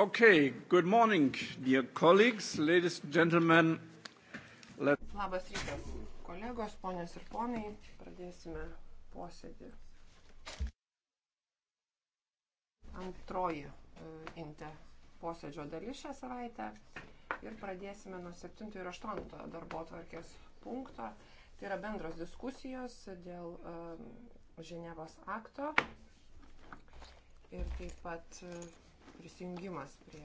Okay, good morning, dear colleagues, ladies and gentlemen. Let... Labas rytas, kolegos, ponios ir ponai, pradėsime posėdį. Antroji e, inte posėdžio dalis šią savaitę ir pradėsime nuo 7 ir 8 darbo tvarkės punkto. Tai yra bendros diskusijos dėl um, Ženevos akto ir taip pat uh, prisijungimas prie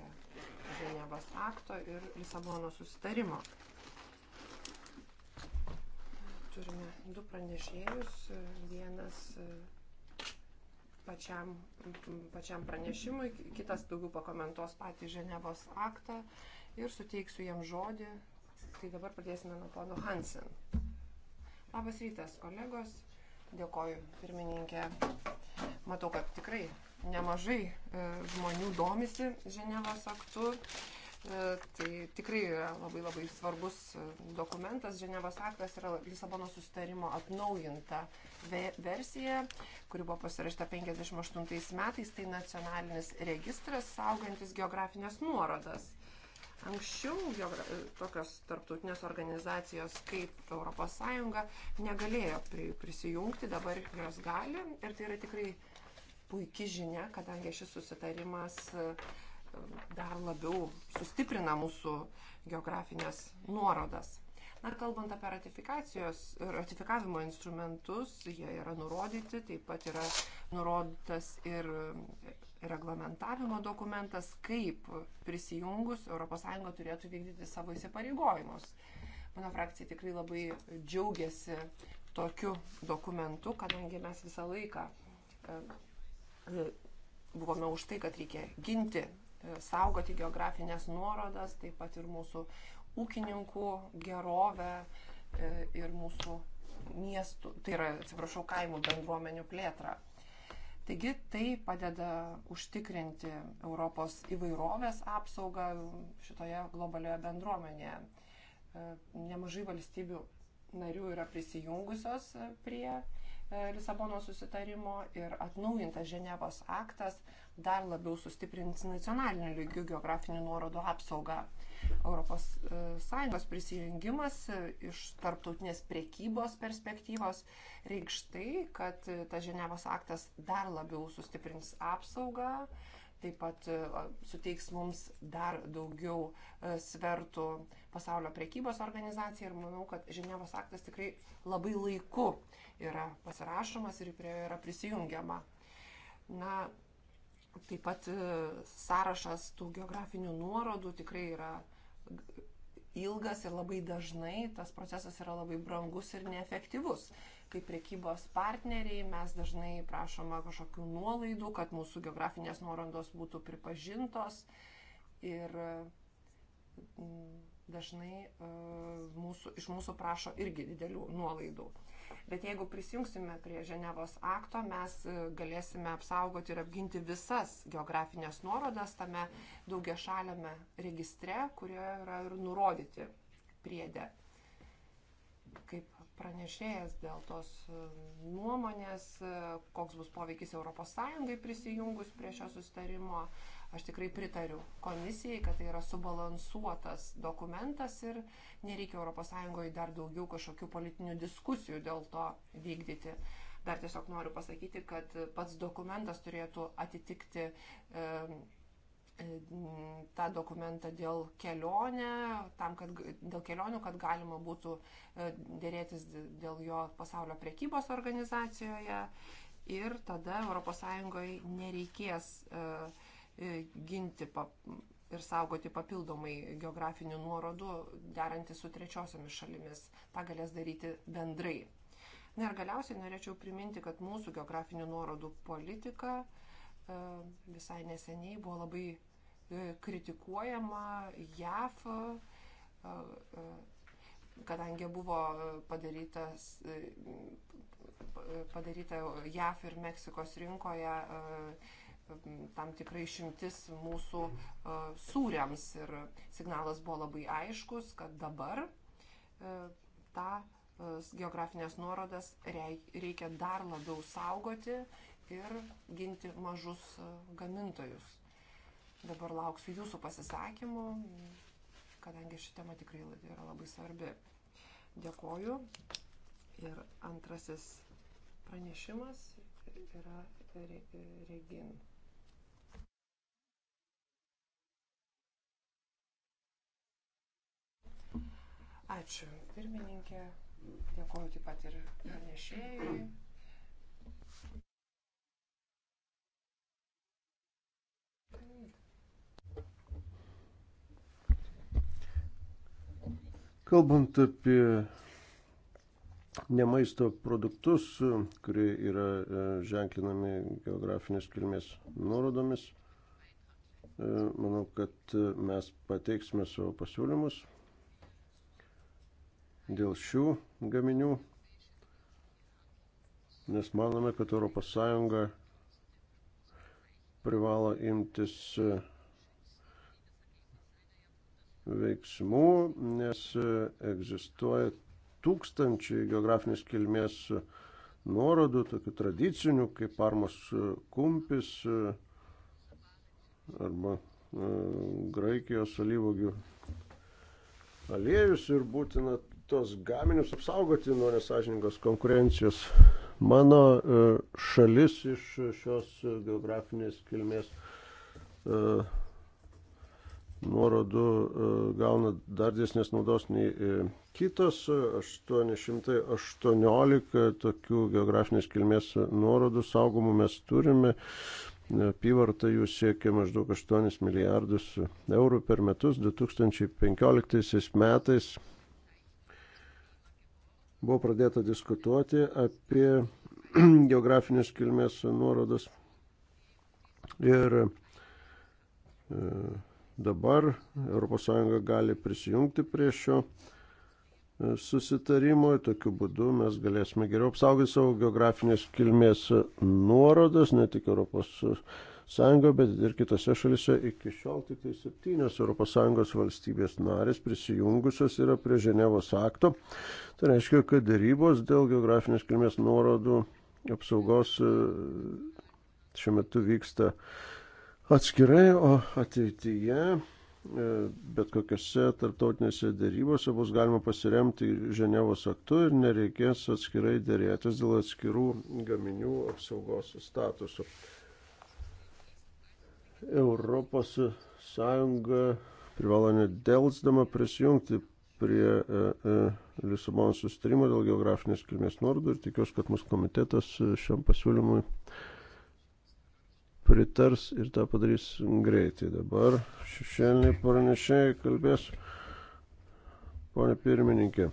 Ženevos akto ir Lisabono sustarimo. Turime du pranešėjus, vienas e, pačiam, pačiam pranešimui, kitas daugiau pakomentuos patį Ženevos aktą ir suteiksiu jam žodį. Tai dabar pradėsime nuo pono Hansen. Labas rytas, kolegos. Dėkoju, pirmininkė. Matau, kad tikrai nemažai e, žmonių domisi Ženevos aktu. E, tai tikrai yra labai labai svarbus e, dokumentas. Ženevos aktas yra Lisabono sustarimo atnaujinta versija, kuri buvo pasirašta 58 metais. Tai nacionalinis registras saugantis geografinės nuorodas. Anksčiau tokios tarptautinės organizacijos kaip ES negalėjo prisijungti, dabar jos gali ir tai yra tikrai puikia žinia, kadangi šis susitarimas e, dar labiau sustiprina mūsų geografinės nuorodas. Na, kalbant apie ratifikavimo instrumentus, jie yra nurodyti, taip pat yra nurodytas ir e, reglamentavimo dokumentas, kaip prisijungus ES turėtų vykdyti savo įsipareigojimus. Mano frakcija tikrai labai džiaugiasi tokiu dokumentu, kadangi mes visą laiką e, E, buvome už tai, kad reikia ginti, e, saugoti geografinės nuorodas, taip pat ir mūsų ūkininkų gerovę e, ir mūsų miestų, tai yra, atsiprašau, kaimų bendruomenių plėtrą. Taigi tai padeda užtikrinti Europos įvairovės apsaugą šitoje globalioje bendruomenėje. Nemažai valstybių narių yra prisijungusios prie uh, E, Lisabono susitarimo ir atnaujintas Ženevos aktas dar labiau sustiprins nacionalinių lygių geografinių nuorodų apsaugą. ES e, prisijungimas e, iš tarptautinės priekybos perspektyvos reikš tai, kad tas Ženevos aktas dar labiau sustiprins apsaugą, taip pat suteiks mums dar daugiau svertų pasaulio priekybos organizacijai ir manau, kad Ženevos aktas tikrai labai laiku uh, yra pasirašomas ir prie jo yra prisijungiama. Na, taip pat e, sąrašas tų geografinių nuorodų tikrai yra ilgas ir labai dažnai tas procesas yra labai brangus ir neefektyvus. Kaip priekybos partneriai mes dažnai prašoma kažkokių nuolaidų, kad mūsų geografinės nuorodos būtų pripažintos ir mm, dažnai e, mūsų, iš mūsų prašo irgi didelių nuolaidų. Bet jeigu prisijungsime prie Ženevos akto, mes e, galėsime apsaugoti ir apginti visas geografinės nuorodas tame daugia šalėme registre, kurie yra ir nurodyti priedė. Kaip pranešėjas dėl tos e, nuomonės, koks bus poveikis ES prisijungus prie šio sustarimo, Aš tikrai pritariu komisijai, kad tai yra subalansuotas dokumentas ir nereikia ES dar daugiau kažkokių politinių diskusijų dėl to vykdyti. Dar tiesiog noriu pasakyti, kad pats dokumentas turėtų atitikti. E, tą dokumentą dėl kelionę, tam, kad, dėl kelionių, kad galima būtų e, dėrėtis dėl jo pasaulio priekybos organizacijoje ir tada ES nereikės uh, E, ginti ir saugoti papildomai geografinių nuorodų, derantį su trečiosiomis šalimis. Ta galės daryti bendrai. Na ir galiausiai norėčiau priminti, kad mūsų geografinių nuorodų politika e, visai neseniai buvo labai e, kritikuojama JAF, kadangi buvo padarytas, padaryta JAF ir Meksikos rinkoje tam tikrai šimtis mūsų e, sūriams. Ir signalas buvo labai aiškus, kad dabar e, tą e, geografinės nuorodas reikia dar labiau saugoti ir ginti mažus gamintojus. Dabar lauksiu jūsų pasisakymų, kadangi ši tema tikrai yra labai svarbi. Dėkoju. Ir antrasis pranešimas yra Regin. Ačiū, pirmininkė. Dėkuoju taip pat ir pranešėjui. Kalbant apie ne maisto produktus, kurie yra e, ženklinami geografinės kilmės nuorodomis, e, manau, kad e, mes pateiksime savo pasiūlymus dėl šių gaminių, nes manome, kad ES privalo imtis e, veiksmų, nes e, egzistuoja tūkstančiai geografinės kilmės nuorodų, tokių tradicinių, kaip parmos kumpis e, arba graikijos alyvogių aliejus ir būtina tos gaminius apsaugoti nuo nesažiningos konkurencijos. Mano e, šalis iš šios geografinės kilmės e, nuorodų e, gauna dar dėsnės naudos nei kitos. 818 tokių geografinės kilmės nuorodų saugomų mes turime. Apyvarta jų siekia maždaug 8 milijardus eurų per metus. 2015 metais buvo pradėta diskutuoti apie geografinės kilmės nuorodas. Ir e, dabar ES gali prisijungti prie šio e, susitarimo ir tokiu būdu mes galėsime geriau apsaugoti savo geografinės kilmės nuorodas, ne tik ES Sąjungoje, bet ir kitose šalise iki šiol tik tai septynios ES valstybės narės prisijungusios yra prie Ženevos akto. Tai reiškia, kad dėrybos dėl geografinės kilmės nuorodų apsaugos e, šiuo metu vyksta atskirai, o ateityje e, bet kokiuose tarptautinėse dėrybose bus galima pasiremti Ženevos aktu ir nereikės atskirai dėrėtis dėl atskirų gaminių apsaugos statusų. Europos Sąjunga privalo nedelsdama prisijungti prie e, e, Lisabonos sustarimo dėl geografinės kilmės nuorodų ir tikiuosi, kad mūsų komitetas šiam pasiūlymui pritars ir tą padarys greitai. Dabar šešėliniai pranešėjai kalbės, ponė pirmininkė.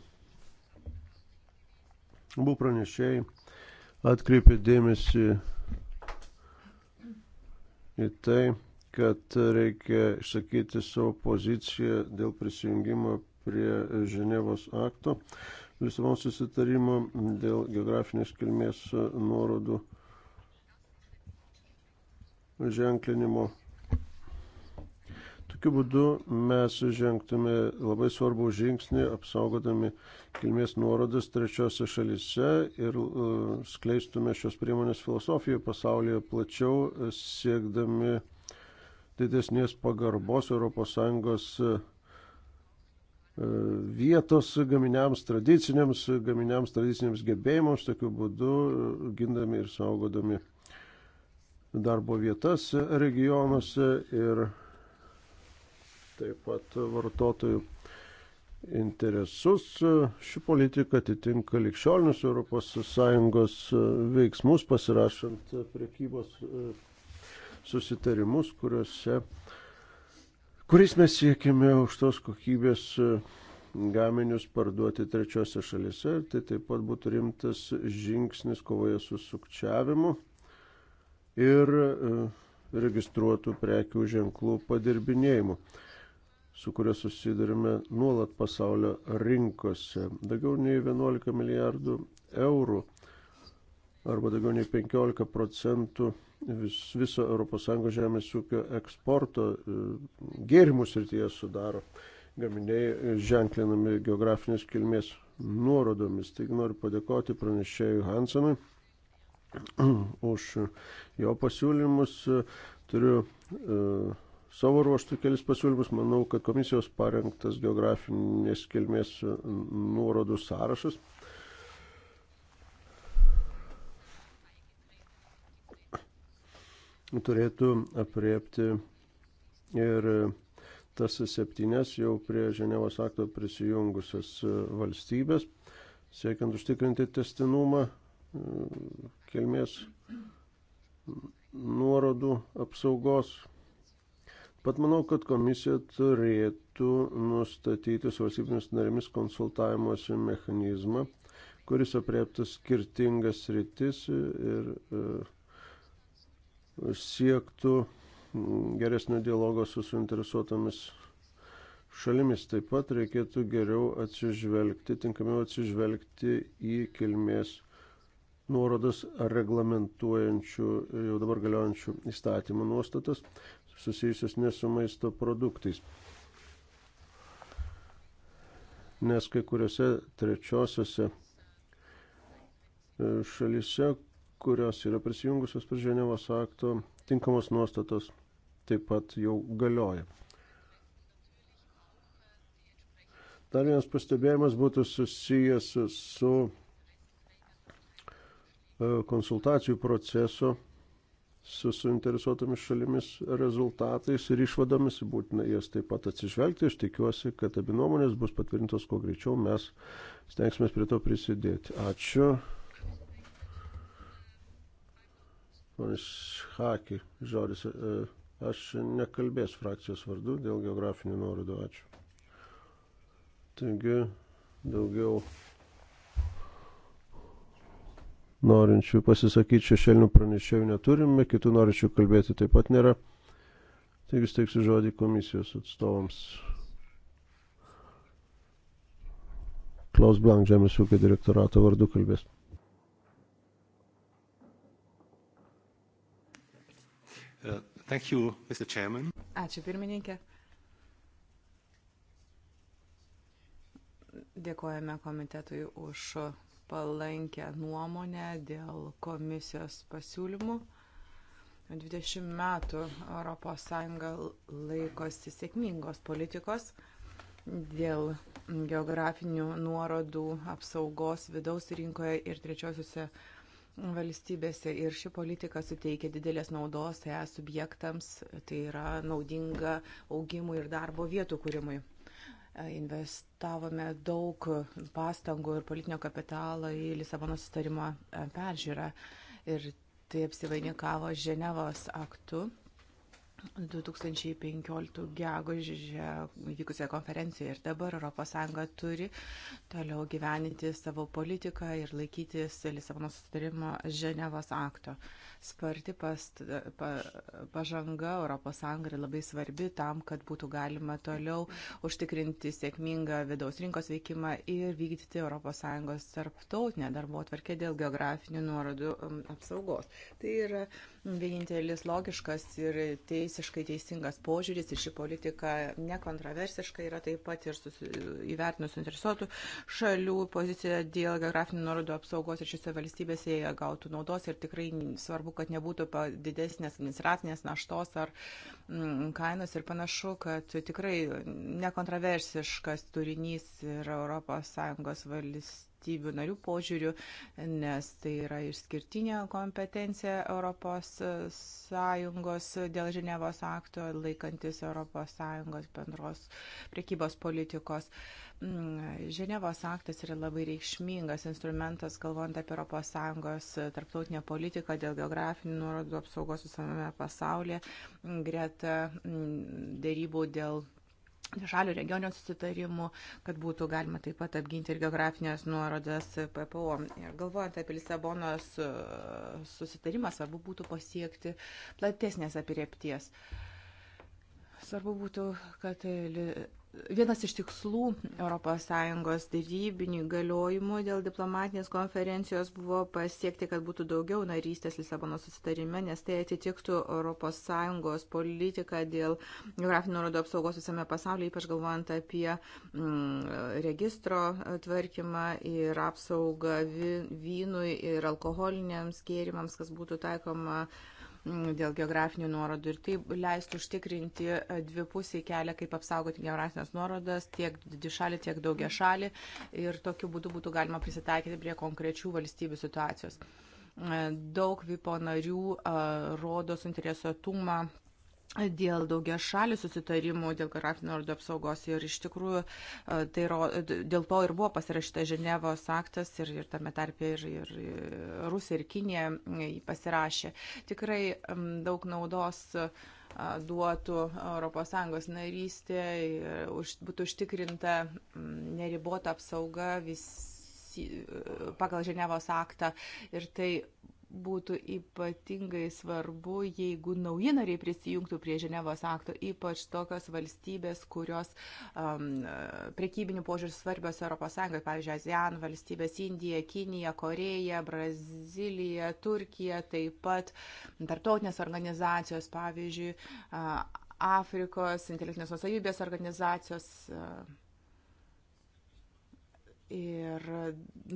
Abu pranešėjai atkreipė dėmesį į tai, kad reikia išsakyti savo poziciją dėl prisijungimo prie Ženevos akto, Lisabono susitarimo dėl geografinės kilmės nuorodų ženklinimo Tokiu būdu mes žengtume labai svarbų žingsnį, apsaugodami kilmės nuorodas trečiose šalise ir e, skleistume šios priemonės filosofiją pasaulyje plačiau, siekdami didesnės pagarbos ES e, e, vietos gaminiams, tradiciniams gaminiams, tradiciniams gebėjimams, tokiu būdu gindami ir saugodami darbo vietas regionuose ir taip pat vartotojų interesus. Ši politika atitinka likščiolinius ES veiksmus pasirašant priekybos e, susitarimus, kuriuose, kuriais mes siekime aukštos kokybės e, gaminius parduoti trečiose šalise. Tai taip pat būtų rimtas žingsnis kovoje su sukčiavimu ir e, registruotų prekių ženklų padirbinėjimu su kuria susidurime nuolat pasaulio rinkose. Daugiau nei 11 milijardų eurų arba daugiau nei 15 procentų vis, viso ES žemės ūkio eksporto e, gėrimų srityje sudaro gaminiai e, ženklinami geografinės kilmės nuorodomis. Taigi noriu padėkoti pranešėjui Hansenui už jo pasiūlymus. Turiu uh, savo ruoštų kelis pasiūlymus. Manau, kad komisijos parengtas geografinės kilmės nuorodų sąrašas. turėtų apriepti ir tas septynes jau prie Ženevos akto prisijungusias valstybės, siekiant užtikrinti testinumą e, kilmės nuorodų apsaugos Pat manau, kad komisija turėtų nustatyti su valstybėmis narėmis konsultavimosi mechanizmą, kuris apriektų skirtingas rytis ir e, siektų geresnio dialogo su suinteresuotomis šalimis. Taip pat reikėtų geriau atsižvelgti, tinkamiau atsižvelgti į kilmės nuorodas reglamentuojančių jau dabar galiojančių įstatymų nuostatas susijusios ne su maisto produktais. Nes kai kuriuose trečiosiuose e, šalise, kurios yra prisijungusios prie Ženevos akto, tinkamos nuostatos taip pat jau galioja. Dar vienas pastebėjimas būtų susijęs su e, konsultacijų procesu su suinteresuotomis šalimis rezultatais ir išvadomis, būtina jas taip pat atsižvelgti. Aš tikiuosi, kad abi nuomonės bus patvirtintos kuo greičiau, mes stengsime prie to prisidėti. Ačiū. Ponas Haki, žodis, e, aš nekalbės frakcijos vardu dėl geografinių nuorodų. Ačiū. Taigi, daugiau norinčių pasisakyti šešėlinių pranešėjų neturime, kitų norinčių kalbėti taip pat nėra. Taigi steiksiu žodį komisijos atstovams. Klaus Blank, Žemės ūkio direktorato vardu kalbės. Uh, thank you, Mr. Chairman. Ačiū pirmininkė. Dėkojame komitetui už palankę nuomonę dėl komisijos pasiūlymų. 20 metų ES laikosi sėkmingos politikos dėl geografinių nuorodų apsaugos vidaus rinkoje ir trečiosiuose valstybėse. Ir ši politika suteikia didelės naudos ES subjektams, tai yra naudinga augimui ir darbo vietų kūrimui. Investavome daug pastangų ir politinio kapitalo į Lisabono sustarimo peržiūrą ir tai apsivainikavo Ženevos aktu 2015 gegužę vykusioje konferencijoje ir dabar ES turi toliau gyveninti savo politiką ir laikytis Lisabono sustarimo Ženevos akto. Sparti past, pa, pažanga ES yra labai svarbi tam, kad būtų galima toliau užtikrinti sėkmingą vidaus rinkos veikimą ir vykdyti ES tarptautinę darbo atvarkę dėl geografinių nuorodų um, apsaugos. Tai yra vienintelis logiškas ir teisiškai teisingas požiūris ir ši politika nekontroversiška yra taip pat ir susi... įvertinus interesuotų šalių poziciją dėl geografinių nuorodų apsaugos ir šiose valstybėse jie gautų naudos ir tikrai svarbu, kad nebūtų didesnės administracinės naštos ar mm, kainos ir panašu, kad tikrai nekontroversiškas turinys ir ES valstybės valstybių narių požiūrių, nes tai yra išskirtinė kompetencija ES dėl Ženevos akto laikantis ES bendros priekybos politikos. Mm, Ženevos aktas yra labai reikšmingas instrumentas, galvojant apie ES tarptautinę politiką dėl geografinių nuorodų apsaugos visame pasaulyje, greta mm, dėrybų dėl dvišalių regionių susitarimų, kad būtų galima taip pat apginti ir geografinės nuorodas PPO. Ir galvojant apie Lisabonos e, susitarimą, svarbu būtų pasiekti platesnės apirepties. Svarbu būtų, kad vienas iš tikslų ES dėrybinių įgaliojimų dėl diplomatinės konferencijos buvo pasiekti, kad būtų daugiau narystės Lisabono susitarime, nes tai atitiktų ES politiką dėl geografinių nuorodų apsaugos visame pasaulyje, ypač galvojant apie mm, registro tvarkymą ir apsaugą vynui ir alkoholiniams gėrimams, kas būtų taikoma mm, dėl geografinių nuorodų ir tai leistų užtikrinti e, dvipusį kelią, kaip apsaugoti geografinės nuorodas tiek dišalį, tiek daugia šalį ir tokiu būdu būtų galima prisitaikyti prie konkrečių valstybių situacijos. E, daug VIPO narių e, rodo suinteresuotumą dėl daugia šalių susitarimų, dėl grafinio ordų apsaugos ir iš tikrųjų e, tai ro, dėl to ir buvo pasirašyta Ženevos aktas ir, ir tame tarpe ir, ir Rusija ir Kinė jį pasirašė. Tikrai daug naudos e, duotų ES narystė, e, už, būtų užtikrinta neribota apsauga vis, pagal Ženevos aktą ir tai būtų ypatingai svarbu, jeigu nauji nariai prisijungtų prie Ženevos akto, ypač tokios valstybės, kurios um, prekybinių požiūrį svarbios ES, pavyzdžiui, ASEAN valstybės - Indija, Kinija, Koreja, Brazilija, Turkija, taip pat tarptautinės organizacijos, pavyzdžiui, uh, Afrikos intelektinės nusavybės organizacijos. Uh, Ir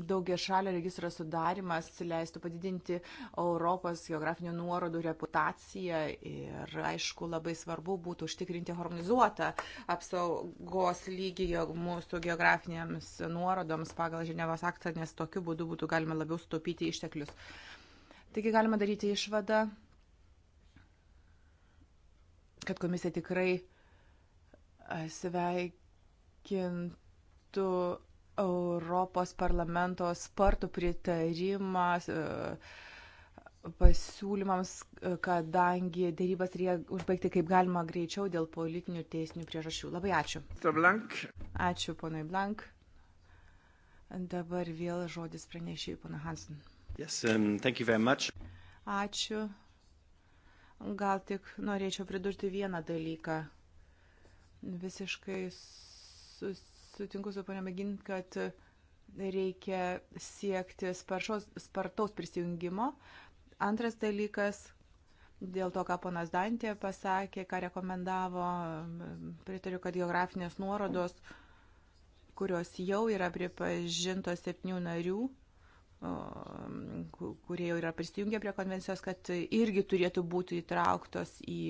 daugia šalio registro sudarimas leistų padidinti Europos geografinių nuorodų reputaciją ir, aišku, labai svarbu būtų užtikrinti harmonizuotą apsaugos lygį mūsų geografinėms nuorodoms pagal Ženevos aktą, nes tokiu būdu būtų galima labiau sutaupyti išteklius. Taigi galima daryti išvadą, kad komisija tikrai sveikintų Europos parlamento spartų pritarimą e, pasiūlymams, e, kadangi dėrybas reikia užbaigti kaip galima greičiau dėl politinių teisinių priežasčių. Labai ačiū. Ačiū, ponai Blank. Dabar vėl žodis pranešėjai, pana Hansen. Yes, um, ačiū. Gal tik norėčiau pridurti vieną dalyką. Visiškai susitikti sutinku su ponia Megin, kad reikia siekti sparšos, spartaus prisijungimo. Antras dalykas, dėl to, ką ponas Dantė pasakė, ką rekomendavo, pritariu, kad geografinės nuorodos, kurios jau yra pripažintos septynių narių, kurie jau yra prisijungę prie konvencijos, kad irgi turėtų būti įtrauktos į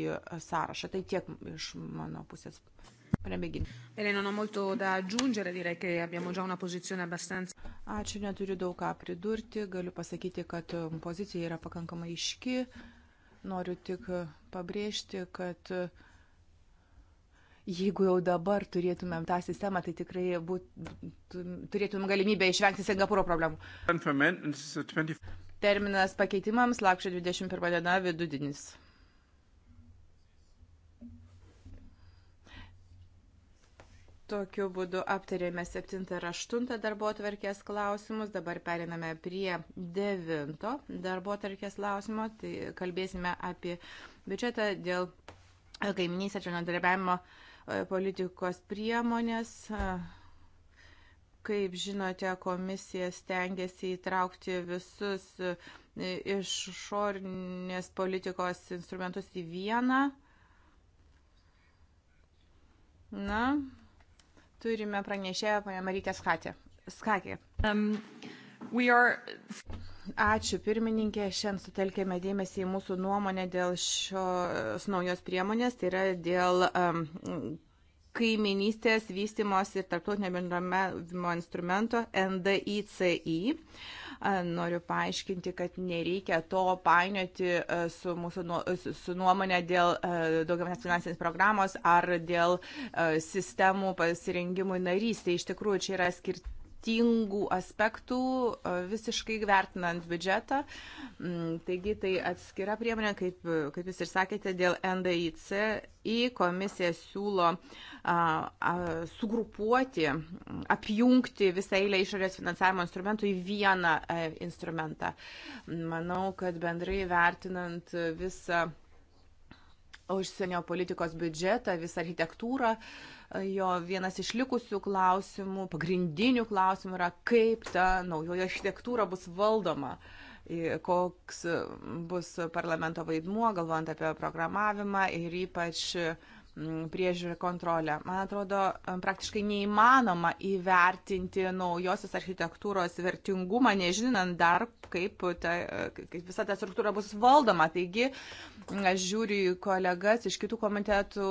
sąrašą. Tai tiek iš mano pusės. Pane Begin. Elena, non ho molto da aggiungere, direi che abbiamo già una posizione abbastanza. Ačiū, neturiu daug ką pridurti, galiu pasakyti, kad um, pozicija yra pakankamai iški. Noriu tik pabrėžti, kad jeigu jau dabar turėtumėm tą sistemą, tai tikrai būt, turėtumėm galimybę išvengti Singapūro problemų. Terminas pakeitimams lakščio 21 diena vidudienis. Tokiu būdu aptarėme 7 ir 8 darbo atverkės klausimus, dabar periname prie 9 darbo atverkės klausimo, tai kalbėsime apie biudžetą dėl kaiminys atvirno darbiavimo e, politikos priemonės. E, kaip žinote, komisija stengiasi įtraukti visus e, išorinės politikos instrumentus į vieną. Na, Turime pranešėją, ponia Marytė Skatė. Skatė. Um, are... Ačiū pirmininkė, šiandien sutelkėme dėmesį į mūsų nuomonę dėl šios naujos priemonės, tai yra dėl um, kaiminystės vystimosi ir tarptautinio bendravimo instrumento NDICI. Noriu paaiškinti, kad nereikia to painioti su mūsų su nuomonė dėl daugiametės finansinės programos ar dėl sistemų pasirengimui narystė. Iš tikrųjų, čia yra skirti skirtingų aspektų e, visiškai vertinant biudžetą. Mm, taigi tai atskira priemonė, kaip, kaip jūs ir sakėte, dėl NDIC į komisiją siūlo a, a, sugrupuoti, apjungti visą eilę išorės finansavimo instrumentų į vieną a, e, instrumentą. Manau, kad bendrai vertinant visą užsienio politikos biudžetą, visą architektūrą, a, jo vienas iš likusių klausimų, pagrindinių klausimų yra, kaip ta naujoji architektūra bus valdoma koks bus parlamento vaidmuo, galvojant apie programavimą ir ypač uh, Mm, priežiūrą kontrolę. Man atrodo, mm, praktiškai neįmanoma įvertinti naujosios architektūros vertingumą, nežinant dar, kaip, ta, kaip visa ta struktūra bus valdoma. Taigi, mm, aš žiūriu į kolegas iš kitų komitetų,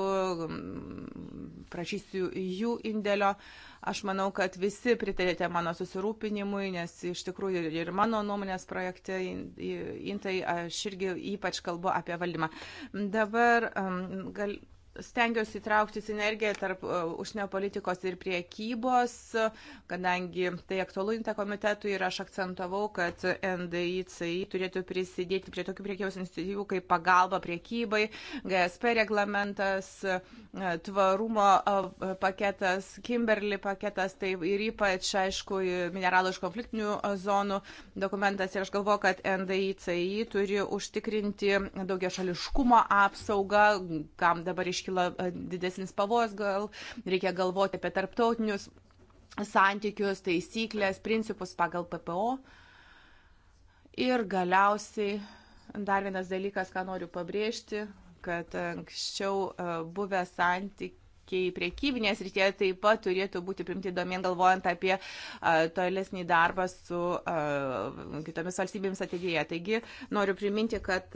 prašysiu jų indėlio. Aš manau, kad visi pritarėte mano susirūpinimui, nes iš tikrųjų ir mano nuomonės projekte, intai, aš irgi ypač kalbu apie valdymą. Dabar gal, stengiuosi įtraukti sinergiją tarp e, užsienio politikos ir priekybos, kadangi tai aktualu inta komitetui ir aš akcentavau, kad NDICI turėtų prisidėti prie tokių priekybos iniciatyvų kaip pagalba priekybai, GSP reglamentas, e, tvarumo e, paketas, Kimberly paketas, tai ir ypač, aišku, mineralų iš konfliktinių zonų dokumentas ir aš galvoju, kad NDICI turi užtikrinti daugia šališkumo apsaugą, kam dabar iš iškyla didesnis pavojus, gal reikia galvoti apie tarptautinius santykius, taisyklės, principus pagal PPO. Ir galiausiai dar vienas dalykas, ką noriu pabrėžti, kad anksčiau buvę santykiai santykiai priekybinės rytėje taip pat turėtų būti primti domien galvojant apie tolesnį darbą su kitomis valstybėmis ateityje. Taigi noriu priminti, kad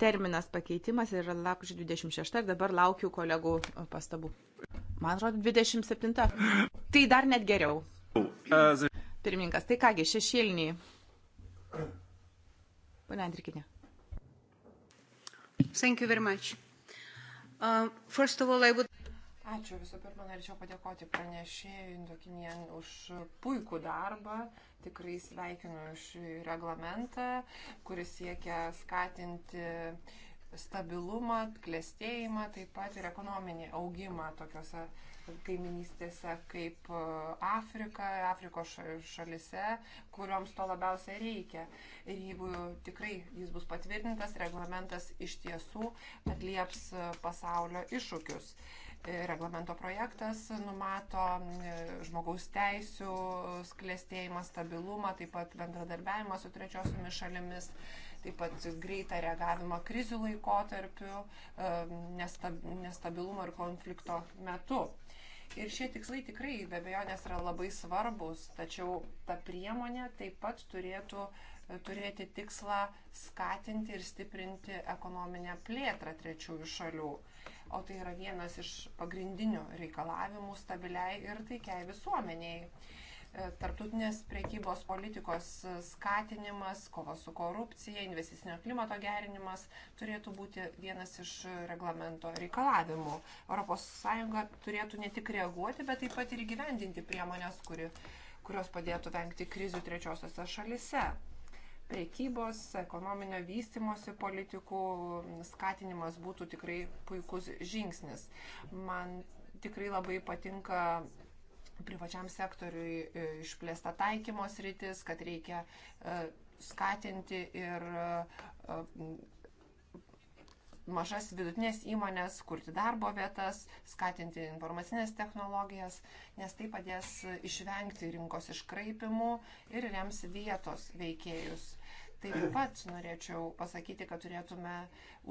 terminas pakeitimas yra lapkričio 26 ir dabar laukiu kolegų pastabų. Man atrodo 27. Tai dar net geriau. Pirmininkas, tai kągi, šešėliniai. Pane Andrikinė. Thank you very much. Uh, all, would... Ačiū visų pirma, norėčiau padėkoti pranešėjui Indokinijan už puikų darbą. Tikrai sveikinu už reglamentą, kuris siekia skatinti uh, stabilumą, klėstėjimą, taip pat ir ekonominį augimą tokiuose kaiminystėse kaip e, Afrika, Afrikos šalise, kurioms to labiausiai reikia. Ir jeigu tikrai jis bus patvirtintas, reglamentas iš tiesų atlieps e, pasaulio iššūkius e, reglamento projektas numato žmogaus teisų sklėstėjimą, stabilumą, taip pat bendradarbiavimą su trečiosiomis šalimis, taip pat greitą reagavimą krizių laikotarpiu, e, nestabilumo ir konflikto metu. Ir šie tikslai tikrai be abejonės yra labai svarbus, tačiau ta priemonė taip pat turėtų e, turėti tikslą skatinti ir stiprinti ekonominę plėtrą trečiųjų šalių. O tai yra vienas iš pagrindinių reikalavimų stabiliai ir taikiai visuomeniai. E, tarptautinės priekybos politikos skatinimas, kova su korupcija, investicinio klimato gerinimas turėtų būti vienas iš reglamento reikalavimų. ES turėtų ne tik reaguoti, bet taip pat ir įgyvendinti priemonės, kuri, kurios padėtų vengti krizių trečiosiose šalise. Priekybos, ekonominio vystimosi politikų skatinimas būtų tikrai puikus žingsnis. Man tikrai labai patinka privačiam sektoriui e, išplėsta taikymos rytis, kad reikia e, skatinti ir e, mažas vidutinės įmonės, kurti darbo vietas, skatinti informacinės technologijas, nes tai padės išvengti rinkos iškraipimų ir rems vietos veikėjus. Taip pat norėčiau pasakyti, kad turėtume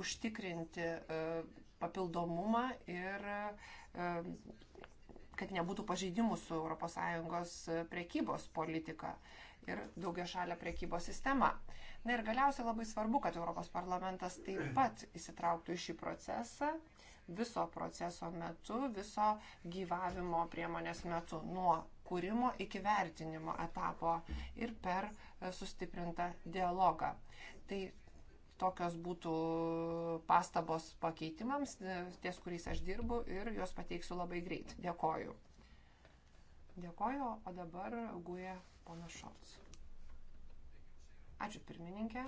užtikrinti papildomumą ir kad nebūtų pažeidimų su ES e, prekybos politika ir daugia šalia prekybos sistema. Na ir galiausiai labai svarbu, kad Europos parlamentas taip pat įsitrauktų į šį procesą viso proceso metu, viso gyvavimo priemonės metu, nuo kūrimo iki vertinimo etapo ir per e, sustiprintą dialogą. Tai tokios būtų pastabos pakeitimams, e, ties kuriais aš dirbu ir juos pateiksiu labai greit. Dėkoju. Dėkoju, o dabar guė panašots. Ačiū pirmininkė.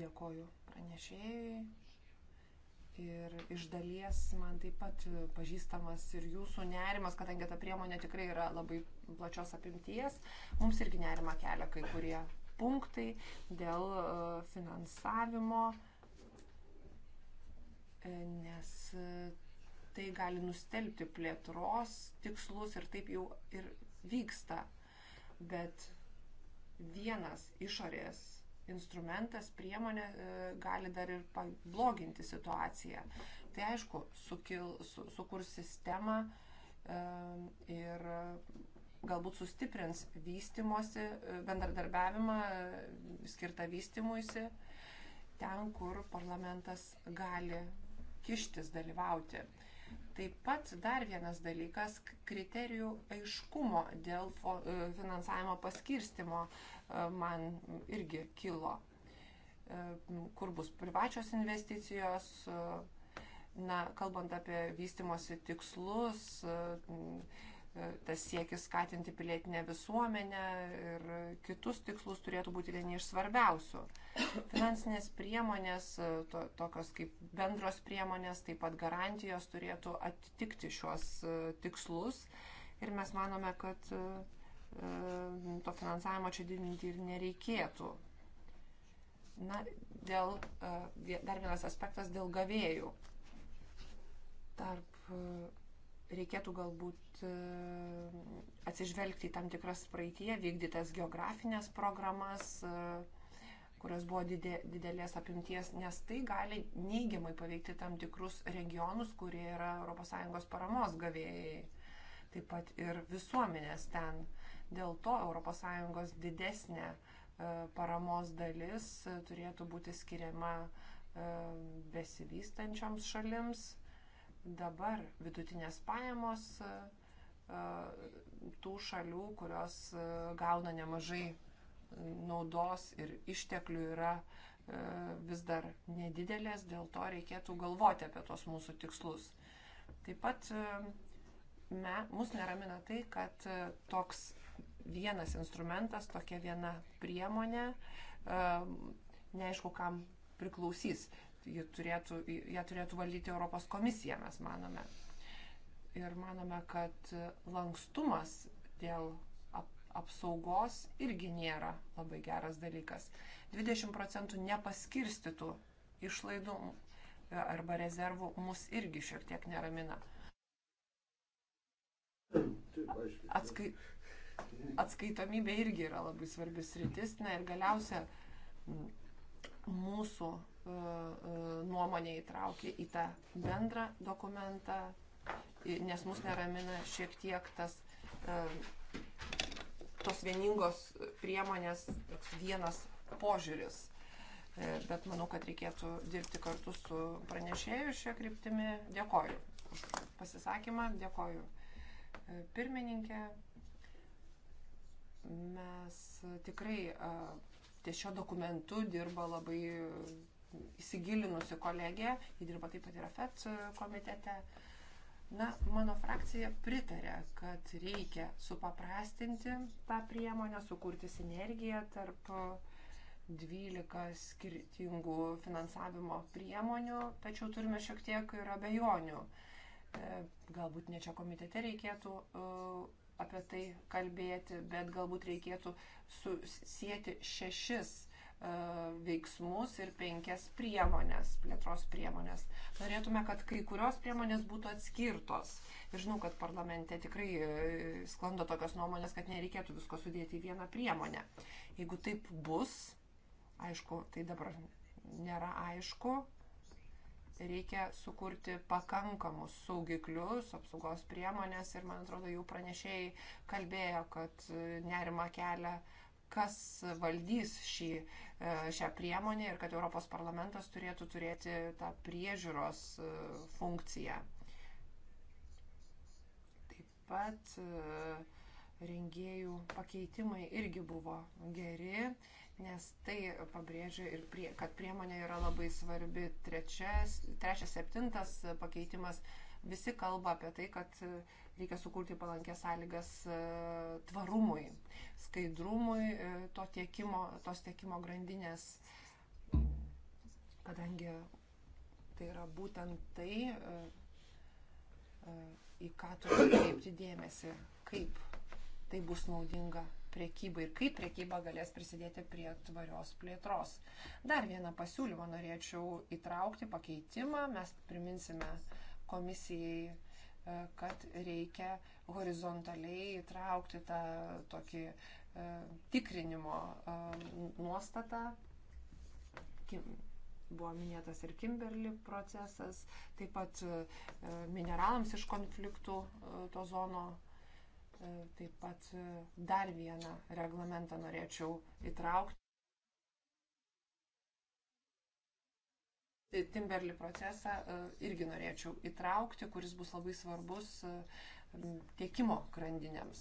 Dėkoju pranešėjai. Ir iš dalies man taip pat pažįstamas ir jūsų nerimas, kadangi ta priemonė tikrai yra labai plačios apimties, mums irgi nerima kelia kai kurie punktai dėl e, finansavimo, e, nes e, tai gali nustelbti plėtros tikslus ir taip jau ir vyksta. Bet vienas išorės instrumentas, priemonė gali dar ir pabloginti situaciją. Tai aišku, sukil, su, sukurs sistemą ir galbūt sustiprins vystimosi, e, bendradarbiavimą e, skirtą vystimuisi ten, kur parlamentas gali kištis, dalyvauti. Taip pat dar vienas dalykas - kriterijų aiškumo dėl e, finansavimo paskirstimo man irgi kilo, kur bus privačios investicijos, na, kalbant apie vystimosi tikslus, E, tas siekis skatinti pilietinę visuomenę ir kitus tikslus turėtų būti vieni iš svarbiausių. Finansinės priemonės, e, to, tokios kaip bendros priemonės, taip pat garantijos turėtų atitikti šios e, tikslus ir mes manome, kad to finansavimo čia didinti ir nereikėtų. Na, dėl, dar vienas aspektas dėl gavėjų. Tarp reikėtų galbūt e, atsižvelgti į tam tikras praeitie vykdytas geografinės programas, e, kurios buvo didelės apimties, nes tai gali neigiamai paveikti tam tikrus regionus, kurie yra ES paramos gavėjai, taip pat ir visuomenės ten. Dėl to ES didesnė e, paramos dalis turėtų būti skiriama besivystančioms šalims dabar vidutinės pajamos e, e, tų šalių, kurios e, gauna nemažai naudos ir išteklių yra vis dar nedidelės, dėl to reikėtų galvoti apie tos mūsų tikslus. Taip pat me, mus neramina tai, kad toks vienas instrumentas, tokia viena priemonė, neaišku, kam priklausys turėtų, jie turėtų valdyti Europos komisiją, mes manome. Ir manome, kad lankstumas dėl apsaugos irgi nėra labai geras dalykas. 20 procentų nepaskirstytų išlaidų arba rezervų mus irgi šiek tiek neramina. Atskai... Atskaitomybė irgi yra labai svarbis rytis. Na ir galiausia mūsų E, e, nuomonę įtraukė į tą bendrą dokumentą, nes mus neramina šiek tiek tas e, tos vieningos priemonės toks vienas požiūris. Bet manau, kad reikėtų dirbti kartu su pranešėju šią kryptimį. Dėkoju už pasisakymą, dėkoju pirmininkė. Mes tikrai ties šio dokumentu dirba labai įsigilinusi kolegė, ji dirba taip pat ir AFET komitete. Na, mano frakcija pritarė, kad reikia supaprastinti tą priemonę, sukurti sinergiją tarp 12 skirtingų finansavimo priemonių, tačiau turime šiek tiek ir abejonių. E, galbūt ne čia komitete reikėtų e, apie tai kalbėti, bet galbūt reikėtų susijęti šešis E, veiksmus ir penkias priemonės, plėtros priemonės. Norėtume, kad kai kurios priemonės būtų atskirtos. Ir žinau, kad parlamente tikrai e, sklando tokios nuomonės, kad nereikėtų visko sudėti į vieną priemonę. Jeigu taip bus, aišku, tai dabar nėra aišku, reikia sukurti pakankamus saugiklius, apsaugos priemonės ir, man atrodo, jau pranešėjai kalbėjo, kad e, nerima kelia uh, kas valdys šį, e, šią priemonę ir kad Europos parlamentas turėtų turėti tą priežiūros e, funkciją. Taip pat e, rengėjų pakeitimai irgi buvo geri, nes tai pabrėžia ir, prie, kad priemonė yra labai svarbi. Trečias, trečias septintas pakeitimas Visi kalba apie tai, kad e, reikia sukurti palankės sąlygas e, tvarumui, skaidrumui e, to tiekimo, tos tiekimo grandinės, kadangi tai yra būtent tai, į ką turime kreipti dėmesį, kaip tai bus naudinga priekybai ir kaip priekyba galės prisidėti prie tvarios plėtros. Dar vieną pasiūlymą norėčiau įtraukti, pakeitimą. Mes priminsime uh, komisijai, e, kad reikia horizontaliai įtraukti tą tokį e, tikrinimo e, nuostatą. Buvo minėtas ir Kimberly procesas, taip pat mineralams iš konfliktų to zono. Taip pat dar vieną reglamentą norėčiau įtraukti. Tai Timberly procesą e, irgi norėčiau įtraukti, kuris bus labai svarbus e, tiekimo grandinėms.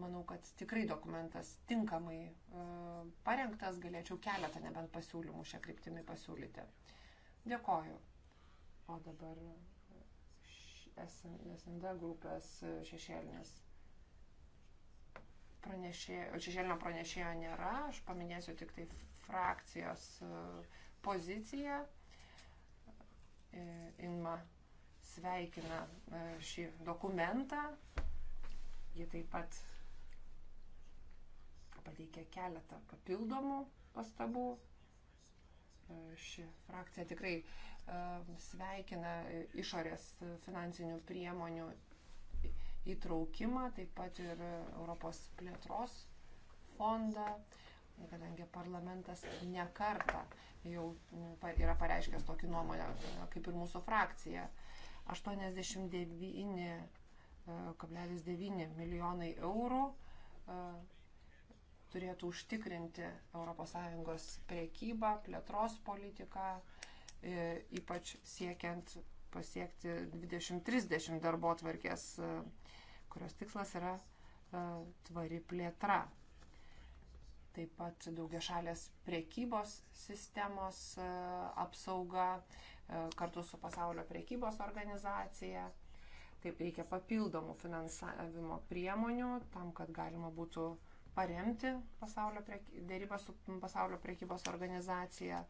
Manau, kad tikrai dokumentas tinkamai e, parengtas, galėčiau keletą nebent pasiūlymų šią kryptimį pasiūlyti. Dėkoju. O dabar SND grupės šešėlinės pranešėjo, šešėlinio pranešėjo nėra, aš paminėsiu tik tai frakcijos uh, poziciją. E, Inma sveikina e, šį dokumentą. Ji taip pat pateikė keletą papildomų pastabų. E, ši frakcija tikrai sveikina išorės finansinių priemonių įtraukimą, taip pat ir Europos plėtros fondą kadangi parlamentas nekarta jau mm, yra pareiškęs tokį nuomonę, e, kaip ir mūsų frakcija. 89,9 e, milijonai eurų e, turėtų užtikrinti ES priekybą, plėtros politiką, ypač siekiant pasiekti 2030 darbo tvarkės, kurios tikslas yra tvari plėtra taip pat daugiašalės priekybos sistemos e, apsauga e, kartu su pasaulio priekybos organizacija. Taip reikia papildomų finansavimo priemonių tam, kad galima būtų paremti priek... dėrybą su pasaulio priekybos organizacija,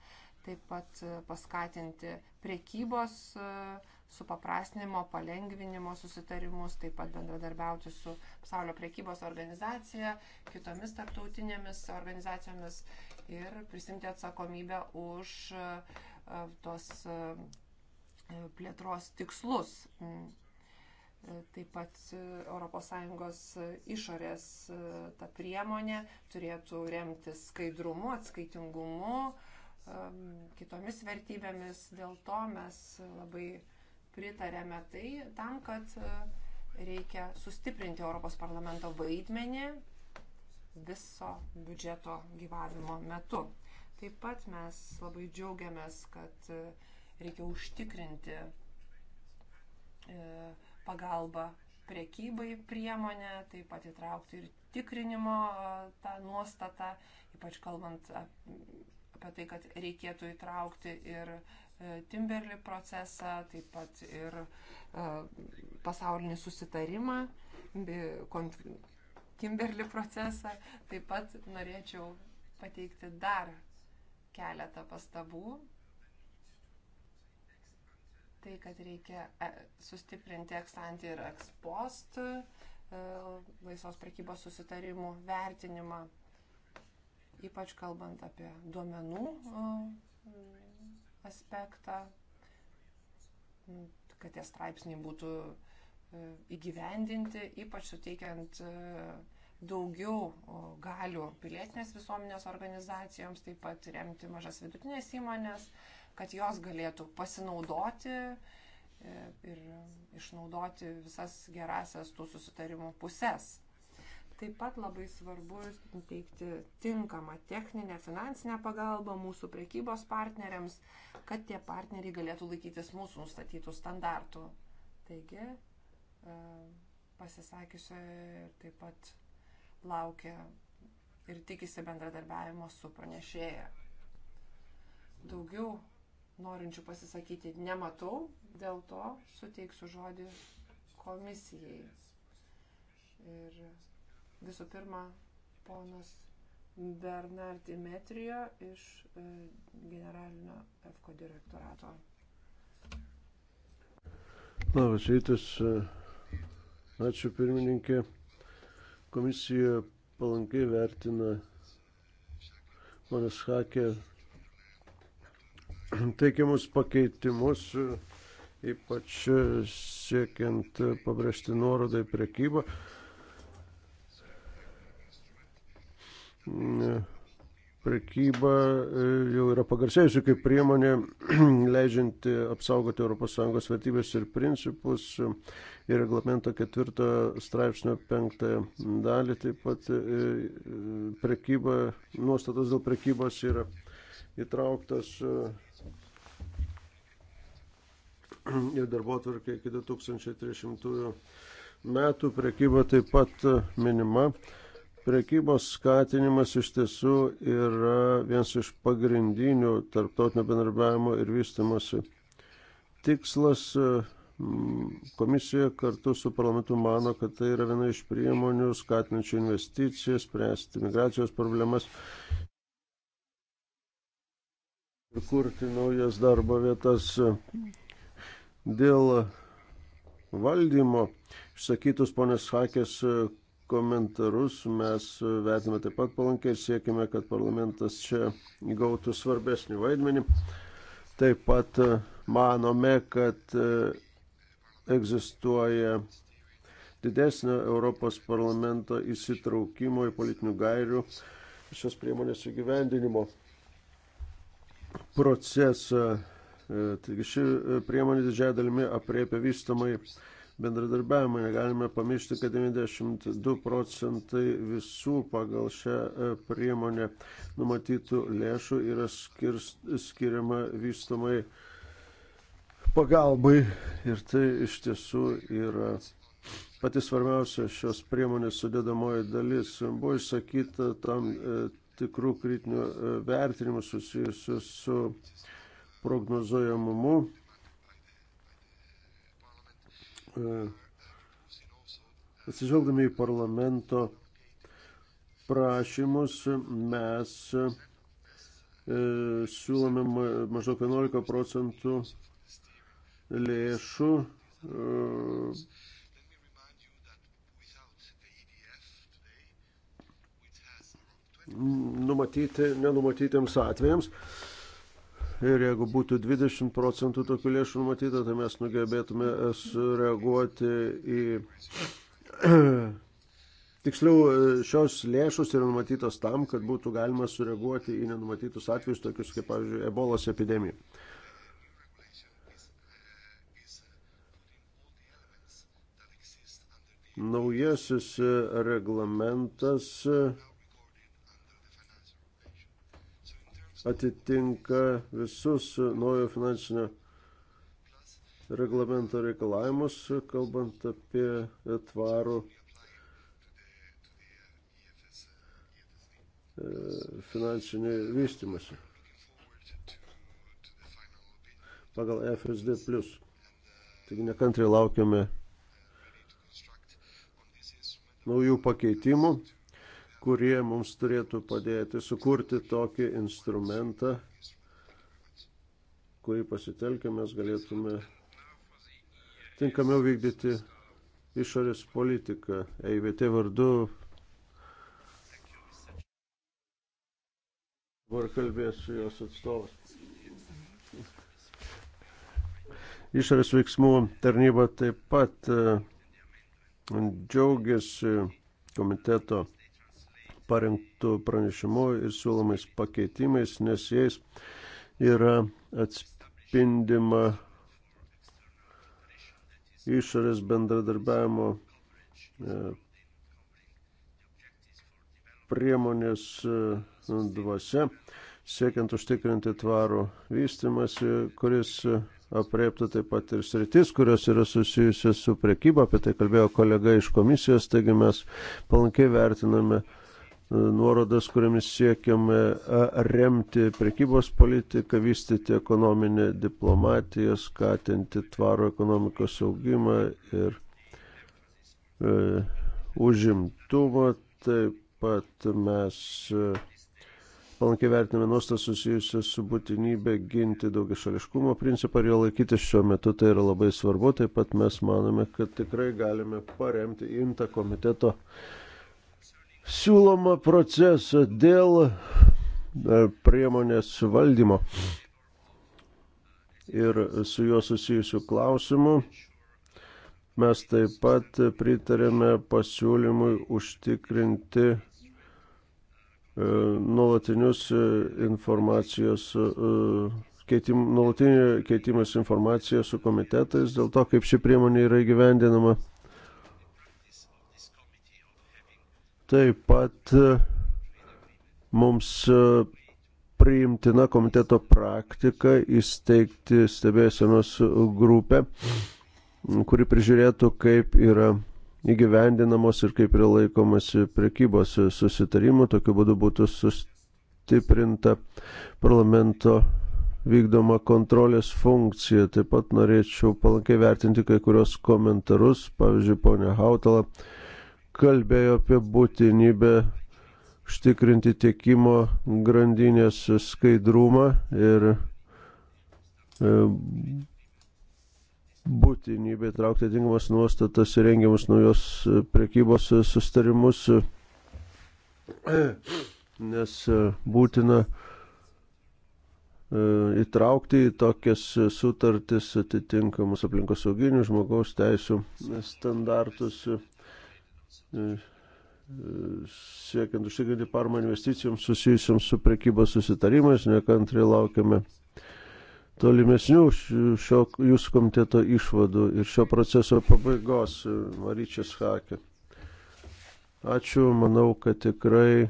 taip pat e, paskatinti priekybos uh, supaprastinimo, palengvinimo susitarimus, taip pat bendradarbiauti su pasaulio priekybos organizacija, kitomis tarptautinėmis organizacijomis ir prisimti atsakomybę už e, tos e, plėtros tikslus. E, taip pat ES išorės ta priemonė turėtų remtis skaidrumu, atskaitingumu, kitomis vertybėmis. Dėl to mes labai pritarėme tai tam, kad e, reikia sustiprinti Europos parlamento vaidmenį viso biudžeto gyvavimo metu. Taip pat mes labai džiaugiamės, kad e, reikia užtikrinti e, pagalbą priekybai priemonę, taip pat įtraukti ir tikrinimo tą nuostatą, ypač kalbant apie tai, kad reikėtų įtraukti ir uh, E, Timberly procesą, taip pat ir e, pasaulinį susitarimą, Kimberly procesą. Taip pat norėčiau pateikti dar keletą pastabų. Tai, kad reikia e, sustiprinti eksantį ir ekspost laisvos prekybos susitarimų vertinimą, ypač kalbant apie duomenų aspektą, kad tie straipsniai būtų e, įgyvendinti, ypač suteikiant e, daugiau galių pilietinės visuomenės organizacijoms, taip pat remti mažas vidutinės įmonės, kad jos galėtų pasinaudoti e, ir išnaudoti visas gerasias tų susitarimų pusės. Taip pat labai svarbu teikti tinkamą techninę, finansinę pagalbą mūsų prekybos partneriams, kad tie partneriai galėtų laikytis mūsų nustatytų standartų. Taigi, e, pasisakysiu ir taip pat laukia ir tikisi bendradarbiavimo su pranešėja. Daugiau norinčių pasisakyti nematau, dėl to suteiksiu žodį komisijai. Ir Visų pirma, ponas Bernard Dimetrijo iš e, generalinio EFKO direktorato. Labas rytas, e, ačiū pirmininkė. Komisija palankiai vertina manęs hakė teikiamus pakeitimus, ypač siekiant pabrėžti nuorodą į prekybą. prekyba e, jau yra pagarsėjusi kaip priemonė, leidžianti apsaugoti ES vertybės ir principus. Ir reglamento ketvirto straipsnio penktąją dalį taip pat e, prekyba, nuostatos dėl prekybos yra įtrauktas ir e, darbo tvarkė iki 2300 metų prekyba taip pat minima. Prekybos skatinimas iš tiesų yra vienas iš pagrindinių tarptautinio bendradarbiavimo ir vystimosi tikslas. Mm, komisija kartu su parlamentu mano, kad tai yra viena iš priemonių skatinančių investicijas, spręsti migracijos problemas ir kurti naujas darbo vietas dėl valdymo. Išsakytus ponės Hakės komentarus mes vertiname taip pat palankiai ir siekime, kad parlamentas čia gautų svarbesnį vaidmenį. Taip pat e, manome, kad e, egzistuoja didesnio Europos parlamento įsitraukimo į politinių gairių šios priemonės įgyvendinimo procesą. E, taigi ši priemonė didžiai dalimi apriepia vystamai bendradarbiavimą. Negalime pamiršti, kad 92 procentai visų pagal šią e, priemonę numatytų lėšų yra skirst, skiriama vystomai pagalbai ir tai iš tiesų yra pati svarbiausia šios priemonės sudėdamoji dalis. Buvo išsakyta tam e, tikrų kritinių e, vertinimų susijusių su prognozuojamumu E, atsižvelgdami į parlamento prašymus, mes e, siūlome maždaug 11 procentų lėšų e, numatyti nenumatytiems atvejams. Ir jeigu būtų 20 procentų tokių lėšų numatyta, tai mes nugebėtume sureaguoti į. Tiksliau, šios lėšos yra numatytos tam, kad būtų galima sureaguoti į nenumatytus atvejus, tokius kaip, pavyzdžiui, ebolos epidemija. Naujasis reglamentas atitinka visus naujo finansinio reglamento reikalavimus, kalbant apie tvarų e, finansinį vystimąsi pagal FSD. Taigi nekantriai laukiame naujų pakeitimų kurie mums turėtų padėti sukurti tokį instrumentą, kurį pasitelkę mes galėtume tinkamiau vykdyti išorės politiką. EIVT vardu. Dabar kalbėsiu jos atstovas. Išorės veiksmų tarnyba taip pat e, džiaugiasi komiteto parengtų pranešimu ir siūlomais pakeitimais, nes jais yra atspindima išorės bendradarbiavimo e, priemonės e, dvasia, siekiant užtikrinti tvarų vystimąsi, kuris apriektų taip pat ir sritis, kurios yra susijusios su prekyba, apie tai kalbėjo kolega iš komisijos, taigi mes palankiai vertiname uh, nuorodas, kuriamis siekiame remti prekybos politiką, vystyti ekonominę diplomatiją, skatinti tvaro ekonomikos augimą ir e, užimtumą. Taip pat mes e, palankiai vertiname nuostą susijusią su būtinybė ginti daugišališkumo principą ir jo laikytis šiuo metu, tai yra labai svarbu. Taip pat mes manome, kad tikrai galime paremti imtą komiteto siūlomą procesą dėl e, priemonės valdymo ir su juo susijusių klausimų. Mes taip pat pritarėme pasiūlymui užtikrinti e, nuolatinius e, informacijos keitim, nuolatinį keitimas informacija su komitetais dėl to, kaip ši priemonė yra įgyvendinama. Taip pat e, mums e, priimtina komiteto praktika įsteigti stebėsenos grupę, kuri prižiūrėtų, kaip yra įgyvendinamos ir kaip yra laikomasi prekybos susitarimų. Tokiu būdu būtų sustiprinta parlamento vykdoma kontrolės funkcija. Taip pat norėčiau palankiai vertinti kai kurios komentarus, pavyzdžiui, ponia Hautala kalbėjo apie būtinybę užtikrinti tiekimo grandinės skaidrumą ir e, būtinybė traukti atingamas nuostatas ir rengiamus naujos e, prekybos sustarimus, e, nes būtina įtraukti į tokias sutartis atitinkamus aplinkosauginių žmogaus teisų standartus. E, siekiant užtikrinti parmą investicijoms susijusiams su prekybos susitarimais, nekantriai laukiame tolimesnių šio jūsų komiteto išvadų ir šio proceso pabaigos, e, Maryčias Hakė. Ačiū, manau, kad tikrai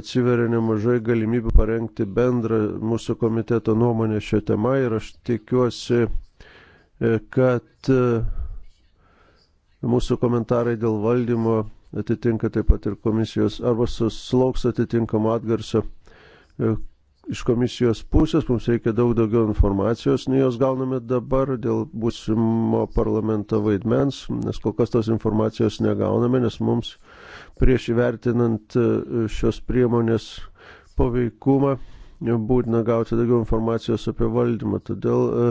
atsiveria nemažai galimybių parengti bendrą mūsų komiteto nuomonę šią temą ir aš tikiuosi, e, kad Mūsų komentarai dėl valdymo atitinka taip pat ir komisijos arba susilauks atitinkamo atgarsio e, iš komisijos pusės. Mums reikia daug daugiau informacijos, nei jos gauname dabar dėl būsimo parlamento vaidmens, nes kol kas tos informacijos negauname, nes mums prieš įvertinant e, šios priemonės paveikumą būtina gauti daugiau informacijos apie valdymą. Todėl e,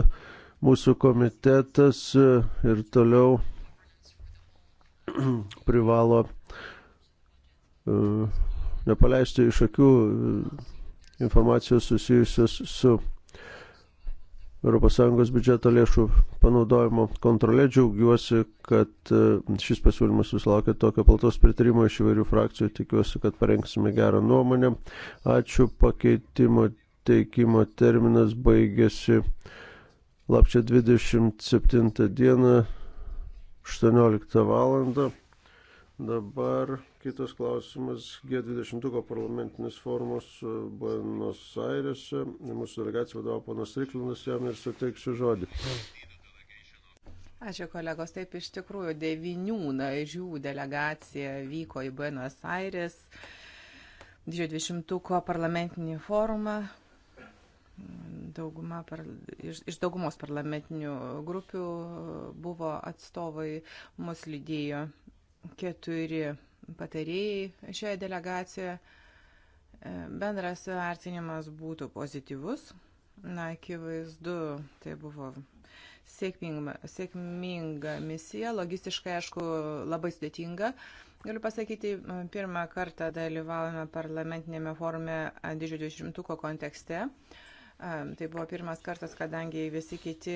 mūsų komitetas ir toliau privalo e, nepaleisti iš akių e, informacijos susijusios su ES biudžeto lėšų panaudojimo kontrolė. Džiaugiuosi, kad e, šis pasiūlymas susilaukė tokio plataus pritarimo iš įvairių frakcijų. Tikiuosi, kad parengsime gerą nuomonę. Ačiū. Pakeitimo teikimo terminas baigėsi lapčio 27 dieną 18 val. Dabar kitas klausimas G20 parlamentinis formas Buenos Airese. Mūsų delegacija vadovavo ponas Riklinas, jam ir suteiksiu žodį. Ačiū kolegos, taip iš tikrųjų devinių narių delegacija vyko į Buenos Aires. Didžiojo dvidešimtuko parlamentinį forumą. Dauguma par, iš, iš daugumos parlamentinių grupių e, buvo atstovai, mus lydėjo keturi patarėjai šioje delegacijoje. E, bendras vertinimas būtų pozityvus. Na, akivaizdu, tai buvo sėkminga, sėkminga misija, logistiškai, aišku, labai sudėtinga. Galiu pasakyti, pirmą kartą dalyvavome parlamentinėme forume didžiojo dešimtuko kontekste. Uh, Tai buvo pirmas kartas, kadangi visi kiti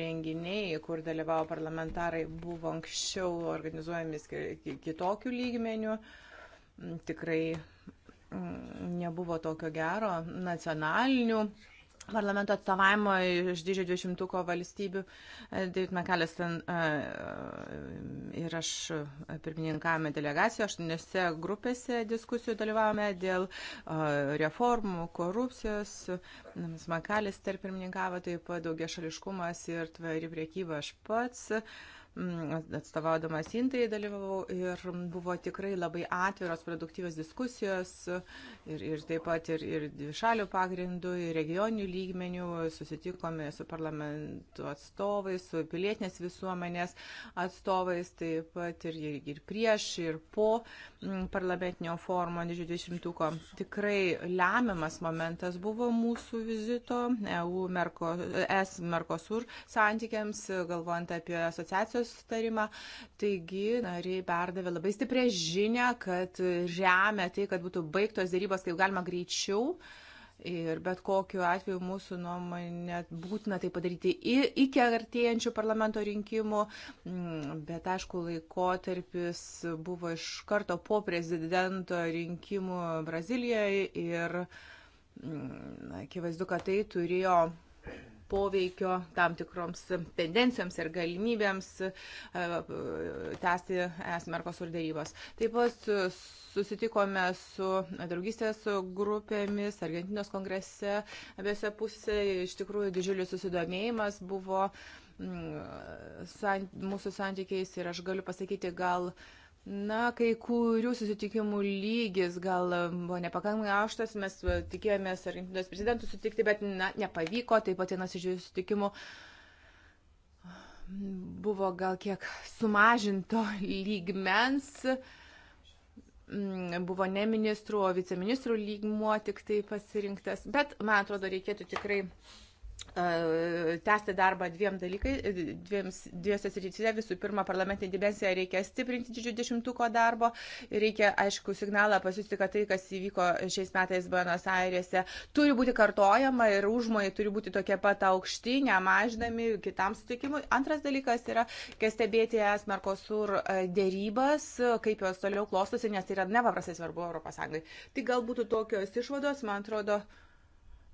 renginiai, kur dalyvavo parlamentarai, buvo anksčiau organizuojami kitokių lygmenių. Tikrai mm, nebuvo tokio gero nacionalinių parlamento atstovavimo iš didžiojo dvidešimtuko valstybių. E, David Mekalis ten e, e, ir aš pirmininkavome delegacijoje, aštuoniuose grupėse diskusijų dalyvavome dėl reformų, korupcijos. Mekalis tarp pirmininkavo taip pat daugia šališkumas ir tvari priekyba aš pats. Uh, Mm, atstovaudamas Indijai dalyvavau ir buvo tikrai labai atviros, produktyvios diskusijos ir, ir taip pat ir, ir dvišalių pagrindų, ir regioninių lygmenių, susitikome su parlamentų atstovais, su pilietinės visuomenės atstovais, taip pat ir, ir, ir prieš, ir po mm, parlamentinio forumo, nežinau, 20-tuko. Tikrai lemiamas momentas buvo mūsų vizito EU, Merko, e S, Merkosur santykiams, galvojant apie asociacijos sustarimą. Taigi, nariai perdavė labai stiprią žinę, kad žemė tai, kad būtų baigtos dėrybos kaip galima greičiau. Ir bet kokiu atveju mūsų nuomonė būtina tai padaryti iki artėjančių parlamento rinkimų, mm, bet aišku, laikotarpis buvo iš karto po prezidento rinkimų Brazilijoje ir mm, akivaizdu, kad tai turėjo poveikio tam tikroms tendencijoms ir galimybėms e, tęsti es Merkosur dėrybos. Taip pat susitikome su draugystės grupėmis Argentinos kongrese abiejose pusėse. Iš tikrųjų, didžiulis susidomėjimas buvo mm, mūsų santykiais ir aš galiu pasakyti, gal uh, Na, kai kurių susitikimų lygis gal um, buvo nepakankamai aukštas, mes tikėjomės Argentinos prezidentų sutikti, bet na, nepavyko, taip pat vienas iš jų susitikimų buvo gal kiek sumažinto lygmens, mm, buvo ne ministrų, o viceministrų lygmuo tik tai pasirinktas, bet man atrodo reikėtų tikrai E, tęsti darbą dviem dalykai, dviems, dviese srityse. Visų pirma, parlamentinė dimensija reikia stiprinti didžiųjų dešimtuko darbo. Reikia, aišku, signalą pasiūsti, kad tai, kas įvyko šiais metais Buenos Airėse, turi būti kartojama ir užmojai turi būti tokie pat aukšti, nemažinami kitam sutikimui. Antras dalykas yra, kai stebėti es Mercosur e, dėrybas, kaip jos toliau klostosi, nes tai yra nepaprastai svarbu Europos Sąjungai. Tai galbūt tokios išvados, man atrodo,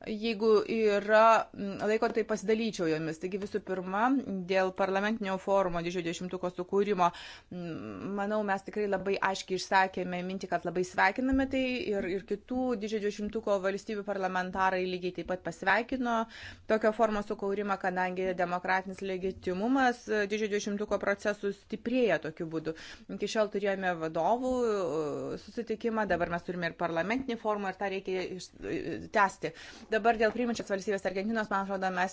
Jeigu yra laiko, tai pasidalyčiau jomis. Taigi visų pirma, dėl parlamentinio forumo didžiojo dešimtuko sukūrimo, manau, mes tikrai labai aiškiai išsakėme mintį, kad labai sveikiname tai ir, ir kitų didžiojo dešimtuko valstybių parlamentarai lygiai taip pat pasveikino tokio forumo sukūrimą, kadangi demokratinis legitimumas didžiojo dešimtuko procesų stiprėja tokiu būdu. Iki šiol turėjome vadovų e, susitikimą, dabar mes turime ir parlamentinį forumą ir tą reikia e, tęsti Dabar dėl priimančios valstybės Argentinos, man atrodo, mes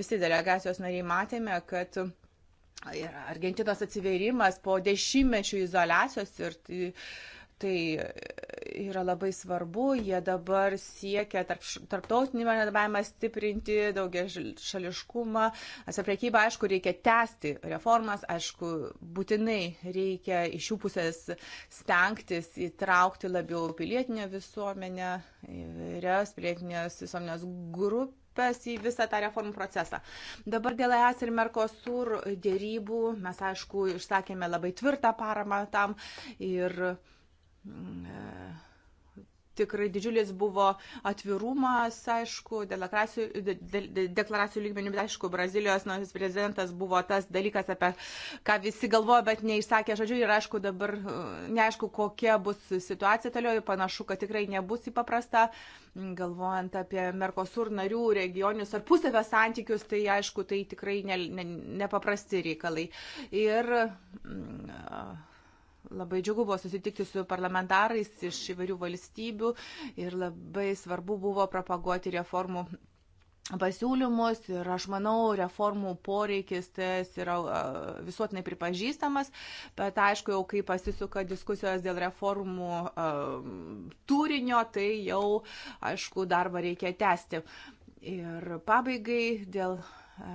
visi delegacijos nariai matėme, kad yra Argentinos atsiverimas po dešimtmečių izolacijos ir Tai e, yra labai svarbu, jie dabar siekia tarp, tarptautinį bendradarbiavimą stiprinti, daugia šališkumą, atsipriekybą, aišku, reikia tęsti reformas, aišku, būtinai reikia iš jų pusės stengtis įtraukti labiau pilietinę visuomenę, įvairias pilietinės visuomenės grupės grupės į visą tą reformų procesą. Dabar dėl ES ir Mercosur dėrybų mes, aišku, išsakėme labai tvirtą paramą tam ir uh, Mm, e, tikrai didžiulis buvo atvirumas, aišku, deklaracijų, de, de, deklaracijų lygmenių, bet aišku, Brazilijos naujas prezidentas buvo tas dalykas, apie ką visi galvoja, bet neišsakė žodžių ir aišku, dabar e, neaišku, kokia bus situacija toliau, panašu, kad tikrai nebus įprasta, mm, galvojant apie Merkosur narių regionius ar pusėvę santykius, tai aišku, tai tikrai ne, ne, nepaprasti reikalai. Ir, mm, Labai džiugu buvo susitikti su parlamentarais iš įvairių valstybių ir labai svarbu buvo propaguoti reformų pasiūlymus ir aš manau reformų poreikis tas yra visuotinai pripažįstamas, bet aišku, jau kai pasisuka diskusijos dėl reformų turinio, tai jau aišku darbą reikia tęsti. Ir pabaigai dėl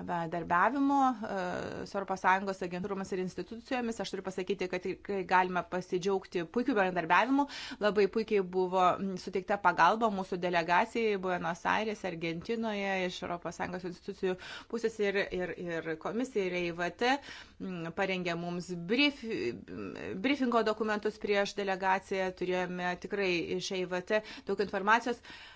bendarbiavimo e, su ES agentūromis ir institucijomis. Aš turiu pasakyti, kad tikrai galime pasidžiaugti puikiu bendarbiavimu. Labai puikiai buvo suteikta pagalba mūsų delegacijai Buenos Aires, Argentinoje iš ES institucijų pusės ir, ir, ir komisija ir EIVT parengė mums brief, briefingo dokumentus prieš delegaciją. Turėjome tikrai iš EIVT daug informacijos. Uh,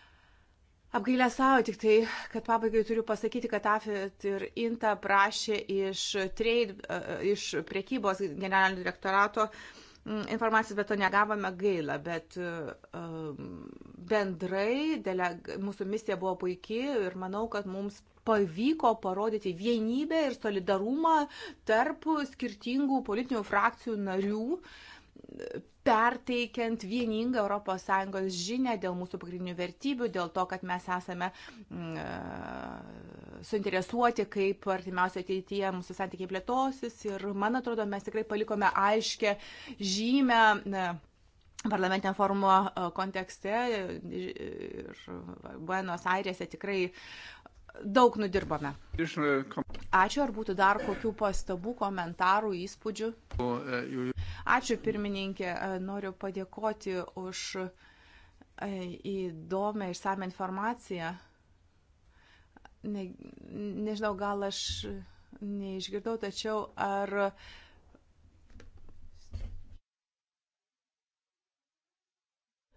Apgailę savo tik tai, kad pabaigai turiu pasakyti, kad AFIT ir INTA prašė iš, trade, e, iš priekybos generalinio direktorato mm, informacijos, bet to negavome gaila, bet e, e, bendrai deleg, mūsų misija buvo puikiai ir manau, kad mums pavyko parodyti vienybę ir solidarumą tarp skirtingų politinių frakcijų narių. Uh, perteikiant vieningą ES žinę dėl mūsų pagrindinių vertybių, dėl to, kad mes esame mm, e, suinteresuoti, kaip artimiausia ateityje mūsų santykiai plėtosis ir, man atrodo, mes tikrai palikome aiškę žymę. Na, e, parlamentinio forumo e, kontekste ir Buenos Airėse tikrai daug nudirbame. E, Ačiū, ar būtų dar kokių pastabų, komentarų, įspūdžių? E, Ačiū, pirmininkė, e, noriu padėkoti už įdomią išsame informaciją. Ne, nežinau, gal aš neišgirdau, tačiau ar uh,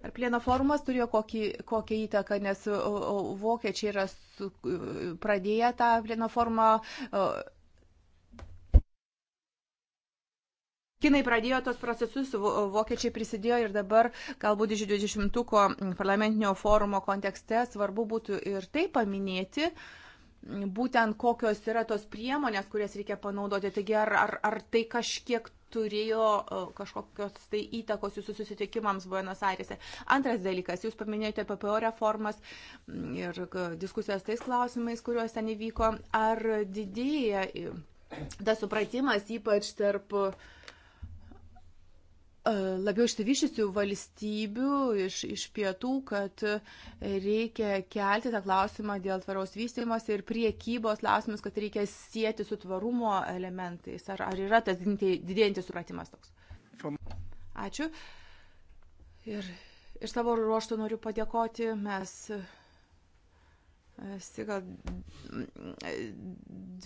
Ar plieno forumas turėjo kokį, kokią įtaką, nes vokiečiai yra su, pradėję tą plieno formą. Kinai pradėjo tos procesus, vokiečiai prisidėjo ir dabar, galbūt iš 20-ko parlamentinio forumo kontekste, svarbu būtų ir tai paminėti. Uh, būtent kokios yra tos priemonės, kurias reikia panaudoti. Taigi ar, ar, ar tai kažkiek turėjo e, kažkokios tai įtakos jūsų susitikimams Buenos Airėse. Antras dalykas, jūs paminėjote PPO reformas ir e, diskusijas tais klausimais, kuriuos ten įvyko. Ar didėja e, tas supratimas ypač tarp uh, E, labiau išsivyšysių valstybių iš, iš pietų, kad reikia kelti tą klausimą dėl tvaraus vystimosi ir priekybos klausimus, kad reikia sieti su tvarumo elementais. Ar, ar yra tas didėjantis supratimas toks? Ačiū. Ir iš savo ruoštų noriu padėkoti. Mes e, gal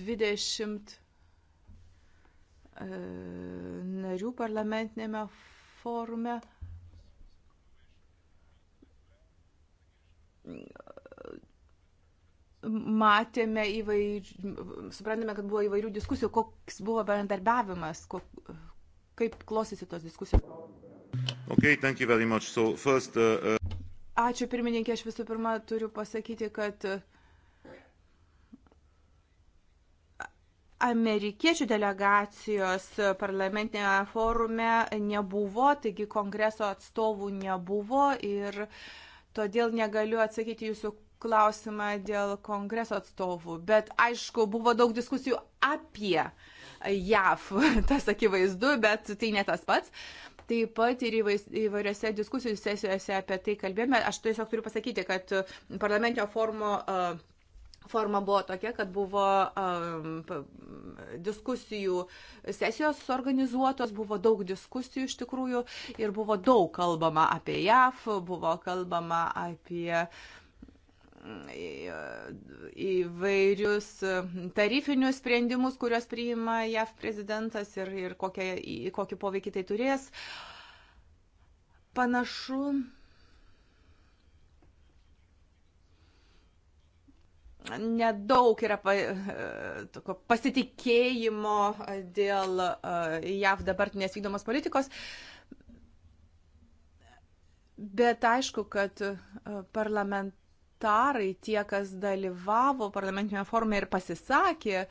20 E, narių parlamentinėme forume. Matėme įvairių, suprantame, kad buvo įvairių diskusijų, koks buvo bendarbiavimas, kok, kaip klostėsi tos diskusijos. Okay, thank you very much. So first, uh, uh... Ačiū pirmininkė, aš visų pirma turiu pasakyti, kad uh, amerikiečių delegacijos parlamentinėme forume nebuvo, taigi kongreso atstovų nebuvo ir todėl negaliu atsakyti jūsų klausimą dėl kongreso atstovų. Bet aišku, buvo daug diskusijų apie JAV, tas akivaizdu, bet tai ne tas pats. Taip pat ir įvairiose diskusijų sesijose apie tai kalbėjome. Aš tiesiog turiu pasakyti, kad parlamentinio forumo uh, forma buvo tokia, kad buvo um, diskusijų sesijos organizuotos, buvo daug diskusijų iš tikrųjų ir buvo daug kalbama apie JAF, buvo kalbama apie mm, įvairius tarifinius sprendimus, kuriuos priima JAF prezidentas ir, ir kokie, kokį poveikį tai turės. Panašu, nedaug yra e, pasitikėjimo dėl e, JAV dabartinės vykdomos politikos. Bet aišku, kad e, parlamentarai, tie, kas dalyvavo parlamentinėme forume ir pasisakė,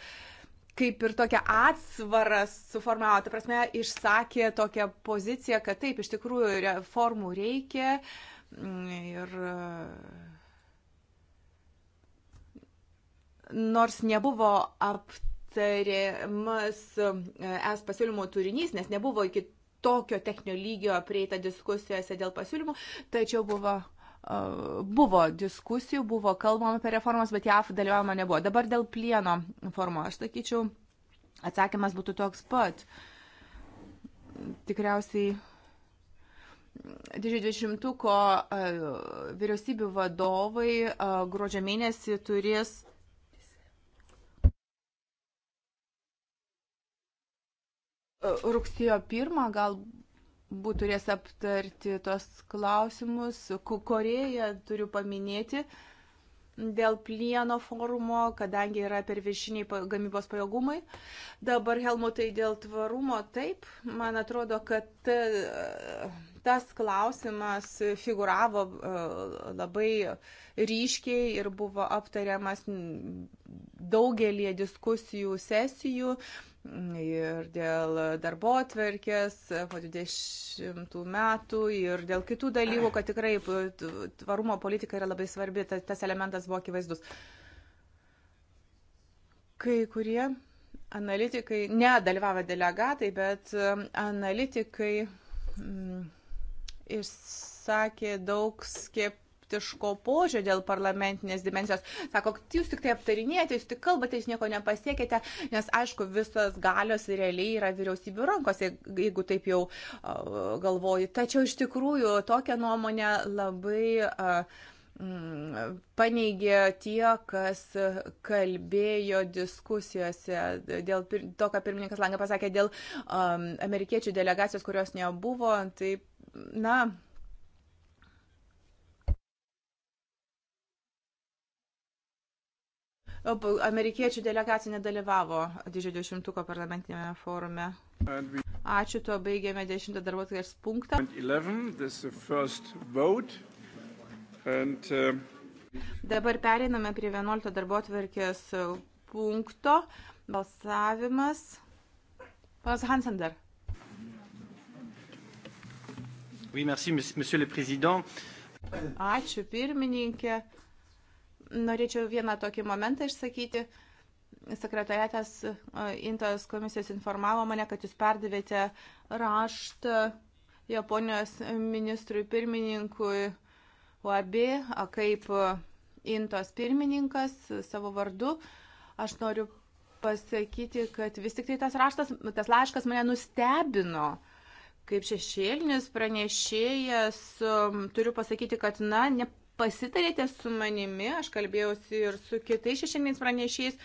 kaip ir tokią atsvarą suformavo, ta prasme, išsakė tokią poziciją, kad taip, iš tikrųjų reformų reikia mm, ir nors nebuvo aptariamas e, es pasiūlymo turinys, nes nebuvo iki tokio techninio lygio prieita diskusijose dėl pasiūlymų, tačiau buvo e, buvo diskusijų, buvo kalbama apie reformas, bet JAF dalyvavimo nebuvo. Dabar dėl plieno formo, aš sakyčiau, atsakymas būtų toks pat. Tikriausiai Didžiai dvidešimtuko e, vyriausybių vadovai gruodžio mėnesį turės rugsėjo 1 galbūt turės aptarti tos klausimus. Koreja turiu paminėti dėl plieno forumo, kadangi yra per viršiniai gamybos pajėgumai. Dabar Helmutai dėl tvarumo, taip, man atrodo, kad tas klausimas figuravo e, labai ryškiai ir buvo aptariamas daugelį diskusijų sesijų ir dėl darbo atverkės po 20 metų ir dėl kitų dalykų, kad tikrai tvarumo politika yra labai svarbi, tas elementas buvo akivaizdus. Kai kurie analitikai, nedalyvavo delegatai, bet um, analitikai mm, išsakė daug skep skeptiško požiūrio dėl parlamentinės dimensijos. Sako, jūs tik tai aptarinėjate, jūs tik kalbate, jūs nieko nepasiekite, nes aišku, visos galios realiai yra vyriausybių rankose, jeigu taip jau galvoji. Tačiau iš tikrųjų tokią nuomonę labai. Uh, paneigė tie, kas kalbėjo diskusijose dėl to, ką pirmininkas Langa pasakė, dėl um, amerikiečių delegacijos, kurios nebuvo. Tai, na, Amerikiečių delegacija nedalyvavo didžiojo dešimtuko parlamentinėme forume. Ačiū, tuo baigėme dešimtą darbo atkarės punktą. And, uh... Dabar pereiname prie 11 darbo atvarkės uh, punkto. Balsavimas. Panas Hansen dar. Oui, merci, monsieur le président. Ačiū pirmininkė norėčiau vieną tokį momentą išsakyti. Sekretariatas e, Intos komisijos informavo mane, kad jūs perdavėte raštą Japonijos ministrui pirmininkui UAB, kaip Intos pirmininkas savo vardu. Aš noriu pasakyti, kad vis tik tai tas raštas, tas laiškas mane nustebino kaip šešėlinis pranešėjas, turiu pasakyti, kad, na, ne, pasitarėte su manimi, aš kalbėjausi ir su kitais šešiniais pranešiais,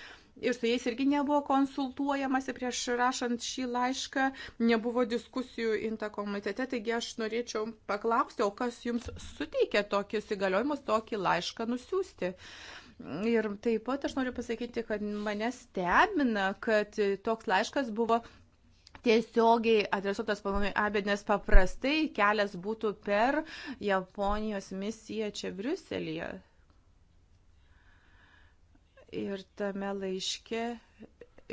ir su jais irgi nebuvo konsultuojamasi prieš rašant šį laišką, nebuvo diskusijų inta komitete, taigi aš norėčiau paklausti, o kas jums suteikė tokius įgaliojimus, tokį laišką nusiųsti. Ir taip pat aš noriu pasakyti, kad mane stebina, kad toks laiškas buvo tiesiogiai adresuotas ponui Abed, nes paprastai kelias būtų per Japonijos misiją čia Briuselėje. Ir tame laiške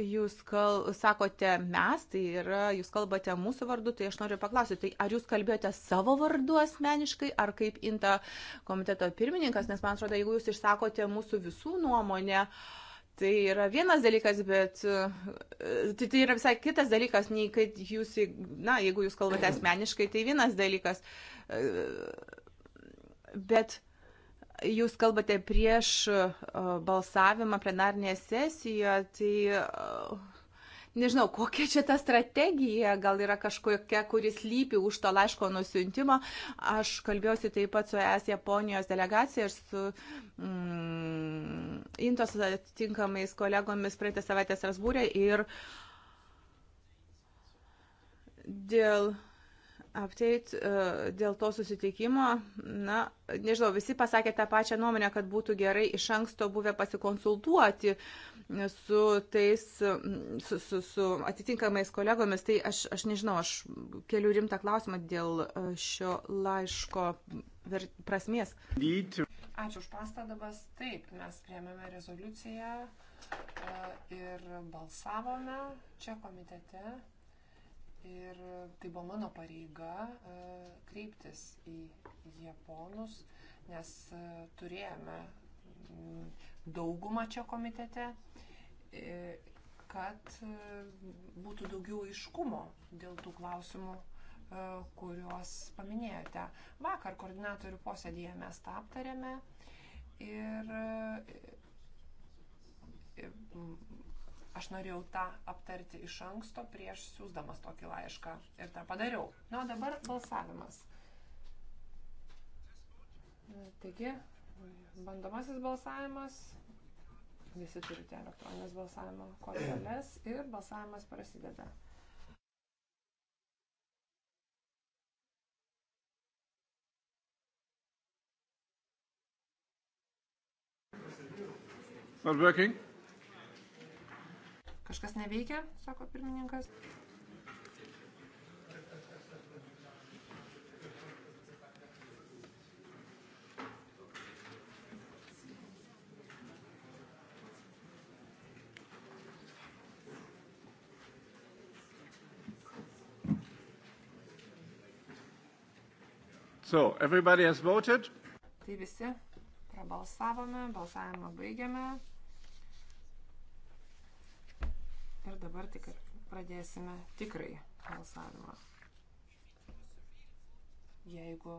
jūs kal, sakote mes, tai yra, jūs kalbate mūsų vardu, tai aš noriu paklausyti, tai ar jūs kalbėjote savo vardu asmeniškai, ar kaip inta komiteto pirmininkas, nes man atrodo, jeigu jūs išsakote mūsų visų nuomonę, uh, Tai yra vienas dalykas, bet e, tai, tai yra visai kitas dalykas, nei kad jūs, na, jeigu jūs kalbate asmeniškai, tai vienas dalykas. E, bet jūs kalbate prieš e, balsavimą plenarnėje sesijoje, tai nežinau, kokia čia ta strategija, gal yra kažkokia, kuris lypi už to laiško nusiuntimo. Aš kalbėjausi taip pat su ES Japonijos delegacija ir su mm, Intos atitinkamais kolegomis praeitą savaitę Rasbūrė ir dėl update e, dėl to susitikimo, na, nežinau, visi pasakė tą pačią nuomonę, kad būtų gerai iš anksto buvę pasikonsultuoti. Uh, su tais, su, su, su atitinkamais kolegomis, tai aš, aš nežinau, aš keliu rimtą klausimą dėl e, šio laiško prasmės. Ačiū už pastabas. Taip, mes priemėme rezoliuciją e, ir balsavome čia komitete. Ir tai buvo mano pareiga e, kreiptis į japonus, nes turėjome daugumą čia komitete, e, kad e, būtų daugiau iškumo dėl tų klausimų, e, kuriuos paminėjote. Vakar koordinatorių posėdėje mes tą aptarėme ir aš norėjau tą aptarti iš anksto prieš siūsdamas tokį laišką ir tą padariau. Na, o dabar balsavimas. Taigi, bandomasis balsavimas. Visi turite elektroninės balsavimo korteles ir balsavimas prasideda. Not working? Kažkas neveikia, sako pirmininkas. So, everybody has voted? Tai visi prabalsavome, balsavimą baigiame. Ir dabar tik pradėsime tikrai balsavimą. Jeigu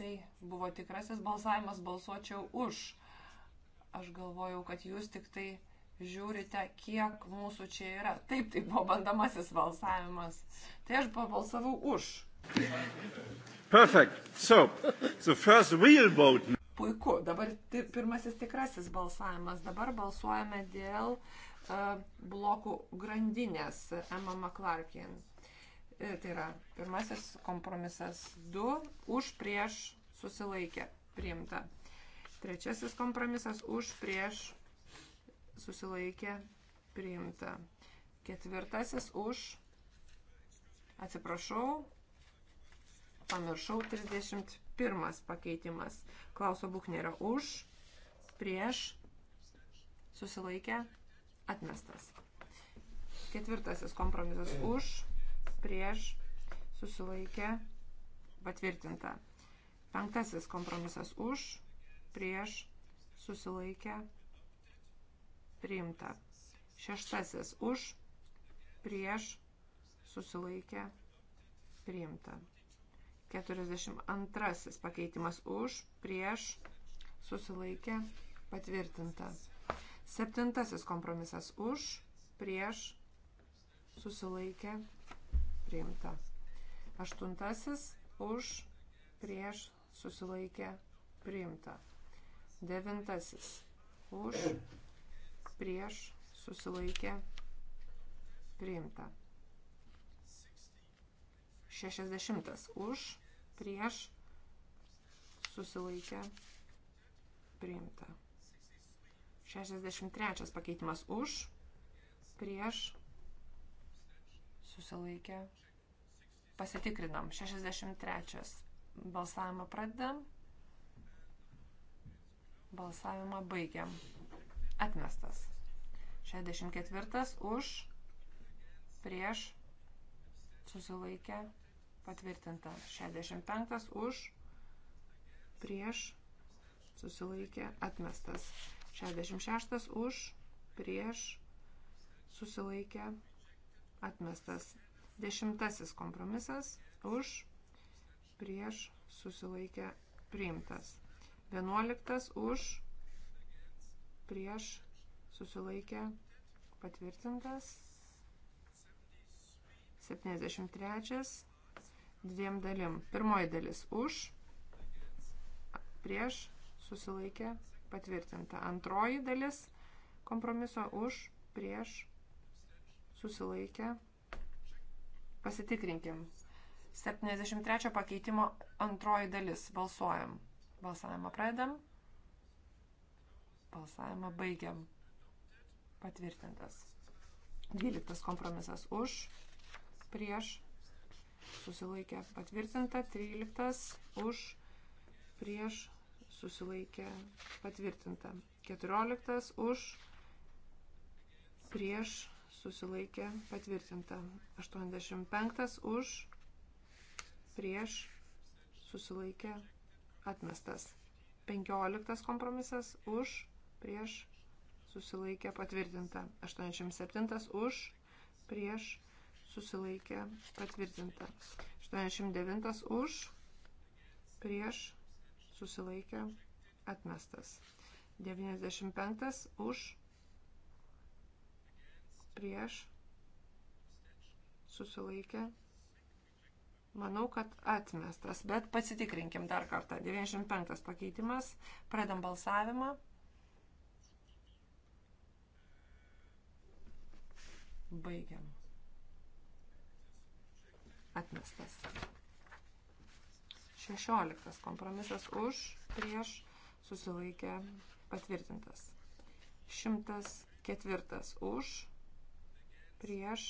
tai buvo tikrasis balsavimas, balsuočiau už. Aš galvojau, kad jūs tik tai žiūrite, kiek mūsų čia yra. Taip, tai buvo bandamasis balsavimas. Tai aš pabalsavau už. Perfect. So, the first real vote. Puiku, dabar pirmasis tikrasis balsavimas. Dabar balsuojame dėl uh, blokų grandinės Emma McClarkin. E, tai yra pirmasis kompromisas 2 už prieš susilaikę priimta. Trečiasis kompromisas už prieš susilaikę priimta. Ketvirtasis už, atsiprašau, pamiršau. 31 pakeitimas. Klauso Buchnerio už, prieš, susilaikę, atmestas. Ketvirtasis kompromisas už, prieš, susilaikę, patvirtinta. Penktasis kompromisas už, prieš, susilaikę, priimta. Šeštasis už, prieš, susilaikę, priimta. 42 pakeitimas už, prieš, susilaikė, patvirtinta. Septintasis kompromisas už, prieš, susilaikė, priimta. Aštuntasis už, prieš, susilaikė, priimta. Devintasis už, prieš, susilaikė, priimta. Šešiasdešimtas už, prieš susilaikę priimta. 63 pakeitimas už prieš susilaikę. Pasitikrinam. 63 balsavimą pradedam. Balsavimą baigiam. Atmestas. 64 už prieš susilaikę patvirtinta. 65 už, prieš, susilaikė, atmestas. 66 už, prieš, susilaikė, atmestas. Dešimtasis kompromisas už, prieš, susilaikė, priimtas. Vienuoliktas už, prieš, susilaikė, patvirtintas. 73 dviem dalim. Pirmoji dalis už, prieš, susilaikė, patvirtinta. Antroji dalis kompromiso už, prieš, susilaikė. Pasitikrinkim. 73 pakeitimo antroji dalis. Balsuojam. Balsavimą pradedam. Balsavimą baigiam. Patvirtintas. 12 kompromisas už, prieš, susilaikė patvirtinta, 13 už, prieš susilaikė patvirtinta, 14 už, prieš susilaikė patvirtinta, 85 už, prieš susilaikė atmestas, 15 kompromisas už, prieš susilaikė patvirtinta, 87 už, prieš susilaikė patvirtinta susilaikė patvirtinta. 89 už, prieš, susilaikė atmestas. 95 už, prieš, susilaikė. Manau, kad atmestas, bet pasitikrinkim dar kartą. 95 pakeitimas, pradam balsavimą. Baigiam atmestas. 16. Kompromisas už, prieš, susilaikė, patvirtintas. 104. Už, prieš,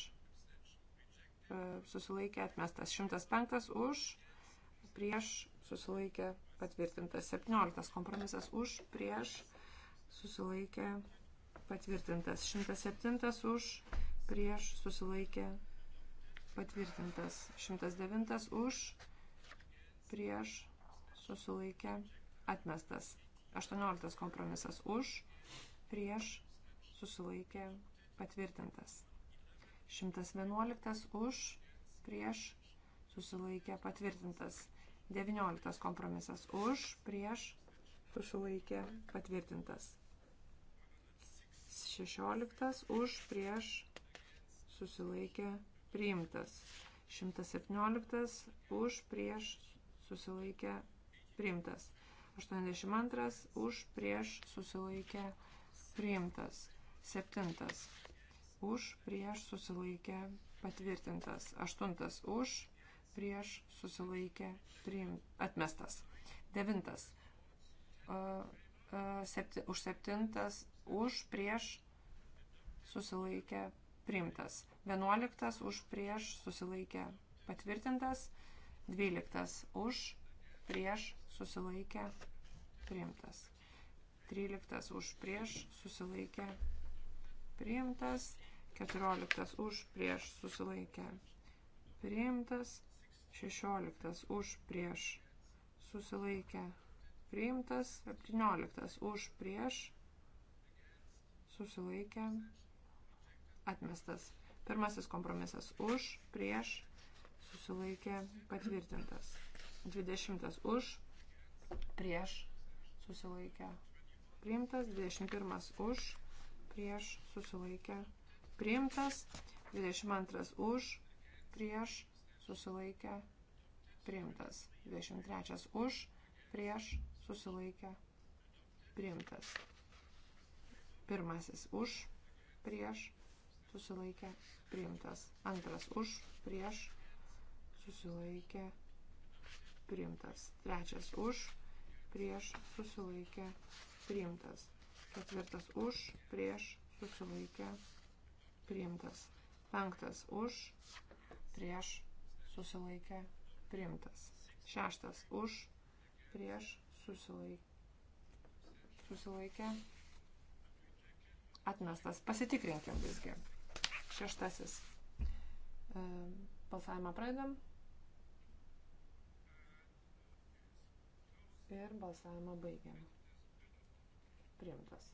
e, susilaikė, atmestas. 105. Už, prieš, susilaikė, patvirtintas. 17. Kompromisas už, prieš, susilaikė, patvirtintas. 107. Už, prieš, susilaikė, patvirtintas. 109 už, prieš, susilaikė, atmestas. 18 kompromisas už, prieš, susilaikė, patvirtintas. 111 už, prieš, susilaikė, patvirtintas. 19 kompromisas už, prieš, susilaikė, patvirtintas. 16 už, prieš, susilaikė, patvirtintas priimtas. 117 už prieš susilaikę priimtas. 82 už prieš susilaikę priimtas. 7 už prieš susilaikę patvirtintas. 8 už prieš susilaikę priim, atmestas. 9 uh, uh, septi, už 7 už prieš susilaikę priimtas. 11 už prieš susilaikė patvirtintas. 12 už prieš susilaikė priimtas. 13 už prieš susilaikė priimtas. 14 už prieš susilaikė priimtas. 16 už prieš susilaikė priimtas. 17 už prieš susilaikė priimtas atmestas. Pirmasis kompromisas už, prieš, susilaikė, patvirtintas. Dvidešimtas už, prieš, susilaikė, priimtas. Dvidešimt pirmas už, prieš, susilaikė, priimtas. Dvidešimt antras už, prieš, susilaikė, priimtas. Dvidešimt trečias už, prieš, susilaikė, priimtas. Pirmasis už, prieš, susilaikė priimtas. Antras už, prieš, susilaikė priimtas. Trečias už, prieš, susilaikė priimtas. Ketvirtas už, prieš, susilaikė priimtas. Penktas už, prieš, susilaikė priimtas. Šeštas už, prieš, susilaikė. Susilaikė atmestas. Pasitikrinkim visgi. Šeštasis. E, balsavimą pradedam. Ir balsavimą baigiam. Priimtas.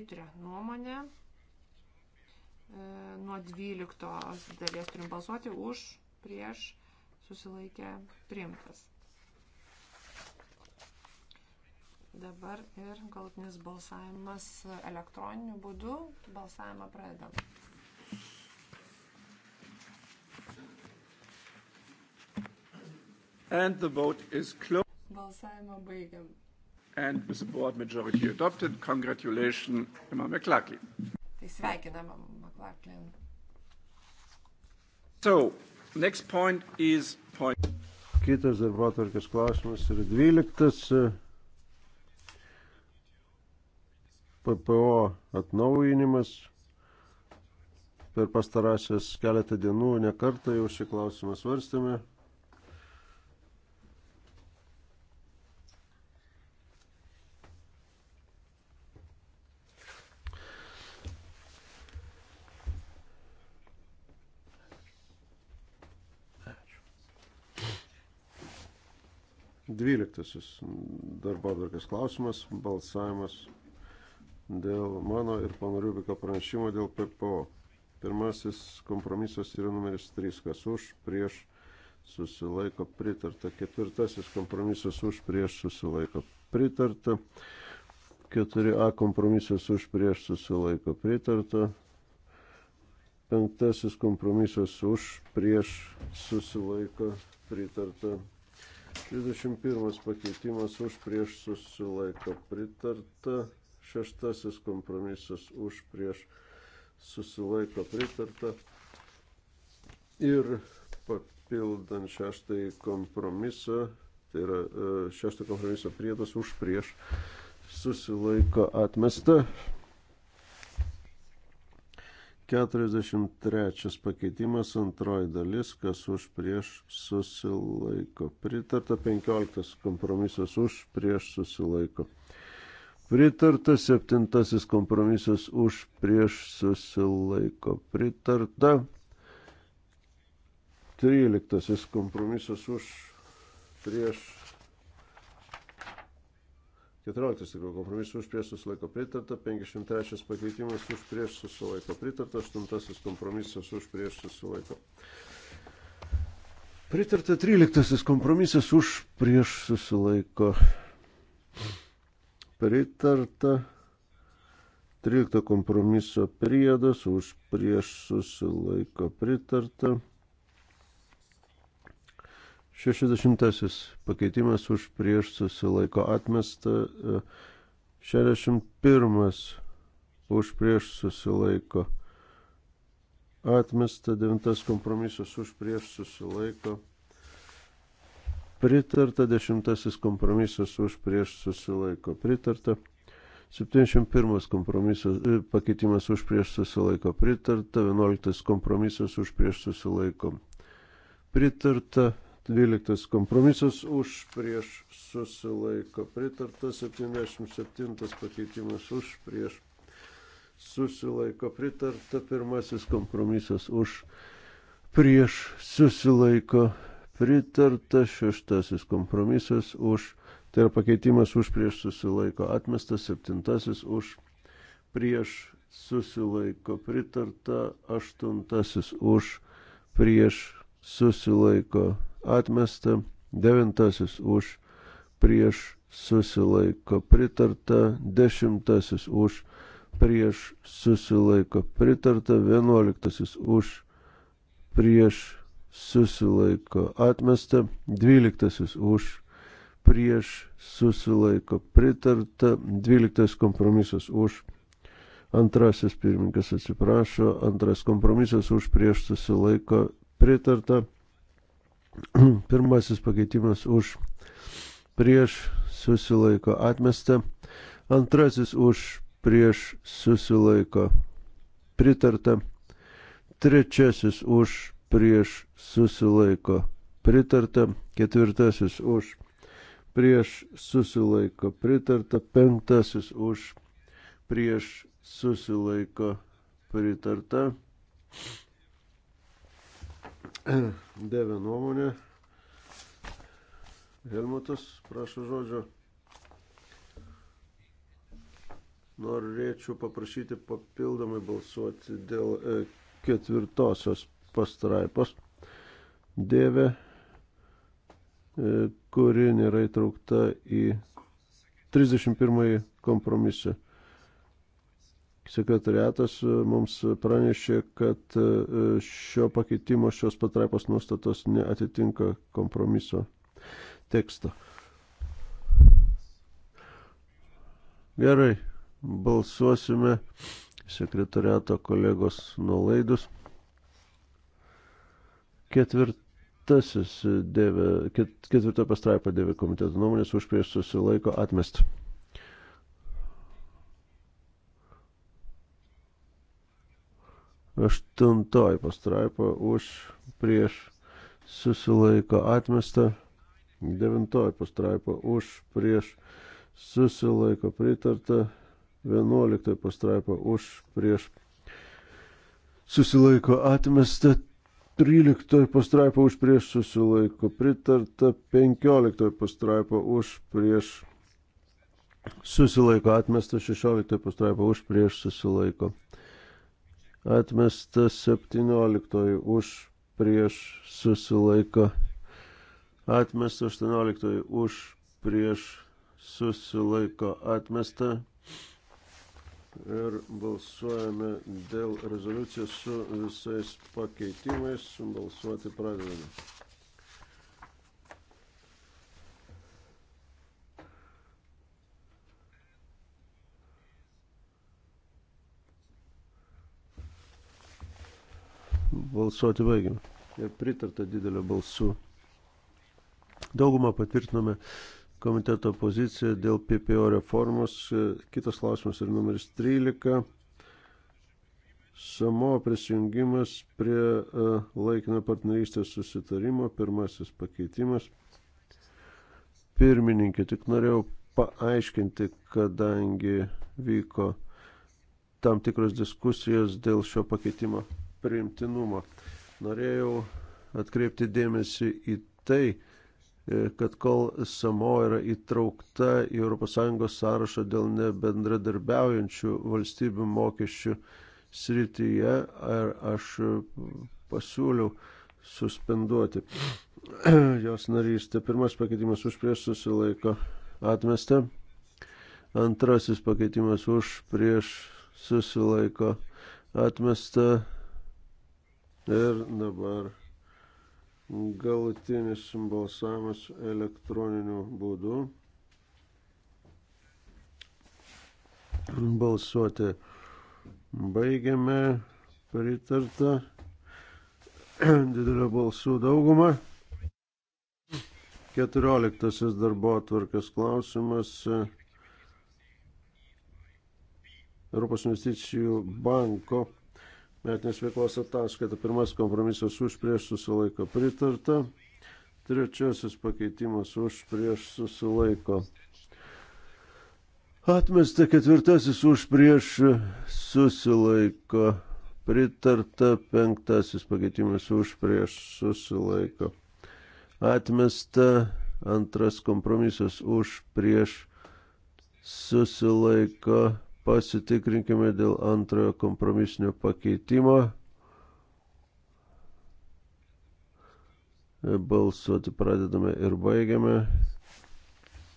Įtrio nuomonė. E, nuo 12 dalies turim balsuoti už, prieš, susilaikę, priimtas. Dabar ir galtinis balsavimas elektroniniu būdu. Balsavimą pradedam. And the vote is closed. Balsavimą baigiam. And with the board majority adopted, congratulations, Emma McLaughlin. Tai sveikinam, McLaughlin. So, next point is point. Kitas darbotvarkės klausimas yra 12. PPO atnaujinimas. Per pastarąsias keletą dienų nekartą jau šį klausimą svarstėme. Dvyliktasis darbo atvarkės klausimas, balsavimas dėl mano ir pono Rubiko pranešimo dėl PPO. Pirmasis kompromisas yra numeris 3, kas už, prieš, susilaiko pritarta. Ketvirtasis kompromisas už, prieš, susilaiko pritarta. 4A kompromisas už, prieš, susilaiko pritarta. Penktasis kompromisas už, prieš, susilaiko pritarta. 31 pakeitimas už, prieš, susilaiko pritarta. Šeštasis kompromisas už prieš susilaiko pritarta. Ir papildant šeštąjį kompromisą, tai yra e, šeštą kompromiso priedas už prieš susilaiko atmesta. 43 pakeitimas antroji dalis, kas už prieš susilaiko. Pritarta 15 kompromisas už prieš susilaiko. Pritarta septintasis kompromisas už prieš susilaiko. Pritarta tryliktasis kompromisas už prieš. Keturioliktas tikro kompromisas už prieš susilaiko. Pritarta 53 pakeitimas už prieš susilaiko. Pritarta aštuntasis kompromisas už prieš susilaiko. Pritarta tryliktasis kompromisas už prieš susilaiko. Pritarta pritarta. 13 kompromiso priedas už prieš susilaiko pritarta. 60 pakeitimas už prieš susilaiko atmesta. 61 už prieš susilaiko atmesta. 9 kompromisas už prieš susilaiko atmesta pritarta, dešimtasis kompromisas už prieš susilaiko pritarta, 71 kompromisas, e, pakeitimas už prieš susilaiko pritarta, 11 kompromisas už prieš susilaiko pritarta, 12 kompromisas už prieš susilaiko pritarta, 77 pakeitimas už prieš susilaiko pritarta, pirmasis kompromisas už prieš susilaiko pritarta pritarta, šeštasis kompromisas už, tai yra pakeitimas už prieš susilaiko atmestas, septintasis už prieš susilaiko pritarta, aštuntasis už prieš susilaiko atmesta, devintasis už prieš susilaiko pritarta, dešimtasis už prieš susilaiko pritarta, vienuoliktasis už prieš susilaiko atmesta, dvyliktasis už prieš susilaiko pritarta, dvyliktas kompromisas už, antrasis pirmininkas atsiprašo, antras kompromisas už prieš susilaiko pritarta, pirmasis pakeitimas už prieš susilaiko atmesta, antrasis už prieš susilaiko pritarta, trečiasis už prieš susilaiko pritarta, ketvirtasis už prieš susilaiko pritarta, penktasis už prieš susilaiko pritarta. Deve nuomonė. Helmutas, prašau žodžio. Norėčiau paprašyti papildomai balsuoti dėl e, ketvirtosios pastraipos dėvę, e, kuri nėra įtraukta į 31 kompromisą. Sekretariatas e, mums pranešė, kad e, šio pakeitimo šios patraipos nuostatos neatitinka kompromiso teksto. Gerai, balsuosime sekretariato kolegos nuolaidus. Ketvirtasis dėvė, ket, ketvirta pastraipa dėvė komiteto nuomonės už prieš susilaiko atmest. Aštuntoji pastraipa už prieš susilaiko atmesta. Devintoji pastraipa už prieš susilaiko pritarta. Vienuoliktoji pastraipa už prieš susilaiko atmesta. 13 pastraipa už prieš susilaiko, pritarta 15 pastraipa už prieš susilaiko, atmesta 16 pastraipa už prieš susilaiko, atmesta 17 už prieš susilaiko, atmesta 18 už prieš susilaiko, atmesta ir balsuojame dėl rezoliucijos su visais pakeitimais. Balsuoti pradedame. Balsuoti baigiam. Ir pritarta didelio balsų. Daugumą patvirtinome komiteto poziciją dėl PPO reformos. Kitas klausimas yra numeris 13. Samo prisijungimas prie e, laikino partnerystės susitarimo, pirmasis pakeitimas. Pirmininkė, tik norėjau paaiškinti, kadangi vyko tam tikros diskusijos dėl šio pakeitimo priimtinumo. Norėjau atkreipti dėmesį į tai, E, kad kol Samo yra įtraukta į ES sąrašą dėl nebendradarbiaujančių valstybių mokesčių srityje, ar aš pasiūliau suspenduoti jos narystę. Pirmas pakeitimas už prieš susilaiko atmestą. Antrasis pakeitimas už prieš susilaiko atmestą. Ir dabar Galutinis balsavimas elektroniniu būdu. Balsuoti baigiame. Pritarta didelio balsų daugumą. 14 darbo atvarkės klausimas. Europos investicijų banko metinės veiklos ataskaita. Pirmasis kompromisas už prieš susilaiko pritarta. Trečiasis pakeitimas už prieš susilaiko. Atmesta ketvirtasis už prieš susilaiko. Pritarta penktasis pakeitimas už prieš susilaiko. Atmesta antras kompromisas už prieš susilaiko Pasitikrinkime dėl antrojo kompromisinio pakeitimo. Balsuoti pradedame ir baigiame.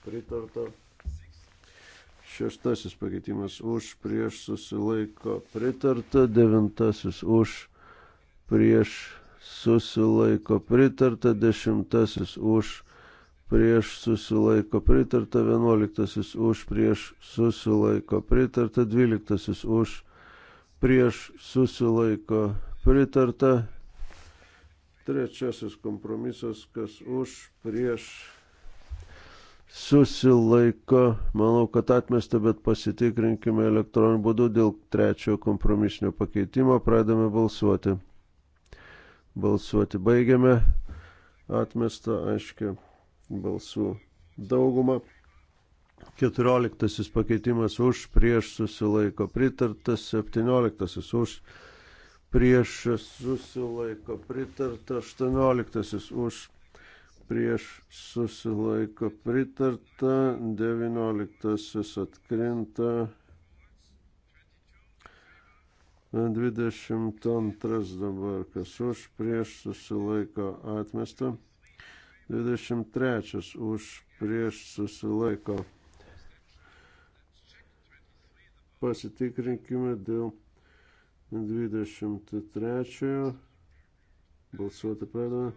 Pritarta. Šeštasis pakeitimas už, prieš susilaiko pritarta. Devintasis už, prieš susilaiko pritarta. Dešimtasis už prieš susilaiko pritarta, vienuoliktasis už prieš susilaiko pritarta, dvyliktasis už prieš susilaiko pritarta, trečiasis kompromisas, kas už prieš susilaiko, manau, kad atmesta, bet pasitikrinkime elektroniniu būdu dėl trečiojo kompromisinio pakeitimo, pradame balsuoti. Balsuoti baigiame, atmesta aiškiai balsų daugumą. 14 pakeitimas už prieš susilaiko pritartas, 17 už prieš susilaiko pritarta, 18 už prieš susilaiko pritarta, 19 atkrinta, 22 dabar kas už prieš susilaiko atmesta. 23 už prieš susilaiko. Pasitikrinkime dėl 23. Balsuoti pradame.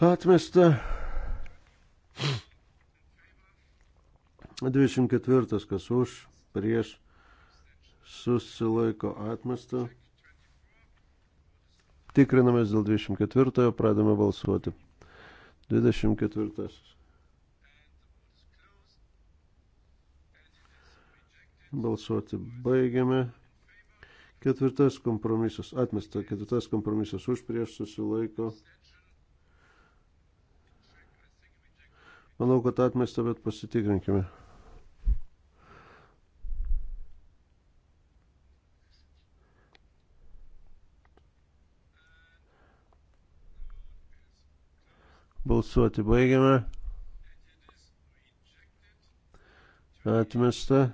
Atmesta. 24. kas už prieš susilaiko atmesta. Tikrinamės dėl 24, pradame balsuoti. 24. Balsuoti baigiame. Ketvirtas kompromisas atmesta, ketvirtas kompromisas už prieš susilaiko. Manau, kad atmesta, bet pasitikrinkime. Balsuoti baigiame. Atmesta.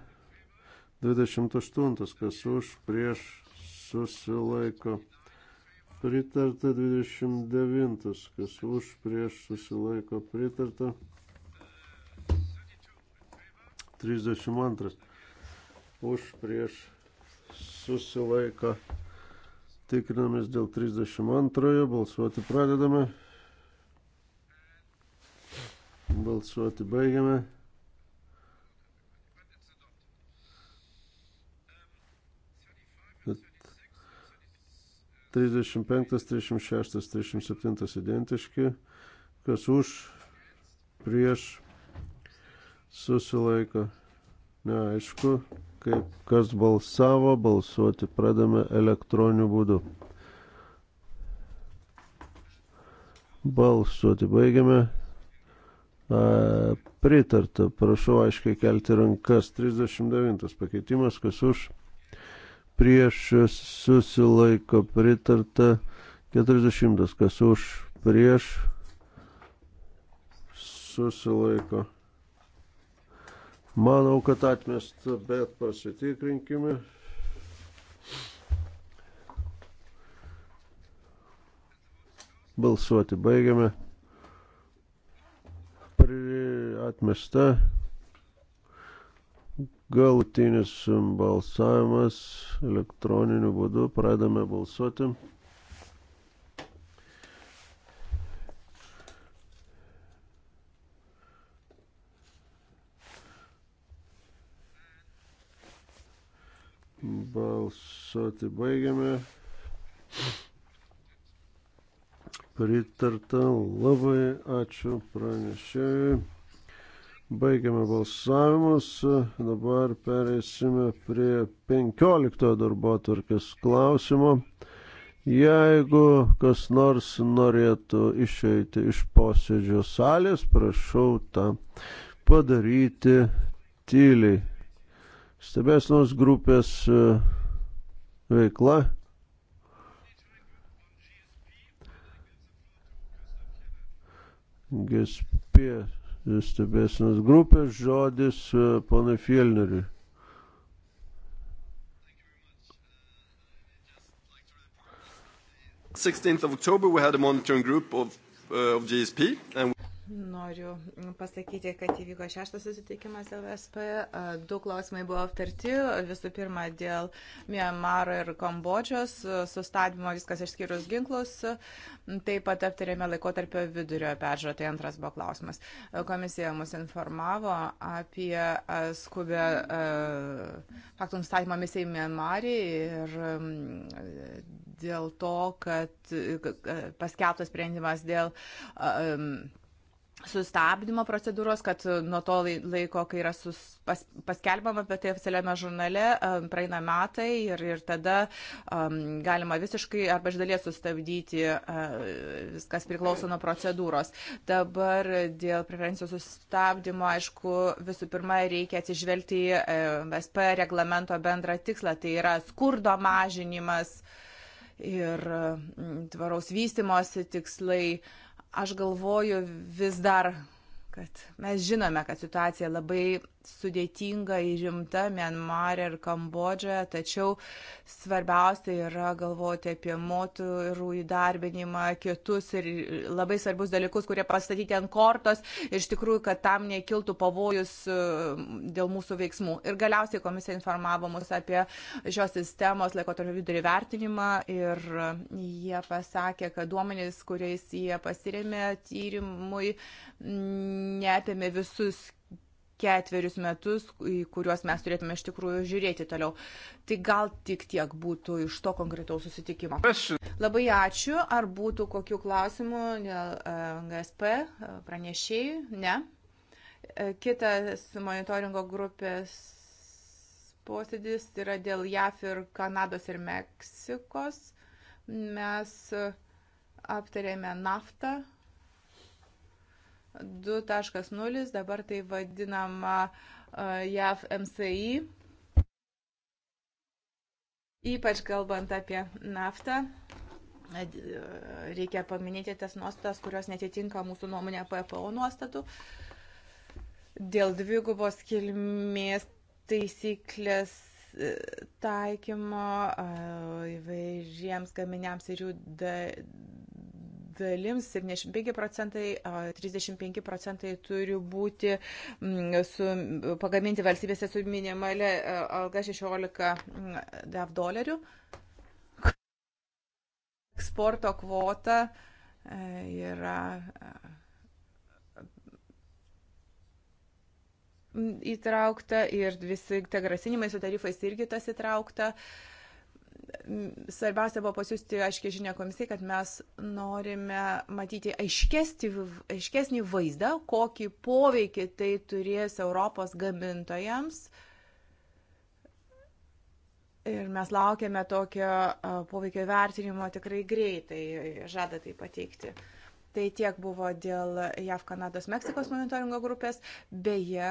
28. Kas už, prieš, susilaiko. Pritarta 29. Kas už, prieš, susilaiko. Pritarta. 32. Už, prieš, susilaiko. Tikrinamės dėl 32. Balsuoti pradedame. Balsuoti baigiame. Bet 35, 36, 37 identiški. Kas už, prieš, susilaiko. Neaišku, kaip kas balsavo, balsuoti pradame elektroniniu būdu. Balsuoti baigiame pritarta. Prašau aiškiai kelti rankas. 39 pakeitimas, kas už, prieš susilaiko pritarta. 40 kas už, prieš susilaiko. Manau, kad atmesta, bet pasitikrinkime. Balsuoti baigiame atmesta. Galutinis balsavimas elektroniniu būdu. Pradame balsuoti. Balsuoti baigiame pritarta. Labai ačiū pranešėjui. Baigiame balsavimus. Dabar pereisime prie 15 darbo tvarkės klausimo. Jeigu kas nors norėtų išeiti iš posėdžio salės, prašau tą padaryti tyliai. Stebėsnos grupės e, veikla GSP stebėsinos grupės žodis e, ponai Fielneriui. sixteenth of October, we had a monitoring group of, uh, of GSP. And Noriu pasakyti, kad įvyko šeštas susitikimas LSP. Du klausimai buvo aptarti. Visų pirma, dėl Miamaro ir Kambodžos sustabdymo viskas išskyrus ginklus. Taip pat aptarėme laikotarpio vidurio peržiūrą. Tai antras buvo klausimas. Komisija mus informavo apie skubę faktų nustatymą misijai Miamarį ir dėl to, kad paskelbtas sprendimas dėl um, sustabdymo procedūros, kad e, nuo to laiko, kai yra sus, pas, paskelbama apie tai oficialiame žurnale, e, praeina metai ir, ir tada um, galima visiškai arba iš dalies sustabdyti, uh, viskas priklauso nuo procedūros. Dabar dėl preferencijų sustabdymo, aišku, visų pirma, reikia atsižvelgti į uh, SP reglamento bendrą tikslą, tai yra skurdo mažinimas ir uh, tvaraus vystimosi tikslai. Uh, Aš galvoju vis dar, kad mes žinome, kad situacija labai sudėtinga ir rimta Mianmarė ir Kambodža, tačiau svarbiausia yra galvoti apie moterų įdarbinimą, kitus ir labai svarbus dalykus, kurie pastatyti ant kortos, iš tikrųjų, kad tam nekiltų pavojus e, dėl mūsų veiksmų. Ir galiausiai komisija informavo mus apie šios sistemos laikotarpio vidurį vertinimą ir jie pasakė, kad duomenys, kuriais jie pasirėmė tyrimui, neapėmė visus ketverius metus, į kuriuos mes turėtume iš tikrųjų žiūrėti toliau. Tai gal tik tiek būtų iš to konkretaus susitikimo. Labai ačiū. Ar būtų kokių klausimų dėl e, GSP e, pranešėjų? Ne. E, kitas monitoringo grupės posėdis yra dėl JAF ir Kanados ir Meksikos. Mes aptarėme naftą 2.0, dabar tai vadinama e, JAV MCI, ypač kalbant apie naftą e, e, reikia paminėti tas nuostatas, kurios netitinka mūsų nuomonė PPO nuostatų. Dėl dvigubos kilmės taisyklės taikymo įvairiems gaminiams ir jų dalims 75 procentai, 35 procentai turi būti su, pagaminti valstybėse su minimalė alga 16 DAV dolerių. Eksporto kvota e, yra įtraukta ir visi tie grasinimai su tarifais irgi tas įtraukta. Uh, svarbiausia buvo pasiūsti aiškiai žinia komisijai, kad mes norime matyti aiškesti, aiškesnį vaizdą, kokį poveikį tai turės Europos gamintojams. Ir mes laukiame tokio poveikio vertinimo tikrai greitai, žada tai pateikti. Tai tiek buvo dėl JAV, Kanados, Meksikos monitoringo grupės. Beje,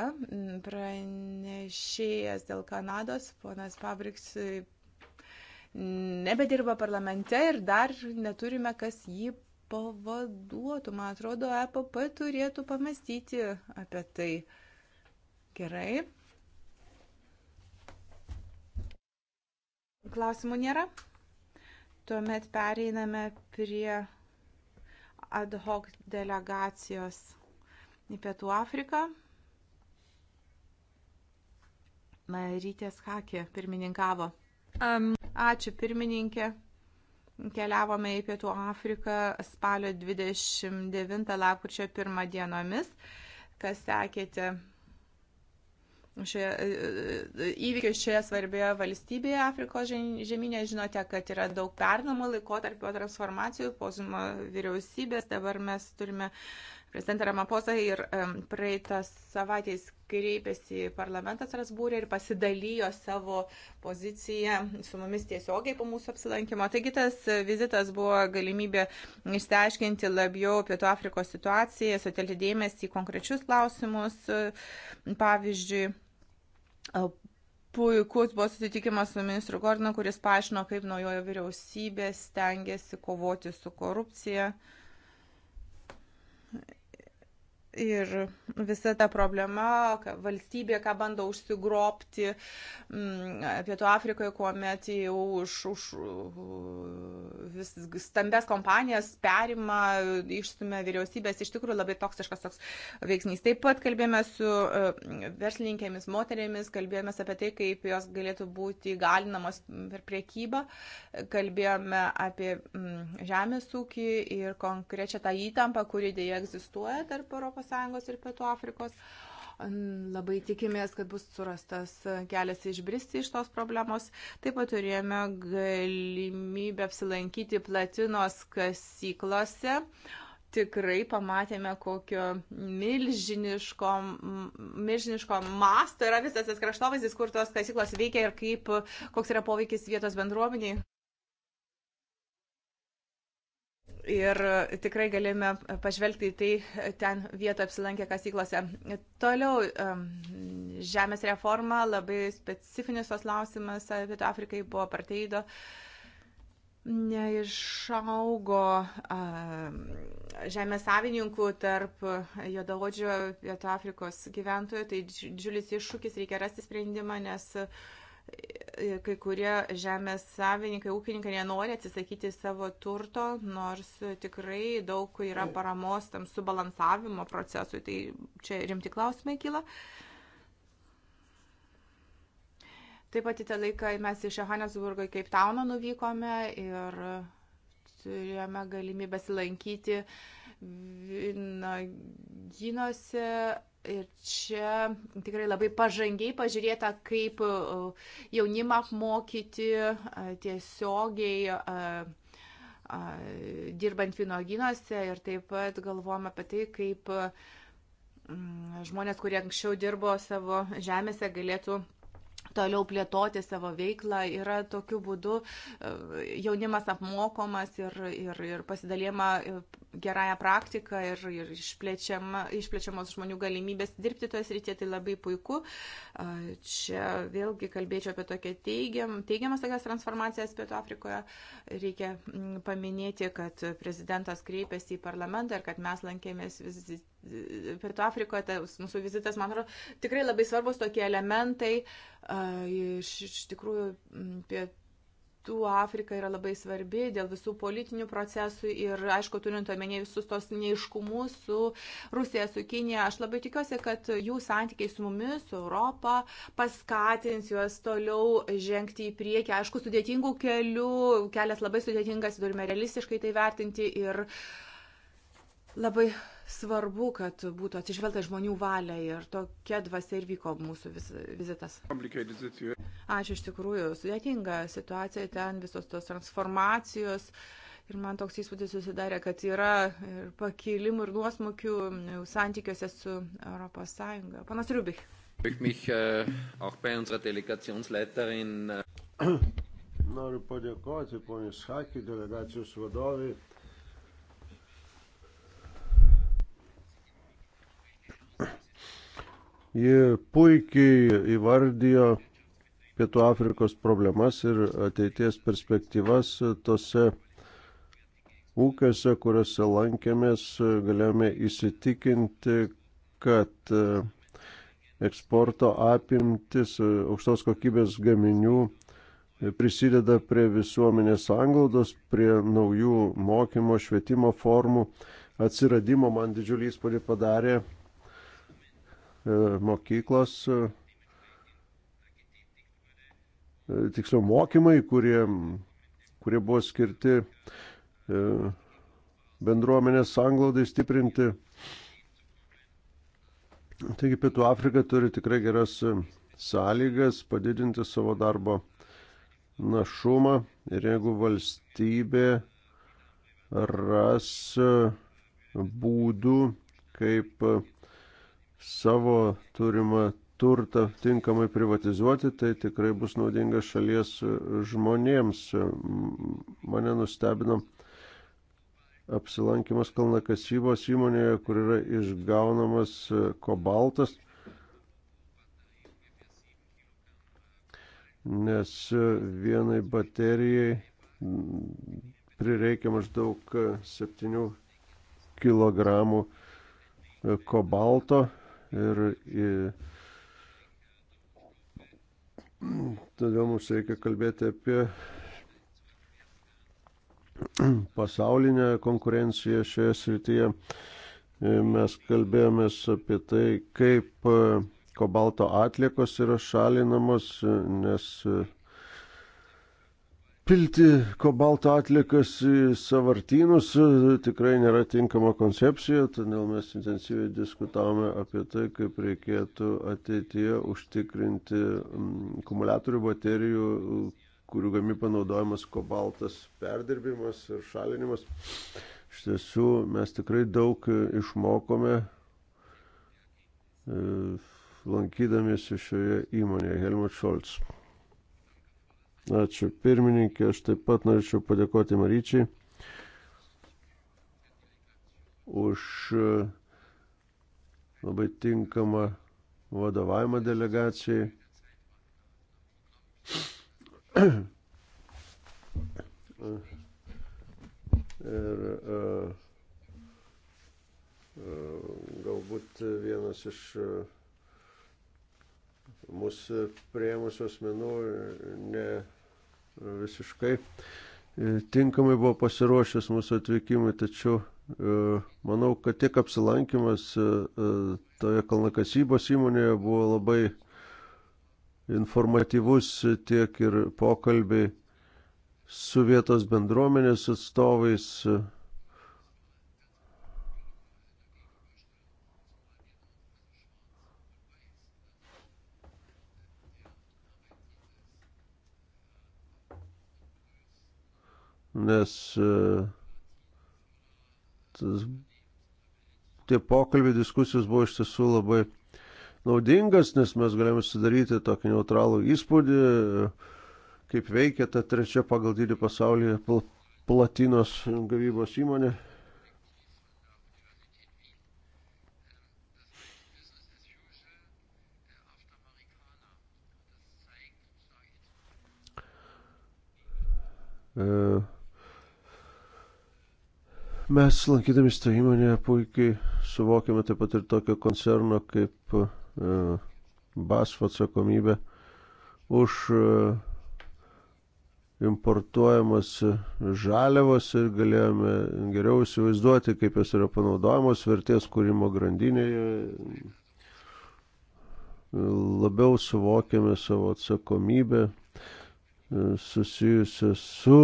pranešėjas dėl Kanados, ponas Pabriks, nebedirba parlamente ir dar neturime, kas jį pavaduotų. Man atrodo, EPP turėtų pamastyti apie tai. Gerai. Klausimų nėra. Tuomet pereiname prie ad hoc delegacijos į Pietų Afriką. Marytės Hakė pirmininkavo. Um. Ačiū pirmininkė. Keliavome į Pietų Afriką spalio 29 lapkričio 1 dienomis. Kas sekėte šioje, e, e, įvykius šioje svarbioje valstybėje Afrikos žemynė. Žinote, kad yra daug pernamo laikotarpio transformacijų, pozimo vyriausybės. Dabar mes turime Prezidentė Ramaposa ir praeitą savaitę jis kreipėsi į parlamentą Strasbūrį ir pasidalijo savo poziciją su mumis tiesiogiai po mūsų apsilankimo. Taigi tas vizitas buvo galimybė išsiaiškinti labiau Pietų Afrikos situaciją, sutelti dėmesį į konkrečius klausimus. Pavyzdžiui, puikus buvo susitikimas su ministru Gordonu, kuris paaiškino, kaip naujojo vyriausybė stengiasi kovoti su korupcija. Uh, ir visa ta problema, valstybė, ką bando užsigropti mm, Pietų Afrikoje, kuomet jau už, už vis stambes kompanijas perima, išstumia vyriausybės, iš tikrųjų labai toksiškas toks veiksnys. Taip pat kalbėjome su e, verslininkėmis, moterėmis, kalbėjome apie tai, kaip jos galėtų būti įgalinamos per priekybą, kalbėjome apie mm, žemės ūkį ir konkrečią tą įtampą, kuri dėja egzistuoja tarp ES ES ir Pietų Afrikos. Labai tikimės, kad bus surastas kelias išbristi iš tos problemos. Taip pat turėjome galimybę apsilankyti platinos kasyklose tikrai pamatėme, kokio milžiniško, milžiniško masto yra visas tas kraštovaizdis, kur tos kasyklos veikia ir kaip, koks yra poveikis vietos bendruomeniai. ir e, tikrai galime e, pažvelgti į tai e, ten vietą apsilankę kasyklose. Toliau žemės reforma, labai specifinis tos klausimas Pietų Afrikai buvo parteido neišaugo žemės savininkų tarp jodavodžio Pietų Afrikos gyventojų, tai džiulis iššūkis, reikia rasti sprendimą, nes uh, E, kai kurie žemės savininkai, ūkininkai nenori atsisakyti savo turto, nors tikrai daug yra mm. paramos tam subalansavimo procesui. Tai čia rimti klausimai kyla. Taip pat į tą laiką mes iš Johannesburgo į Cape Towną nuvykome ir turėjome galimybę silankyti vynaginose Ir čia tikrai labai pažangiai pažiūrėta, kaip uh, jaunimą apmokyti uh, tiesiogiai uh, dirbant vynoginuose ir taip pat galvom apie tai, kaip mm, žmonės, kurie anksčiau dirbo savo žemėse, galėtų toliau plėtoti savo veiklą. Yra tokiu būdu jaunimas apmokomas ir, ir, ir pasidalėma gerąją praktiką ir, ir išplečiama, išplečiamos žmonių galimybės dirbti toje srityje, tai labai puiku. Čia vėlgi kalbėčiau apie tokią teigiam, teigiamas tokias transformacijas Pietų Afrikoje. Reikia mm, paminėti, kad prezidentas kreipėsi į parlamentą ir kad mes lankėmės vizit, Pietų Afrikoje, tas mūsų vizitas, man atrodo, tikrai labai svarbus tokie elementai. Iš, iš tikrųjų, Pietų Pietų Afrika yra labai svarbi dėl visų politinių procesų ir, aišku, turint omenyje visus tos neiškumus su Rusija, su Kinija, aš labai tikiuosi, kad jų santykiai su mumis, su Europa, paskatins juos toliau žengti į priekį. Aišku, sudėtingų kelių, kelias labai sudėtingas, turime realistiškai tai vertinti ir labai svarbu, kad būtų atsižvelgta žmonių valia ir tokia dvasia ir vyko mūsų vis, vizitas. Ačiū iš tikrųjų, sudėtinga situacija ten, visos tos transformacijos. Ir man toks įspūdis susidarė, kad yra ir pakilimų, ir nuosmukių santykiuose su ES. Panas Rubik. Äh, äh, Noriu padėkoti poniai Schaki, delegacijos vadoviai Ji puikiai įvardijo Pietų Afrikos problemas ir ateities perspektyvas tose ūkiuose, kuriuose lankėmės, galėjome įsitikinti, kad e, eksporto apimtis e, aukštos kokybės gaminių e, prisideda prie visuomenės anglaudos, prie naujų mokymo, švietimo formų atsiradimo. Man didžiulį įspūdį padarė E, mokyklos, e, tiksliau mokymai, kurie, kurie buvo skirti e, bendruomenės sanglaudai stiprinti. Taigi Pietų Afrika turi tikrai geras sąlygas padidinti savo darbo našumą ir jeigu valstybė ras būdų, kaip savo turimą turtą tinkamai privatizuoti, tai tikrai bus naudinga šalies žmonėms. Mane nustebino apsilankimas kalnakasybos įmonėje, kur yra išgaunamas kobaltas, nes vienai baterijai prireikia maždaug 7 kg kobalto ir į... todėl mums reikia kalbėti apie pasaulinę konkurenciją šioje srityje. Mes kalbėjomės apie tai, kaip e, kobalto atliekos yra šalinamos, nes e, pilti kobalto atlikas į savartynus tikrai nėra tinkama koncepcija, todėl mes intensyviai diskutavome apie tai, kaip reikėtų ateityje užtikrinti mm, akumuliatorių baterijų, kurių gami panaudojamas kobaltas perdirbimas ir šalinimas. Iš tiesų mes tikrai daug išmokome e, lankydamiesi šioje įmonėje. Helmut Scholz. Ačiū pirmininkė, aš taip pat norėčiau padėkoti Maryčiai už e, labai tinkamą vadovavimą delegacijai. Ir e, e, galbūt vienas iš mūsų prieimusios menų ne visiškai e, tinkamai buvo pasiruošęs mūsų atvykimui, tačiau e, manau, kad tiek apsilankimas e, toje kalnakasybos įmonėje buvo labai informatyvus, tiek ir pokalbiai su vietos bendruomenės atstovais nes e, tas, tie pokalbiai diskusijos buvo iš tiesų labai naudingas, nes mes galėjome sudaryti tokį neutralų įspūdį, e, kaip veikia ta trečia pagal dydį pasaulyje pl platinos gavybos įmonė. Uh... Mes lankydami tą įmonę puikiai suvokiame taip pat ir tokio koncerno kaip e, BASF atsakomybę už e, importuojamas žaliavas ir galėjome geriau įsivaizduoti, kaip jos yra panaudojamos vertės kūrimo grandinėje. Labiau suvokėme savo atsakomybę e, susijusią su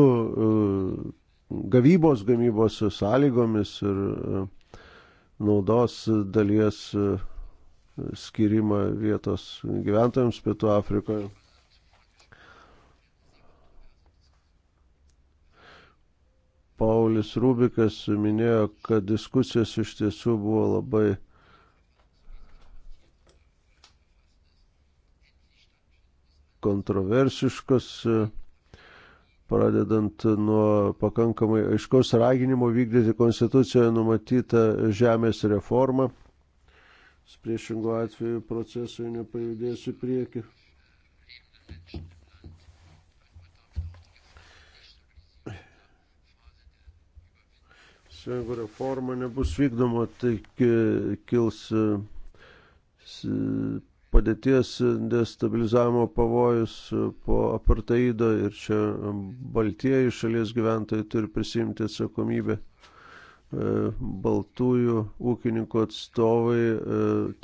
gavybos gamybos sąlygomis ir e, naudos dalies e, skirimą vietos gyventojams Pietų Afrikoje. Paulis Rubikas minėjo, kad diskusijos iš tiesų buvo labai kontroversiškos. Uh, pradedant nuo pakankamai aiškaus raginimo vykdyti Konstitucijoje numatytą žemės reformą. Priešingų atveju procesui nepajudės į priekį. Jeigu reforma nebus vykdoma, tai kils padėties destabilizavimo pavojus po apartaido ir čia baltieji šalies gyventojai turi prisimti atsakomybę. E, Baltųjų ūkininkų atstovai e,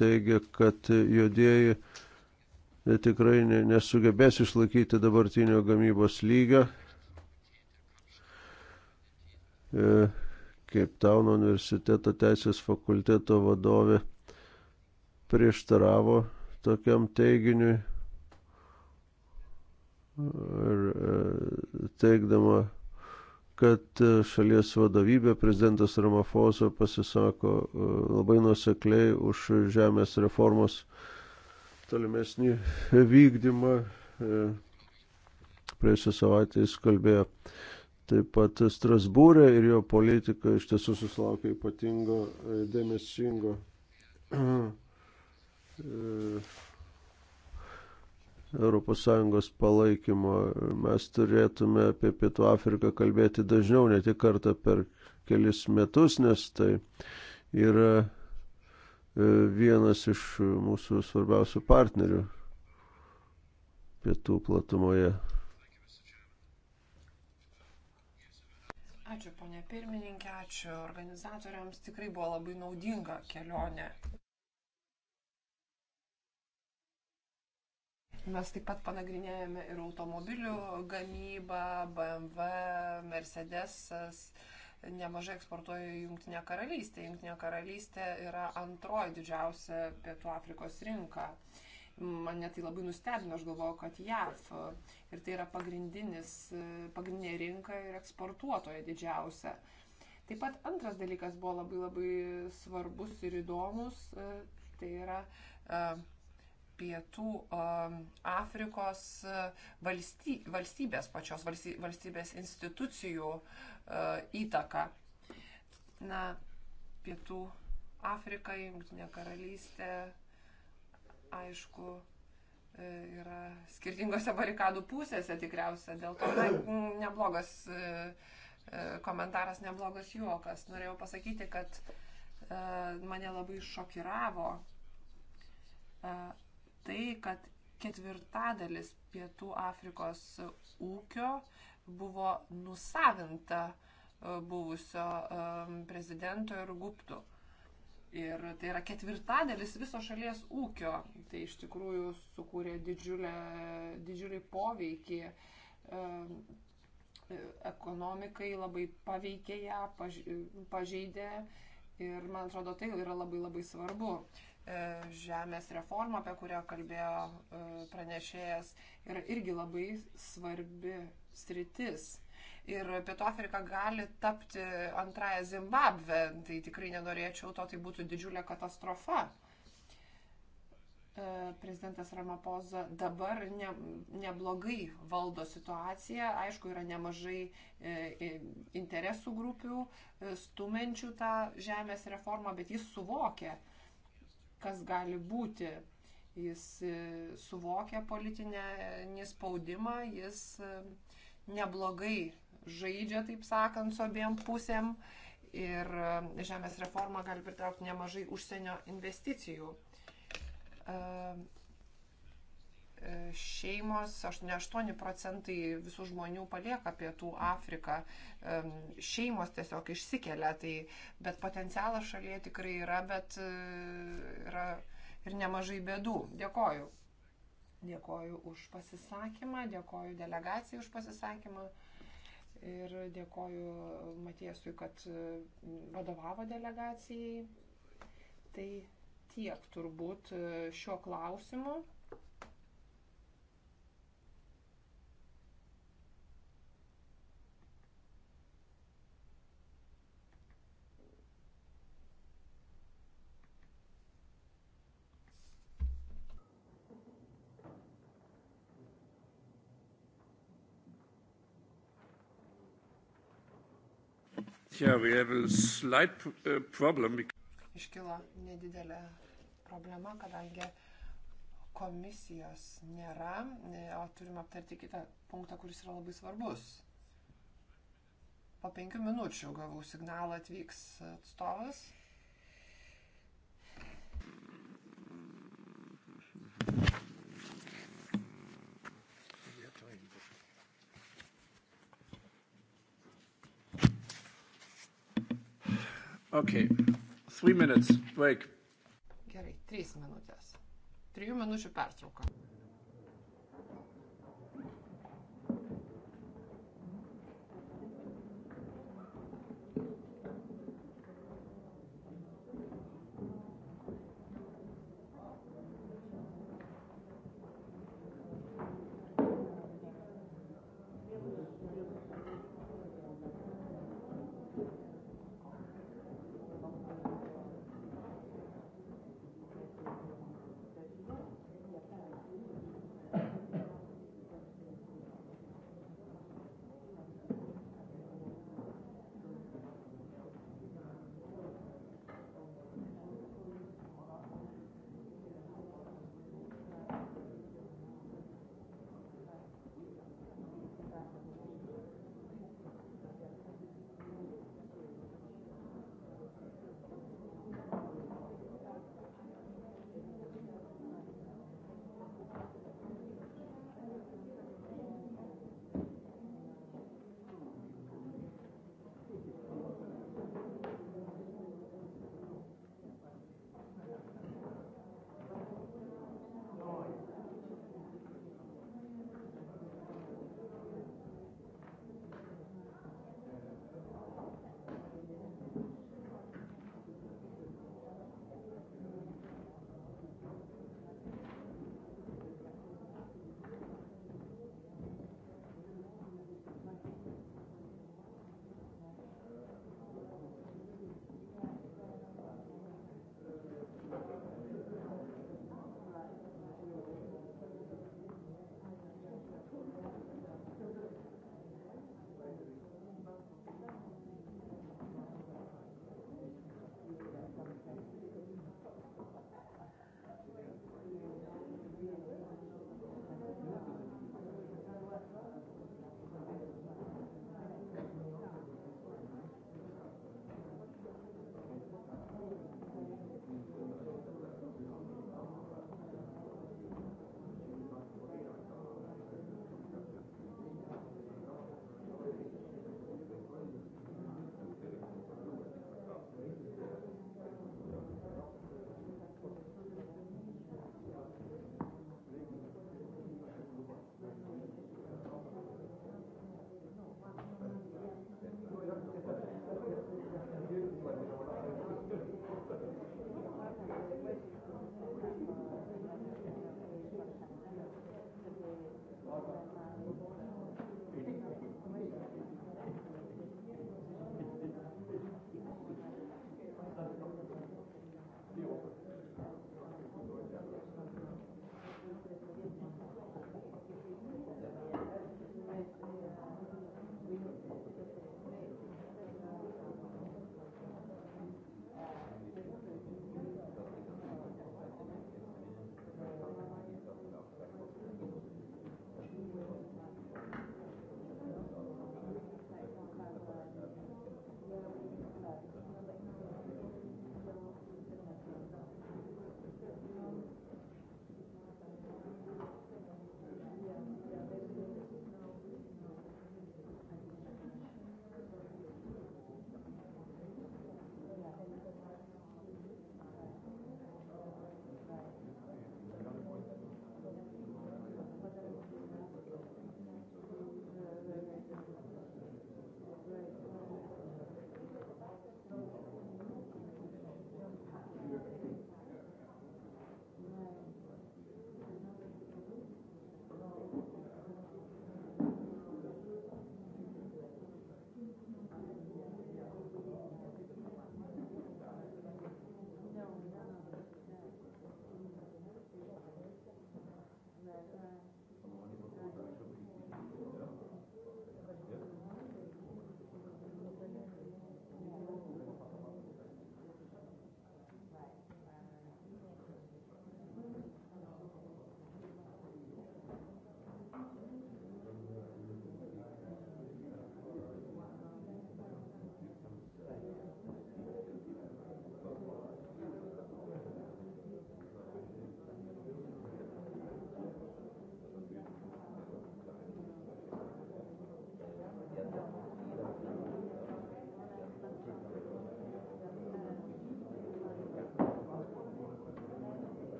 teigia, kad juodieji e, tikrai nesugebės išlaikyti dabartinio gamybos lygio. Kaip Tauno universiteto teisės fakulteto vadovė prieštaravo tokiam teiginiui ir e, teikdama, kad e, šalies vadovybė prezidentas Ramafosa pasisako e, labai nusekliai už žemės reformos tolimesnį vykdymą. Praėjusią savaitę jis kalbėjo taip pat Strasbūrė ir jo politika iš tiesų susilaukė ypatingo dėmesingo ES palaikymo. Mes turėtume apie Pietų Afriką kalbėti dažniau, ne tik kartą per kelis metus, nes tai yra e, vienas iš mūsų svarbiausių partnerių pietų platumoje. Ačiū, ponė pirmininkė, ačiū organizatoriams. Tikrai buvo labai naudinga kelionė. Mes taip pat panagrinėjame ir automobilių gamybą, BMW, Mercedesas, nemažai eksportuoja į Junktinę karalystę. Junktinė karalystė yra antroji didžiausia Pietų Afrikos rinka. Mane tai labai nustebino, aš galvojau, kad JAV ir tai yra pagrindinė rinka ir eksportuotoja didžiausia. Taip pat antras dalykas buvo labai labai svarbus ir įdomus, tai yra pietų um, Afrikos uh, valstybės, pačios valstybės institucijų uh, įtaką. Na, pietų Afrika, Junktinė karalystė, aišku, uh, yra skirtingose barikadų pusėse tikriausia, dėl to na, neblogas komentaras, neblogas juokas. Norėjau pasakyti, kad mane labai šokiravo tai, kad ketvirtadalis Pietų Afrikos ūkio buvo nusavinta e, buvusio e, prezidento ir guptų. Ir tai yra ketvirtadalis viso šalies ūkio. Tai iš tikrųjų sukūrė didžiulę, didžiulį poveikį e, ekonomikai, labai paveikė ją, pažeidė. Ir man atrodo, tai yra labai labai svarbu. Uh, E, žemės reforma, apie kurią kalbėjo e, pranešėjas, yra irgi labai svarbi sritis. Ir Pietų Afrika gali tapti antrąją Zimbabvę, tai tikrai nenorėčiau to, tai būtų didžiulė katastrofa. E, prezidentas Ramapoza dabar ne, neblogai valdo situaciją, aišku, yra nemažai interesų grupių, stumenčių tą žemės reformą, bet jis suvokia, kas gali būti. Jis e, suvokia politinę spaudimą, jis e, neblogai žaidžia, taip sakant, su abiem pusėm ir e, žemės reforma gali pritraukti nemažai užsienio investicijų šeimos, 8 procentai visų žmonių palieka pietų Afriką, šeimos tiesiog išsikelia, tai, bet potencialas šalyje tikrai yra, bet e, yra ir nemažai bėdų. Dėkoju. Dėkoju už pasisakymą, dėkoju delegacijai už pasisakymą ir dėkoju Matiesui, kad e, vadovavo delegacijai. Tai tiek turbūt e, šiuo klausimu. Here we have a slight uh, problem. Iškilo nedidelė problema, kadangi komisijos nėra, e, o turim aptarti kitą punktą, kuris yra labai svarbus. Po penkių minučių gavau signalą atvyks atstovas. Okay. Three minutes. Break. Gerai, trys minutės. Trijų minučių pertrauka.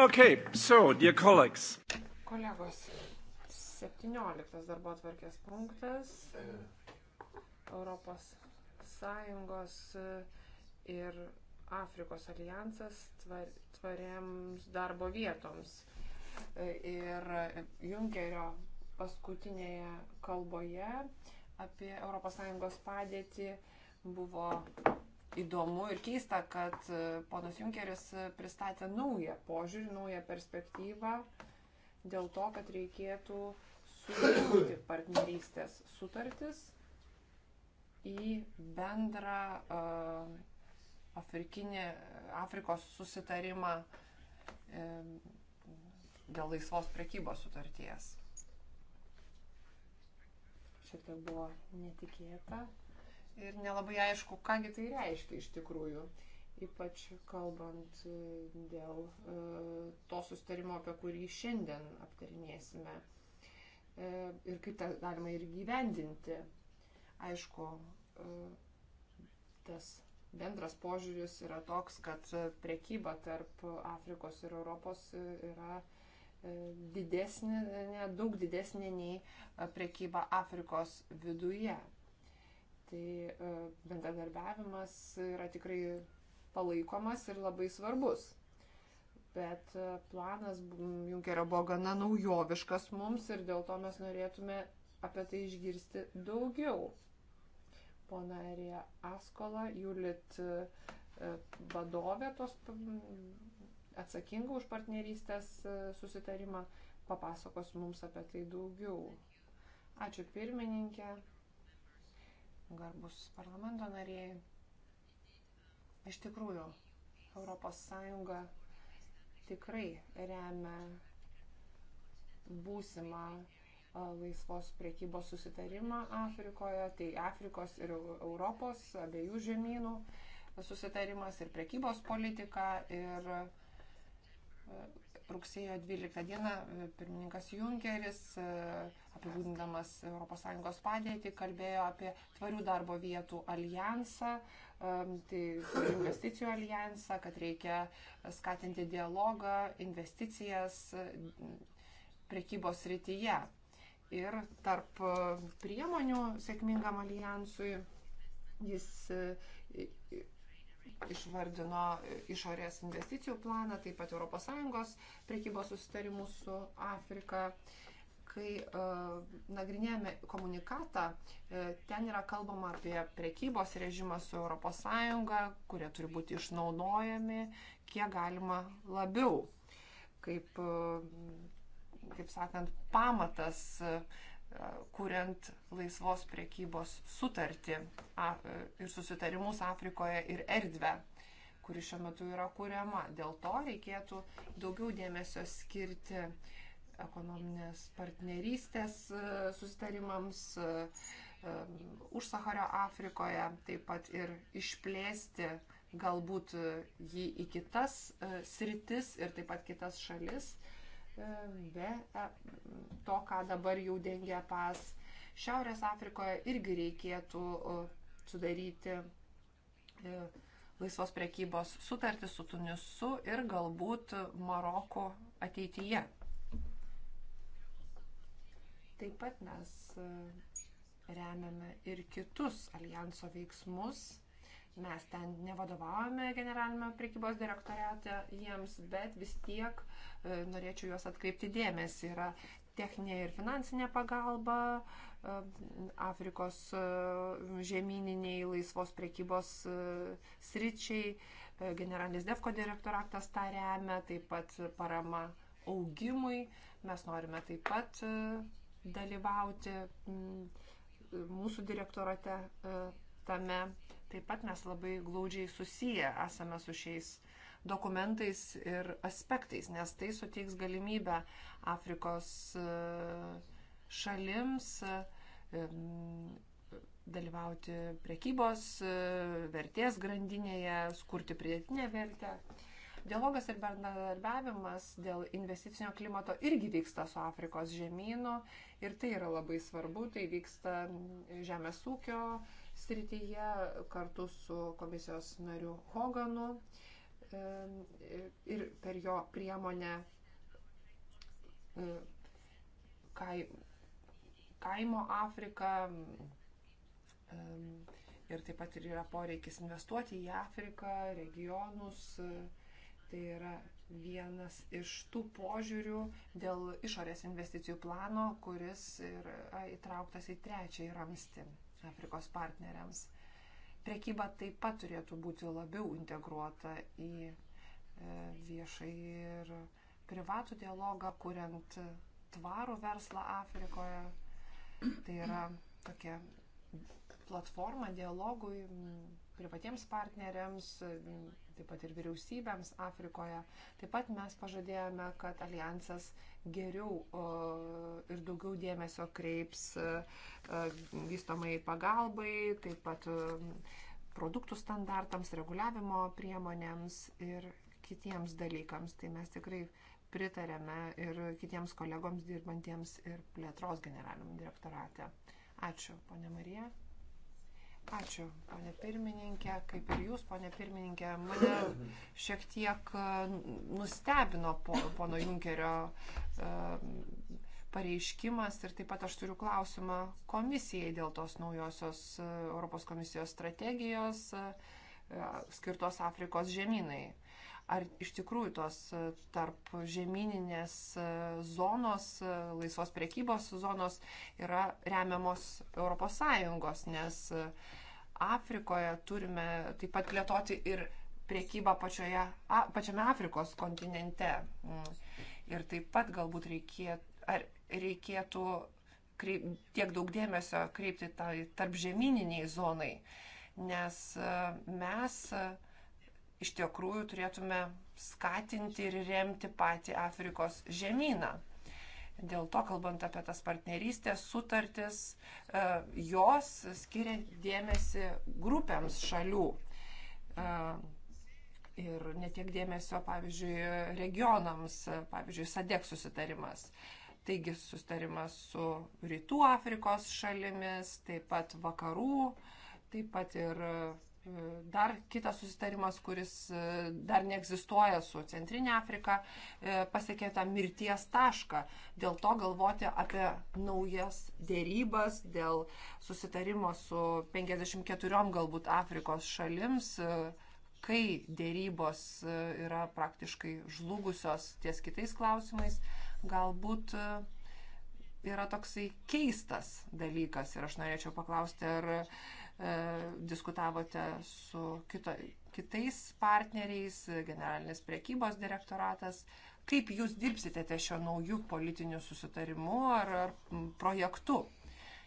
Okay, so, dear colleagues. Kolegos, 17 darbo atvarkės punktas Europos Sąjungos ir Afrikos alijansas tvar, tvariams darbo vietoms. Ir Junkerio paskutinėje kalboje apie ES padėtį buvo įdomu ir keista, kad e, ponas Junkeris e, pristatė naują požiūrį, naują perspektyvą dėl to, kad reikėtų sudaryti partnerystės sutartis į bendrą uh, Afrikinį, Afrikos susitarimą um, dėl laisvos prekybos sutarties. Šiek tiek buvo netikėta, ir nelabai aišku, kągi tai reiškia iš tikrųjų. Ypač kalbant e, dėl e, to sustarimo, apie kurį šiandien aptarinėsime. E, ir kaip tą galima ir gyvendinti. Aišku, tas bendras požiūris yra toks, kad prekyba tarp Afrikos ir Europos yra didesnė, ne, daug didesnė nei prekyba Afrikos viduje tai e, bendradarbiavimas yra tikrai palaikomas ir labai svarbus. Bet e, planas Junkerio buvo gana naujoviškas mums ir dėl to mes norėtume apie tai išgirsti daugiau. Pona Erija Askola, Julit e, vadovė tos mm, atsakinga už partnerystės susitarimą, papasakos mums apie tai daugiau. Ačiū pirmininkė garbus parlamento nariai. Iš tikrųjų, ES tikrai remia būsimą laisvos priekybos susitarimą Afrikoje, tai Afrikos ir Europos abiejų žemynų susitarimas ir priekybos politika ir rugsėjo 12 dieną e, pirmininkas Junkeris, e, apibūdindamas ES padėtį, kalbėjo apie tvarių darbo vietų alijansą, e, tai investicijų alijansą, kad reikia skatinti dialogą, investicijas prekybos rytyje. Ir tarp priemonių sėkmingam alijansui jis išvardino išorės investicijų planą, taip pat ES prekybos susitarimus su Afrika. Kai uh, nagrinėjame komunikatą, uh, ten yra kalbama apie prekybos režimą su ES, kurie turi būti išnaudojami kiek galima labiau. Kaip, uh, kaip sakant, pamatas, uh, kuriant laisvos priekybos sutartį e, ir susitarimus Afrikoje ir erdvę, kuri šiuo metu yra kuriama. Dėl to reikėtų daugiau dėmesio skirti ekonominės partnerystės e, susitarimams e, už Sahario Afrikoje, taip pat ir išplėsti galbūt jį į kitas sritis ir taip pat kitas šalis, be to, ką dabar jau dengia pas Šiaurės Afrikoje irgi reikėtų sudaryti e, laisvos prekybos sutartį su Tunisu ir galbūt Maroko ateityje. Taip pat mes e, remiame ir kitus alijanso veiksmus. Mes ten nevadovavome generalinio prekybos direktorate jiems, bet vis tiek e, norėčiau juos atkreipti dėmesį. Yra techninė ir finansinė pagalba, Afrikos e, žemyniniai laisvos prekybos e, sričiai, e, generalinis DEFCO direktoratas tą remia, taip pat parama augimui. Mes norime taip pat dalyvauti mūsų direktorate tame. Taip pat mes labai glaudžiai susiję esame su šiais dokumentais ir aspektais, nes tai suteiks galimybę Afrikos uh, šalims dalyvauti prekybos e, vertės grandinėje, skurti pridėtinę vertę. Dialogas ir bendradarbiavimas dėl investicinio klimato irgi vyksta su Afrikos žemynu ir tai yra labai svarbu, tai vyksta žemės ūkio srityje kartu su komisijos nariu Hoganu ir per jo priemonę e, kaimo Afriką. Ir taip pat ir yra poreikis investuoti į Afriką, regionus. Tai yra vienas iš tų požiūrių dėl išorės investicijų plano, kuris yra įtrauktas į trečiąjį ramstį Afrikos partneriams. Prekyba taip pat turėtų būti labiau integruota į e, viešai ir privatų dialogą, kuriant tvarų verslą Afrikoje Tai yra tokia platforma dialogui mm, privatiems partneriams, mm, taip pat ir vyriausybėms Afrikoje. Taip pat mes pažadėjome, kad alijansas geriau ir daugiau dėmesio kreips vystomai pagalbai, taip pat mm, produktų standartams, reguliavimo priemonėms ir kitiems dalykams. Tai mes tikrai uh, pritarėme ir kitiems kolegoms dirbantiems ir plėtros generaliniam direktorate. Ačiū, ponė Marija. Ačiū, ponė pirmininkė. Kaip ir jūs, ponė pirmininkė, mane šiek tiek e, nustebino pono, pono Junkerio e, pareiškimas ir taip pat aš turiu klausimą komisijai dėl tos naujosios e, Europos komisijos strategijos skirtos Afrikos žemynai ar iš tikrųjų tos e, tarp žemyninės e, zonos, e, laisvos prekybos zonos yra remiamos ES, nes Afrikoje turime taip pat plėtoti ir priekybą pačioje, a, pačiame Afrikos kontinente. Mm. Ir taip pat galbūt reikėtų, reikėtų kreip, tiek daug dėmesio kreipti tai tarp žemyniniai zonai, nes mes iš tikrųjų turėtume skatinti ir remti patį Afrikos žemyną. Dėl to, kalbant apie tas partnerystės sutartis, e, jos skiria dėmesį grupėms šalių e, ir netiek dėmesio, pavyzdžiui, regionams, pavyzdžiui, SADEK susitarimas. Taigi susitarimas su Rytų Afrikos šalimis, taip pat vakarų, taip pat ir dar kitas susitarimas, kuris e, dar neegzistuoja su Centrinė Afrika, e, pasiekė tą mirties tašką. Dėl to galvoti apie naujas dėrybas, dėl susitarimo su 54 galbūt Afrikos šalims, e, kai dėrybos yra praktiškai žlugusios ties kitais klausimais, galbūt yra toksai keistas dalykas. Ir aš norėčiau paklausti, ar E, diskutavote su kito, kitais partneriais, generalinis priekybos direktoratas. Kaip jūs dirbsite ties šio naujų politinių susitarimu ar, ar projektu?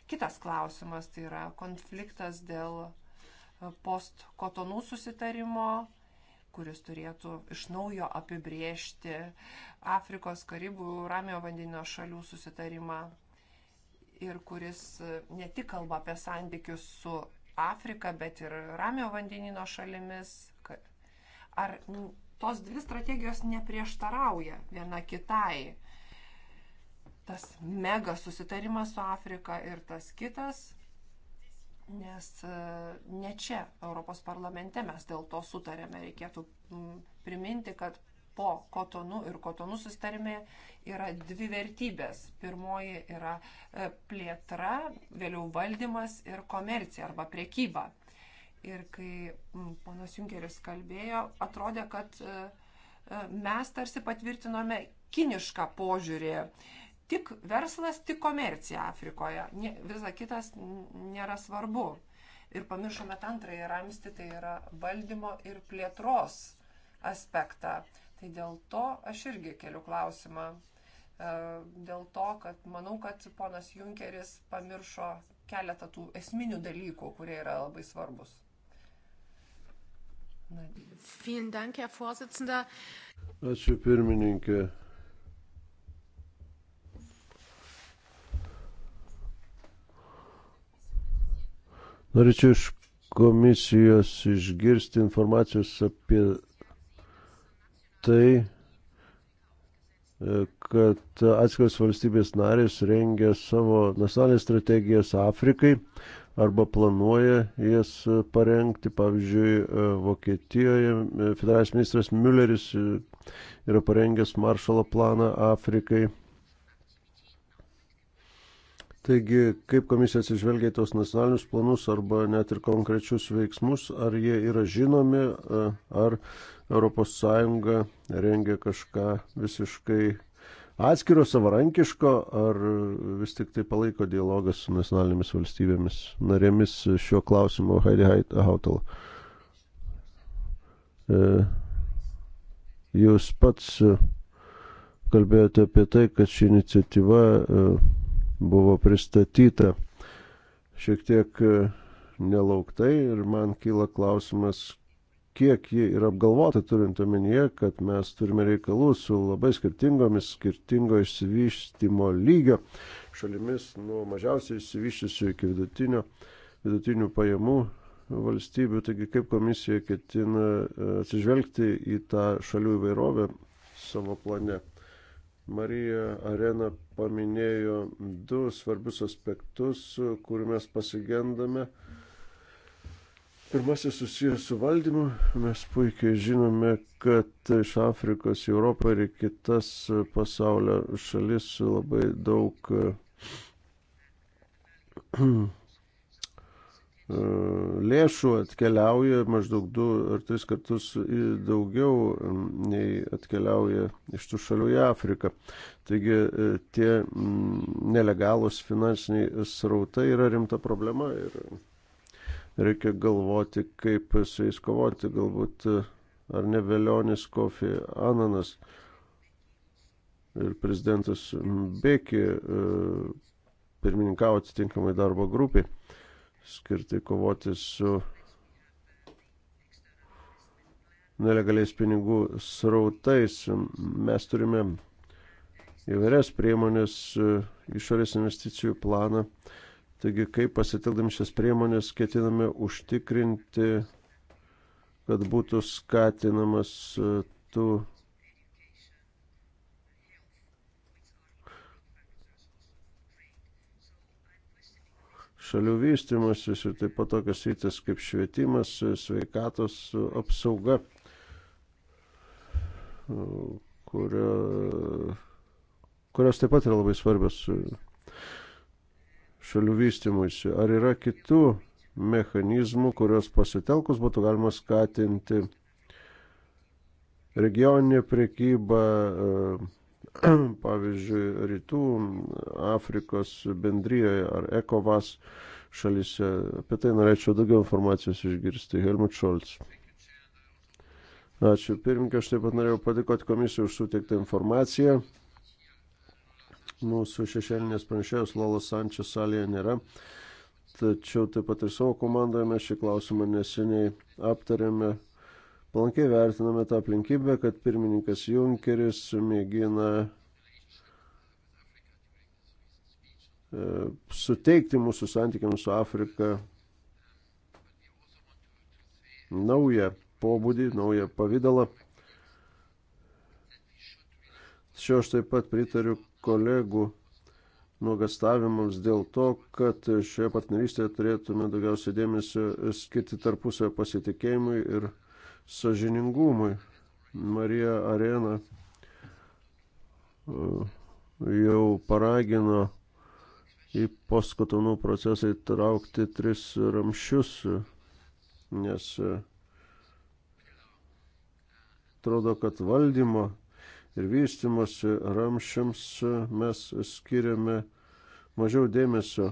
Kitas klausimas tai yra konfliktas dėl e, postkotonų susitarimo, kuris turėtų iš naujo apibriežti Afrikos, Karibų, Ramio vandenino šalių susitarimą ir kuris e, ne tik kalba apie santykius su Afrika, bet ir Ramio vandenino šalimis. Ar tos dvi strategijos neprieštarauja viena kitai? Tas mega susitarimas su Afrika ir tas kitas, nes e, ne čia Europos parlamente mes dėl to sutarėme, reikėtų priminti, kad po kotonų ir kotonų sustarime yra dvi vertybės. Pirmoji yra e, plėtra, vėliau valdymas ir komercija arba priekyba. Ir kai ponas Junkeris kalbėjo, atrodė, kad e, e, mes tarsi patvirtinome kinišką požiūrį. Tik verslas, tik komercija Afrikoje. Visa kitas nėra svarbu. Ir pamiršome antrąjį ramstį, tai yra valdymo ir plėtros aspektą. Tai dėl to aš irgi keliu klausimą. E, dėl to, kad manau, kad ponas Junkeris pamiršo keletą tų esminių dalykų, kurie yra labai svarbus. Na. Vielen Dank, Herr Vorsitzender. Ačiū pirmininkė. Norėčiau iš komisijos išgirsti informacijos apie tai, e, kad atskiros valstybės narės rengia savo nacionalinės strategijas Afrikai arba planuoja jas parengti. Pavyzdžiui, e, Vokietijoje e, federalinis ministras Mülleris yra parengęs maršalo planą Afrikai Taigi, kaip komisija atsižvelgia į tos nacionalinius planus arba net ir konkrečius veiksmus, ar jie yra žinomi, e, ar ES rengia kažką visiškai atskiro savarankiško, ar vis tik tai palaiko dialogą su nacionalinėmis valstybėmis narėmis šiuo klausimu Heidi Hautel. Jūs pats kalbėjote apie tai, kad ši iniciatyva e, buvo pristatyta šiek tiek e, nelauktai ir man kyla klausimas, kiek ji yra apgalvota turint omenyje, kad mes turime reikalų su labai skirtingomis, skirtingo išsivystymo lygio šalimis nuo mažiausiai išsivyščiusių iki vidutinio, vidutinių pajamų valstybių. Taigi kaip komisija ketina e, atsižvelgti į tą šalių įvairovę savo plane. Marija Arena paminėjo du svarbius aspektus, kurių mes pasigendame. Pirmasis susijęs su valdymu. Mes puikiai žinome, kad iš Afrikos į Europą ir į kitas pasaulio šalis labai daug lėšų atkeliauja maždaug du ar tris kartus daugiau nei atkeliauja iš tų šalių į Afriką. Taigi e, tie nelegalūs finansiniai srautai yra rimta problema ir reikia galvoti, kaip su jais kovoti. Galbūt e, ar ne Velionis Kofi Ananas ir prezidentas Beki e, pirmininkavo atitinkamai darbo grupiai skirti kovoti su nelegaliais pinigų srautais. Mes turime įvairias priemonės, e, išorės investicijų planą. Taigi, kaip pasitildami šias priemonės, ketiname užtikrinti, kad būtų skatinamas e, tų šalių vystimasis ir taip pat tokias rytis kaip švietimas, sveikatos apsauga, kurio, kurios taip pat yra labai svarbios šalių vystimuisi. Ar yra kitų mechanizmų, kurios pasitelkus būtų galima skatinti regioninę priekybą, pavyzdžiui, rytų Afrikos bendryjoje ar ECOVAS šalyse. Apie tai norėčiau daugiau informacijos išgirsti. Helmut Scholz. Ačiū pirmininkė, aš taip pat norėjau padėkoti komisijai už suteiktą informaciją. Mūsų šešėlinės pranešėjos Lolas Sančias salėje nėra, tačiau taip pat ir savo komandoje mes šį klausimą neseniai aptarėme Palankiai vertiname tą aplinkybę, kad pirmininkas Junkeris mėgina e, suteikti mūsų santykiams su Afrika naują pobūdį, naują pavydalą. Šio aš taip pat pritariu kolegų nuogastavimams dėl to, kad šioje partnerystėje turėtume daugiausiai dėmesio skirti tarpusio pasitikėjimui ir pasitikėjimui sažiningumui. Marija Arena e, jau paragino į paskatonų procesą įtraukti tris ramščius, nes e, atrodo, kad valdymo ir vystimosi ramšiams mes skiriame mažiau dėmesio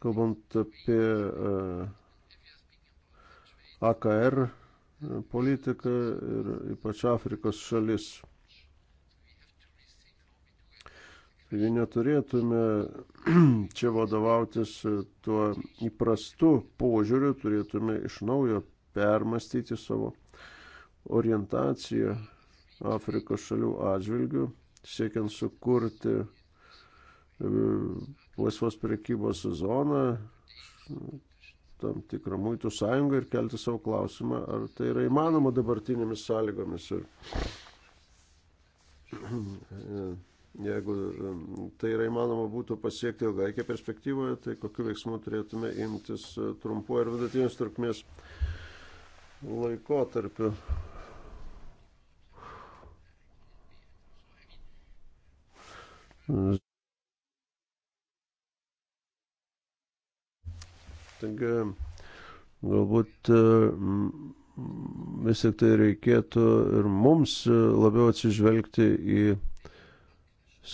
kalbant apie e, AKR politiką ir ypač Afrikos šalis. Taigi neturėtume čia vadovautis tuo įprastu požiūriu, turėtume iš naujo permastyti savo orientaciją Afrikos šalių atžvilgių, siekiant sukurti e, laisvos prekybos zoną, tam tikrą muitų sąjungą ir kelti savo klausimą, ar tai yra įmanoma dabartinėmis sąlygomis. Ir, jeigu um, tai yra įmanoma būtų pasiekti ilgalaikė perspektyvoje, tai kokiu veiksmu turėtume imtis uh, trumpu ir vidutinės trukmės laikotarpiu. Taigi galbūt e, vis tik tai reikėtų ir mums e, labiau atsižvelgti į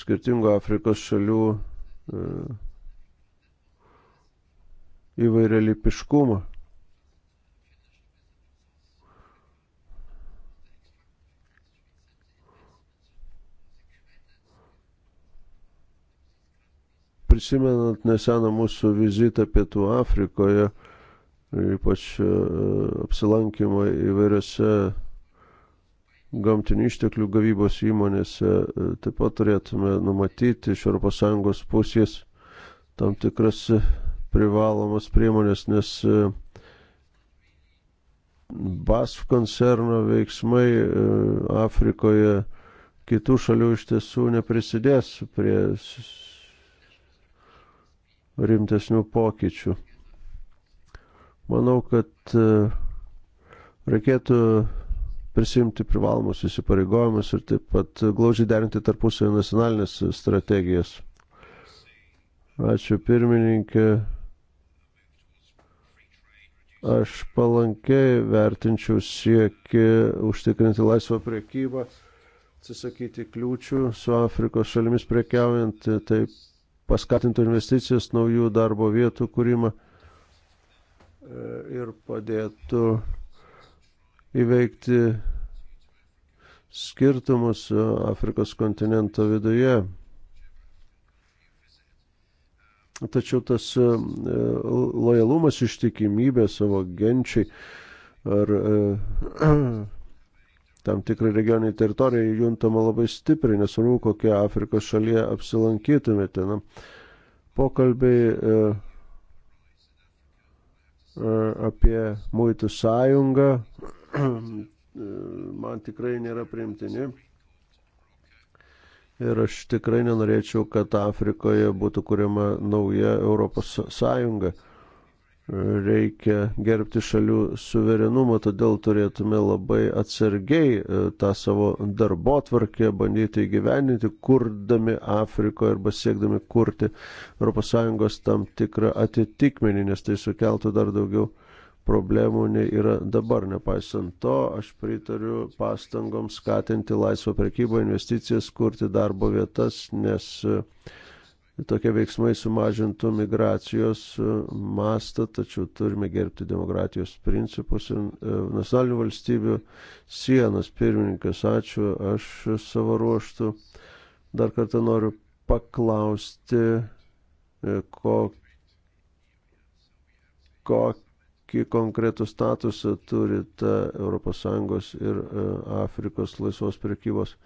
skirtingų Afrikos šalių e, įvairialipiškumą. prisimenant neseną mūsų vizitą Pietų Afrikoje, ypač e, apsilankymą įvairiose gamtinių išteklių gavybos įmonėse, e, taip pat turėtume numatyti iš ES pusės tam tikras e, privalomas priemonės, nes BASF koncerno veiksmai Afrikoje kitų šalių iš tiesų neprisidės prie rimtesnių pokyčių. Manau, kad e, reikėtų prisimti privalomus įsipareigojimus ir taip pat glaudžiai derinti tarpusavį nacionalinės strategijas. Ačiū pirmininkė. Aš palankiai vertinčiau sieki užtikrinti laisvą priekybą, atsisakyti kliūčių su Afrikos šalimis prekiaujant, taip paskatintų investicijas naujų darbo vietų kūrimą e, ir padėtų įveikti skirtumus e, Afrikos kontinento viduje. Tačiau tas e, lojalumas ištikimybė savo genčiai ar tam tikrai regioniai teritorijai juntama labai stipriai, nesvarbu, kokie Afrikos šalyje apsilankytumėte. Na, pokalbiai e, e, apie muitų sąjungą e, man tikrai nėra priimtini. Ir aš tikrai nenorėčiau, kad Afrikoje būtų kuriama nauja Europos sąjunga. E, reikia gerbti šalių suverenumą, todėl turėtume labai atsargiai e, tą savo darbo tvarkę bandyti įgyveninti, kurdami Afrikoje arba siekdami kurti ES tam tikrą atitikmenį, nes tai sukeltų dar daugiau problemų nei yra dabar. Nepaisant to, aš pritariu pastangoms skatinti laisvą prekybą, investicijas, kurti darbo vietas, nes uh, tokie veiksmai sumažintų migracijos e, mastą, tačiau turime gerbti demokratijos principus ir e, nacionalinių valstybių sienas. Pirmininkas, ačiū. Aš savo ruoštų dar kartą noriu paklausti, e, ko, kokį konkretų statusą turi ta ES ir Afrikos laisvos prekybos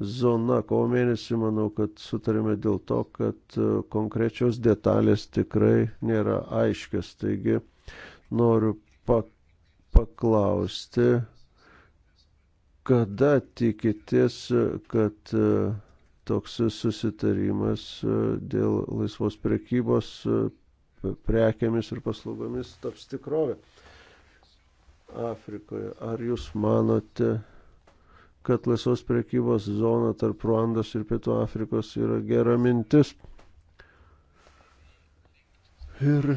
zona. Kovo mėnesį manau, kad sutarėme dėl to, kad e, konkrečios detalės tikrai nėra aiškios. Taigi noriu pak paklausti, kada tikitės, kad e, toks susitarimas e, dėl laisvos prekybos prekiamis ir paslaugomis taps tikrovė Afrikoje. Ar jūs manote, kad laisvos prekybos zona tarp Ruandos ir Pietų Afrikos yra gera mintis. Ir e,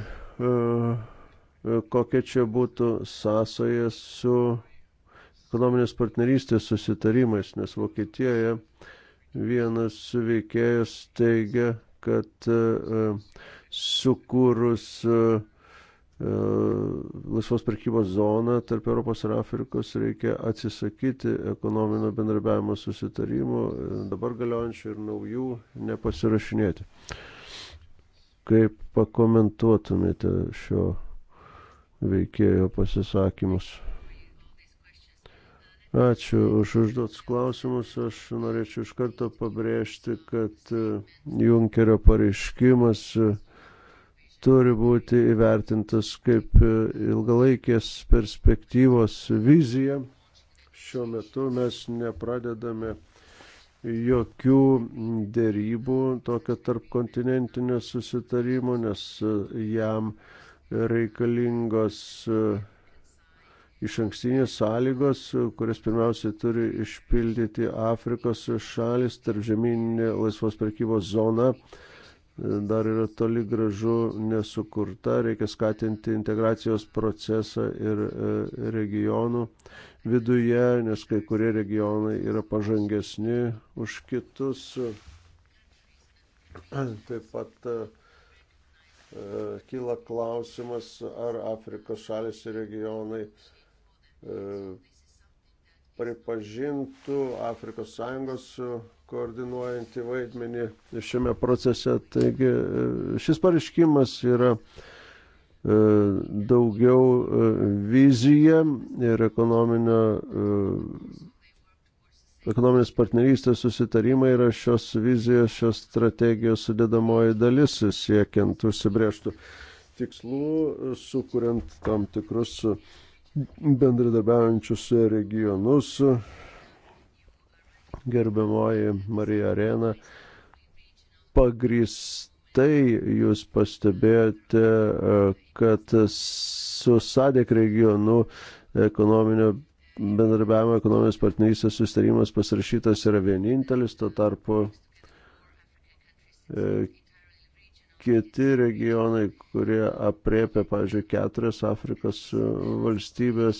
e, kokia čia būtų sąsaja su ekonominės partnerystės susitarimais, nes Vokietijoje vienas veikėjas teigia, kad e, e sukūrus e, E, laisvos prekybos zoną tarp Europos ir Afrikos reikia atsisakyti ekonominio bendrabiavimo susitarimų, e, dabar galiojančių ir naujų nepasirašinėti. Kaip pakomentuotumėte šio veikėjo pasisakymus? Ačiū už užduotus klausimus. Aš norėčiau iš karto pabrėžti, kad e, Junkerio pareiškimas uh, turi būti įvertintas kaip e, ilgalaikės perspektyvos vizija. Šiuo metu mes nepradedame jokių dėrybų tokio tarp kontinentinio susitarimo, nes e, jam reikalingos e, iš ankstinės sąlygos, kurias pirmiausiai turi išpildyti Afrikos šalis, tarp žemyninė laisvos prekybos zona dar yra toli gražu nesukurta, reikia skatinti integracijos procesą ir e, regionų viduje, nes kai kurie regionai yra pažangesni už kitus. Taip pat e, e, kyla klausimas, ar Afrikos šalis ir regionai pripažintų Afrikos Sąjungos koordinuojantį vaidmenį šiame procese. Taigi e, šis pareiškimas yra e, daugiau e, vizija ir ekonominio Ekonominės partnerystės susitarimai yra šios vizijos, šios strategijos sudėdamoji dalis, siekiant užsibrėžtų tikslų, sukuriant tam tikrus bendradarbiaujančius regionus, gerbiamoji Marija Arena, pagristai jūs pastebėjote, e, kad su Sadek regionu ekonominio bendarbiavimo ekonominės partnerystės sustarimas pasirašytas yra vienintelis, tuo tarpu e, kiti regionai, kurie apriepia, pavyzdžiui, keturias Afrikos valstybės,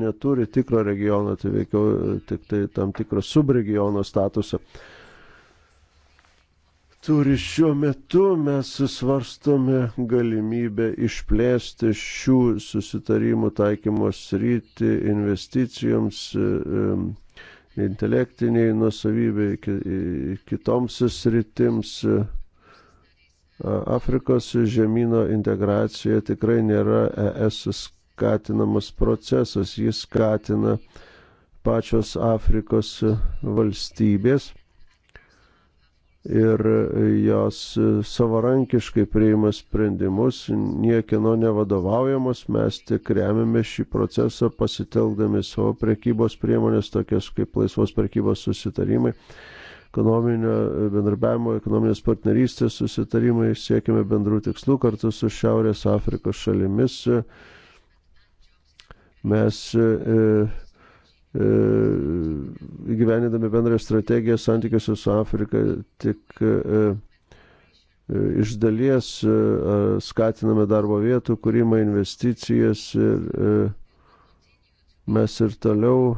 neturi tikro regiono, tai veikiau tik tai tam tikro subregiono statusą. Turi šiuo metu mes svarstome galimybę išplėsti šių susitarimų taikymos rytį investicijoms. E, intelektiniai nusavybė kitoms sritims Afrikos žemyno integracija tikrai nėra ES skatinamas procesas, jis skatina pačios Afrikos valstybės ir jos savarankiškai priima sprendimus, niekino nevadovaujamos, mes tik remiame šį procesą pasitelkdami savo prekybos priemonės, tokias kaip laisvos prekybos susitarimai ekonominio e, bendarbiavimo, ekonominės partnerystės susitarimai, siekime bendrų tikslų kartu su Šiaurės Afrikos šalimis. Mes e, e, įgyvenindami bendrą strategiją santykiuose su Afrika tik iš dalies skatiname darbo vietų kūrimą, investicijas ir mes ir toliau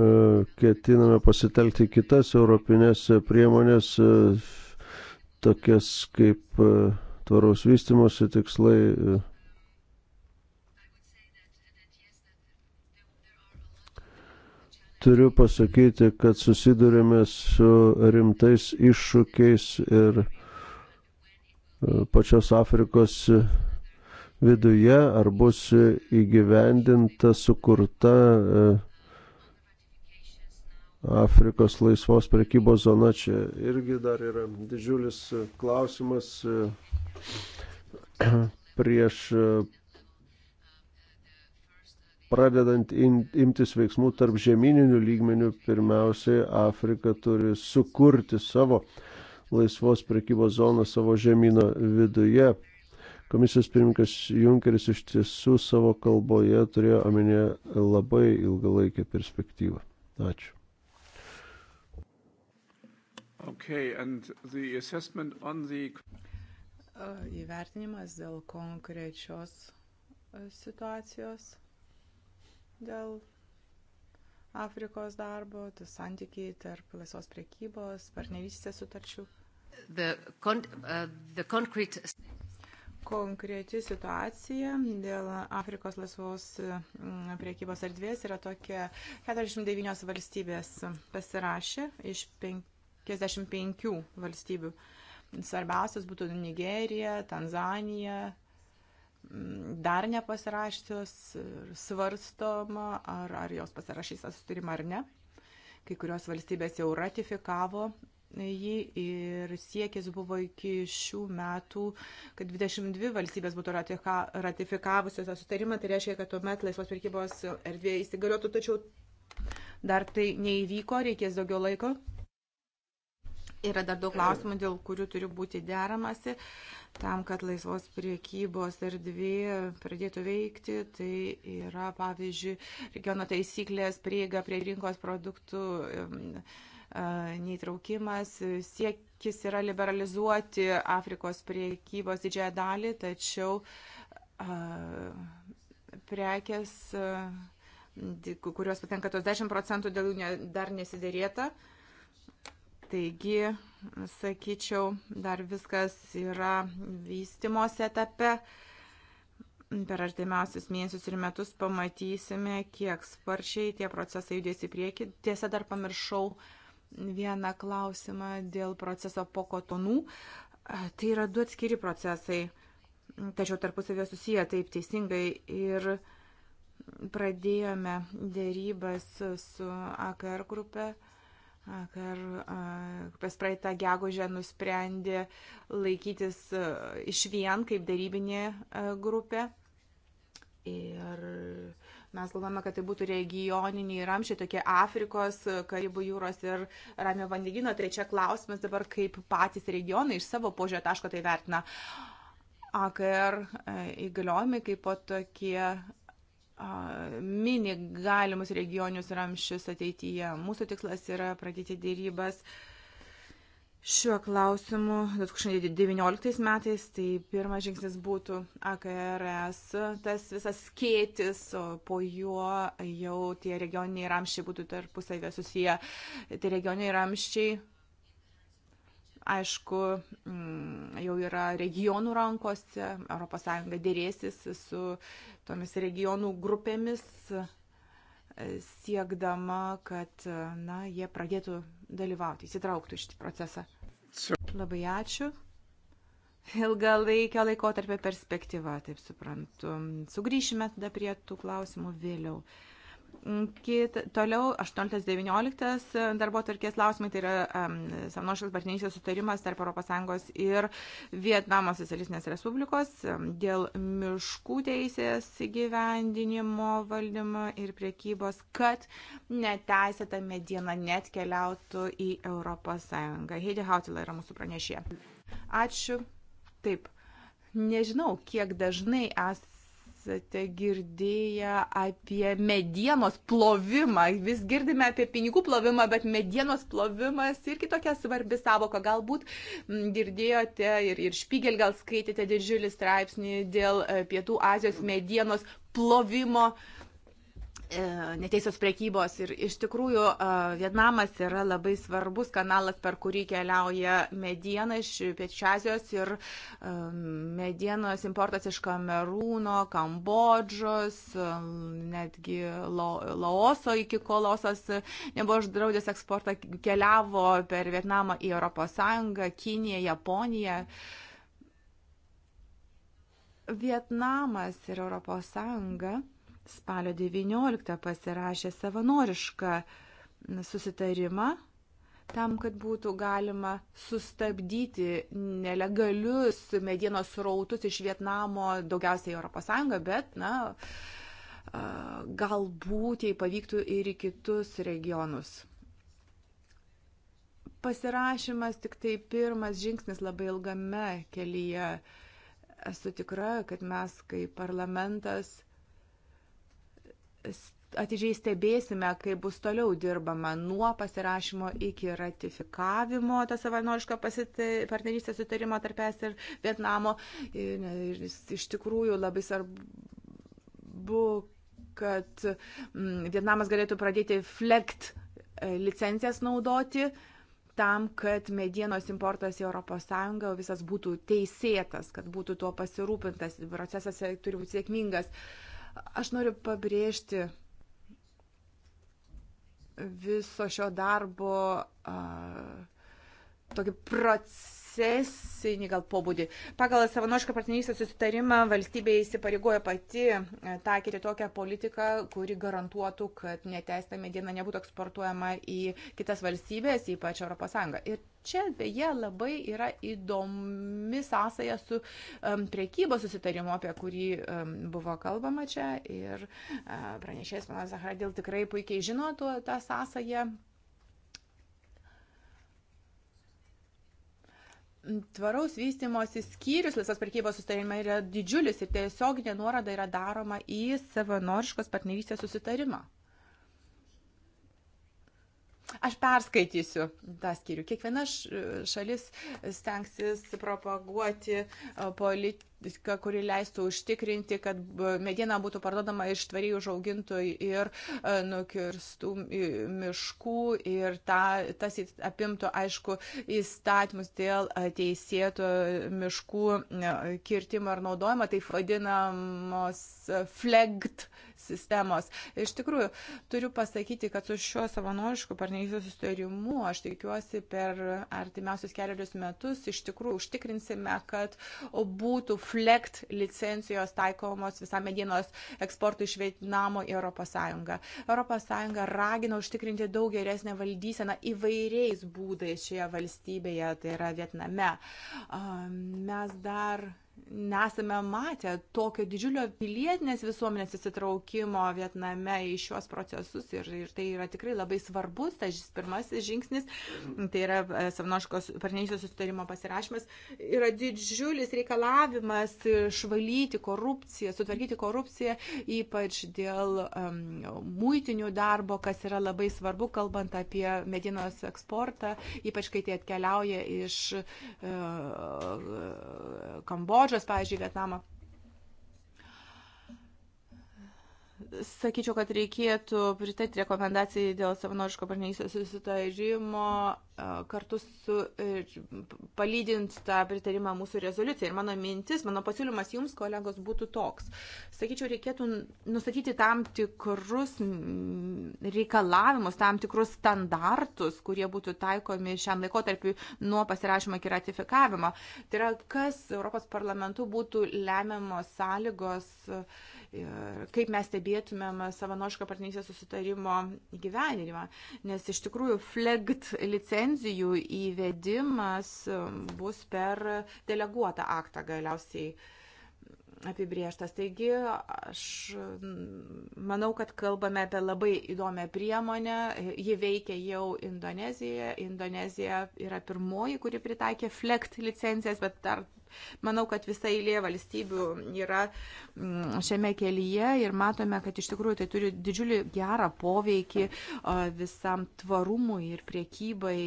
E, ketiname pasitelkti kitas europinės priemonės, e, tokias kaip e, tvaraus vystimosi tikslai. Turiu pasakyti, kad susidurėme su rimtais iššūkiais ir pačios Afrikos viduje, ar bus įgyvendinta, sukurta Afrikos laisvos prekybos zona čia irgi dar yra didžiulis klausimas e, prieš e, pradedant in, imtis veiksmų tarp žemyninių lygmenių, pirmiausiai Afrika turi sukurti savo laisvos prekybos zoną savo žemyno viduje. Komisijos pirmininkas Junkeris iš tiesų savo kalboje turėjo omenyje labai ilgalaikę perspektyvą. Ačiū. Okay, and the assessment on the... Įvertinimas dėl konkrečios situacijos, dėl Afrikos darbo, tai santykiai tarp laisvos priekybos, partnerystės sutarčių. The con uh, the concrete... Konkreti situacija dėl Afrikos laisvos priekybos erdvės yra tokia 49 valstybės pasirašė iš 5 55 valstybių. Svarbiausias būtų Nigerija, Tanzanija, dar nepasirašytos ir svarstoma, ar, ar jos pasirašys tą sutarimą ar ne. Kai kurios valstybės jau ratifikavo jį ir siekis buvo iki šių metų, kad 22 valstybės būtų ratifika, ratifikavusios tą sutarimą, tai reiškia, kad tuomet laisvos prekybos erdvėje įsigaliotų, tačiau dar tai neįvyko, reikės daugiau laiko. Yra dar daug klausimų, dėl kurių turi būti deramasi tam, kad laisvos priekybos erdvė pradėtų veikti. Tai yra, pavyzdžiui, regiono taisyklės, prieiga prie rinkos produktų neįtraukimas, siekis yra liberalizuoti Afrikos priekybos didžiąją dalį, tačiau prekes, kurios patenka tos 10 procentų dėl jų dar nesidėrėta Taigi, sakyčiau, dar viskas yra vystimos etape. Per artimiausius mėnesius ir metus pamatysime, kiek sparčiai tie procesai judės į priekį. Tiesa, dar pamiršau vieną klausimą dėl proceso po kotonų. Tai yra du atskiri procesai, tačiau tarpusavio susiję taip teisingai ir pradėjome dėrybas su AKR grupė Kar pas praeitą gegužę nusprendė laikytis iš vien kaip darybinė grupė. Ir mes galvojame, kad tai būtų regioniniai ramšiai, tokie Afrikos, Karibų jūros ir Ramio vandenino. Trečia klausimas dabar, kaip patys regionai iš savo požiūrio taško tai vertina. AKR įgaliojimai kaip po tokie mini galimus regionius ramščius ateityje. Mūsų tikslas yra pradėti dėrybas šiuo klausimu 2019 metais, tai pirmas žingsnis būtų AKRS, tas visas skėtis, o po juo jau tie regioniniai ramščiai būtų tarpusavė susiję. Tie regioniniai ramščiai aišku, mm, jau yra regionų rankose, ES dėrėsis su tomis regionų grupėmis, e, siekdama, kad e, na, jie pradėtų dalyvauti, įsitrauktų į šitą procesą. Labai ačiū. Ilgalaikio laiko tarp perspektyva, taip suprantu. Sugryšime tada prie tų klausimų vėliau. Mm, Kita, toliau 18-19 darbo tvarkės klausimai, tai yra um, samnoškas partnerystės sutarimas tarp ES ir Vietnamo socialistinės respublikos um, dėl miškų teisės įgyvendinimo valdymo ir priekybos, kad neteisėta mediena net keliautų į ES. Heidi Hautila yra mūsų pranešė. Ačiū. Taip. Nežinau, kiek dažnai es esate girdėję apie medienos plovimą. Vis girdime apie pinigų plovimą, bet medienos plovimas irgi tokia svarbi savoka. Galbūt mm, girdėjote ir, ir špygel gal skaitėte didžiulį straipsnį dėl e, Pietų Azijos medienos plovimo. Uh, E, neteisės priekybos. Ir iš tikrųjų e, Vietnamas yra labai svarbus kanalas, per kurį keliauja mediena iš Piečiazijos ir e, medienos importas iš Kamerūno, Kambodžos, netgi Laoso iki kolosas nebuvo uždraudęs eksportą, keliavo per Vietnamą į ES, Kiniją, Japoniją. Vietnamas ir ES spalio 19 pasirašė savanorišką susitarimą tam, kad būtų galima sustabdyti nelegalius medienos srautus iš Vietnamo, daugiausiai ES, bet, na, galbūt jai pavyktų ir į kitus regionus. Pasirašymas tik tai pirmas žingsnis labai ilgame kelyje. Esu tikra, kad mes kaip parlamentas atidžiai stebėsime, kaip bus toliau dirbama nuo pasirašymo iki ratifikavimo tą savanorišką partnerystės sutarimą tarp es ir Vietnamo. Ir, ir, iš tikrųjų labai svarbu, kad m, mm, Vietnamas galėtų pradėti flekt e, licencijas naudoti tam, kad medienos importas į ES visas būtų teisėtas, kad būtų tuo pasirūpintas, procesas turi būti sėkmingas. Uh, Aš noriu pabrėžti viso šio darbo a, tokį procesą procesinį gal pobūdį. Pagal savanorišką partnerystės susitarimą valstybė įsipareigoja pati e, taikyti tokią politiką, kuri garantuotų, kad neteista mediena nebūtų eksportuojama į kitas valstybės, ypač ES. Ir čia beje labai yra įdomi sąsaja su um, priekybos susitarimu, apie kurį um, buvo kalbama čia. Ir uh, pranešėjas Manas Zahradil tikrai puikiai žino tuo, tą sąsają Tvaraus vystimosi skyrius visas prekybos susitarimai yra didžiulis ir tiesioginė nuorada yra daroma į savanoriškos partnerystės susitarimą. Aš perskaitysiu tą skyrių. Kiekviena šalis stengsis propaguoti e, politiką, kuri leistų užtikrinti, kad mediena būtų parduodama iš tvariai užaugintų ir e, nukirstų miškų ir ta, tas apimtų, aišku, įstatymus dėl e, teisėtų miškų kirtimo ir naudojimo, taip vadinamos flegt sistemos. Iš tikrųjų, turiu pasakyti, kad su šiuo savanorišku partnerystės sustarimu, aš tikiuosi, per artimiausius keliarius metus iš tikrųjų užtikrinsime, kad būtų flekt licencijos taikomos visam medienos eksportui iš Vietnamo į ES. ES ragina užtikrinti daug geresnę valdyseną įvairiais būdais šioje valstybėje, tai yra Vietname. Mes dar nesame matę tokio didžiulio pilietinės visuomenės įsitraukimo Vietname į šiuos procesus ir, ir tai yra tikrai labai svarbus, tai šis pirmasis žingsnis, tai yra e, savanoškos partnerystės sustarimo pasirašymas, yra didžiulis reikalavimas švalyti korupciją, sutvarkyti korupciją, ypač dėl um, muitinių darbo, kas yra labai svarbu, kalbant apie medienos eksportą, ypač kai tai atkeliauja iš uh, Kambodžos šaržas, pavyzdžiui, Vietnamo. sakyčiau, kad reikėtų pritarti rekomendacijai dėl savanoriško partnerystės susitarimo kartu su e, palydint tą pritarimą mūsų rezoliucijai. Ir mano mintis, mano pasiūlymas jums, kolegos, būtų toks. Sakyčiau, reikėtų nustatyti tam tikrus reikalavimus, tam tikrus standartus, kurie būtų taikomi šiam laikotarpiu nuo pasirašymo iki ratifikavimo. Tai yra, kas Europos parlamentu būtų lemiamos sąlygos uh, kaip mes stebėtumėm savanorišką partnerystės susitarimo gyvenimą. Nes iš tikrųjų flegt licenzijų įvedimas bus per deleguotą aktą galiausiai apibrieštas. Taigi aš manau, kad kalbame apie labai įdomią priemonę. Ji veikia jau Indonezijoje. Indonezija yra pirmoji, kuri pritaikė FLECT licencijas, bet dar manau, kad visa eilė valstybių yra mm, šiame kelyje ir matome, kad iš tikrųjų tai turi didžiulį gerą poveikį visam tvarumui ir priekybai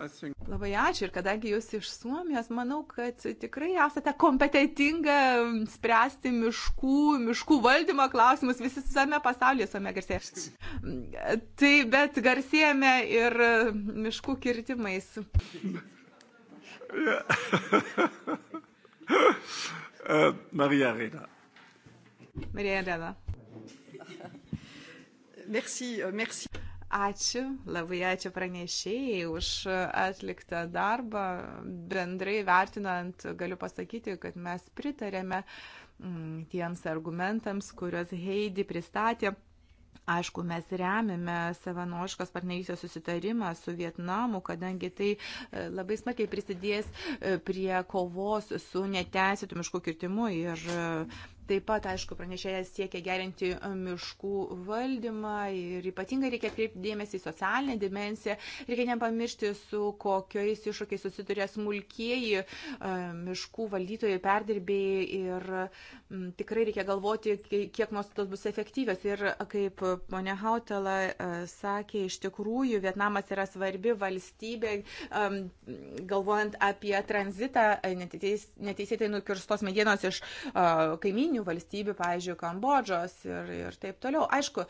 think... Labai ačiū ir kadangi jūs iš Suomijos, manau, kad tikrai esate kompetitinga spręsti miškų, miškų valdymo klausimus visi visame pasaulyje, Suomija garsėja. Tai bet garsėjame ir miškų kirtimais. Eh, Marija Reda. Marija Reda. Merci, merci. Ačiū, labai ačiū pranešėjai už atliktą darbą. Bendrai vertinant, galiu pasakyti, kad mes pritarėme mm, tiems argumentams, kuriuos Heidi pristatė. Aišku, mes remiame savanoriškos partnerystės susitarimą su Vietnamu, kadangi tai e, labai smarkiai prisidės e, prie kovos su neteisėtų miškų kirtimu ir Taip pat, aišku, pranešėjas siekia gerinti miškų valdymą ir ypatingai reikia atkreipti dėmesį į socialinę dimensiją. Reikia nepamiršti, su kokiais iššūkiais susiduria smulkieji e, miškų valdytojai, perdirbėjai ir m, tikrai reikia galvoti, kiek nuostatos bus efektyvios. Ir kaip ponia Hautela e, sakė, iš tikrųjų Vietnamas yra svarbi valstybė, m, e, galvojant apie tranzitą neteisėtai nukirstos medienos iš kaiminių kaiminių valstybių, pavyzdžiui, Kambodžos ir, ir taip toliau. Aišku,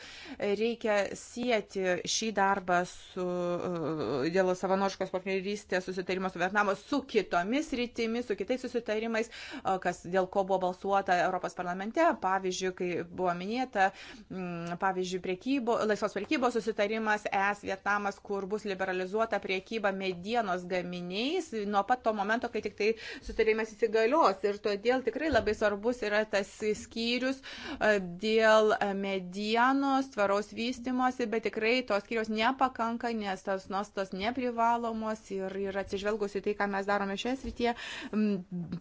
reikia sieti šį darbą su, uh, dėl savanoriškos partnerystės susitarimo su Vietnamu, su kitomis rytimis, su kitais susitarimais, uh, kas dėl ko buvo balsuota Europos parlamente, pavyzdžiui, kai buvo minėta, mm, pavyzdžiui, priekybo, laisvos priekybos susitarimas ES Vietnamas, kur bus liberalizuota priekyba medienos gaminiais nuo pat to momento, kai tik tai sutarimas įsigalios. Ir todėl tikrai labai svarbus yra tas skyrius e, dėl e, medienos, tvaraus vystimosi, bet tikrai tos skyrius nepakanka, nes tas nuostos neprivalomos ir, ir atsižvelgusi tai, ką mes darome šioje srityje,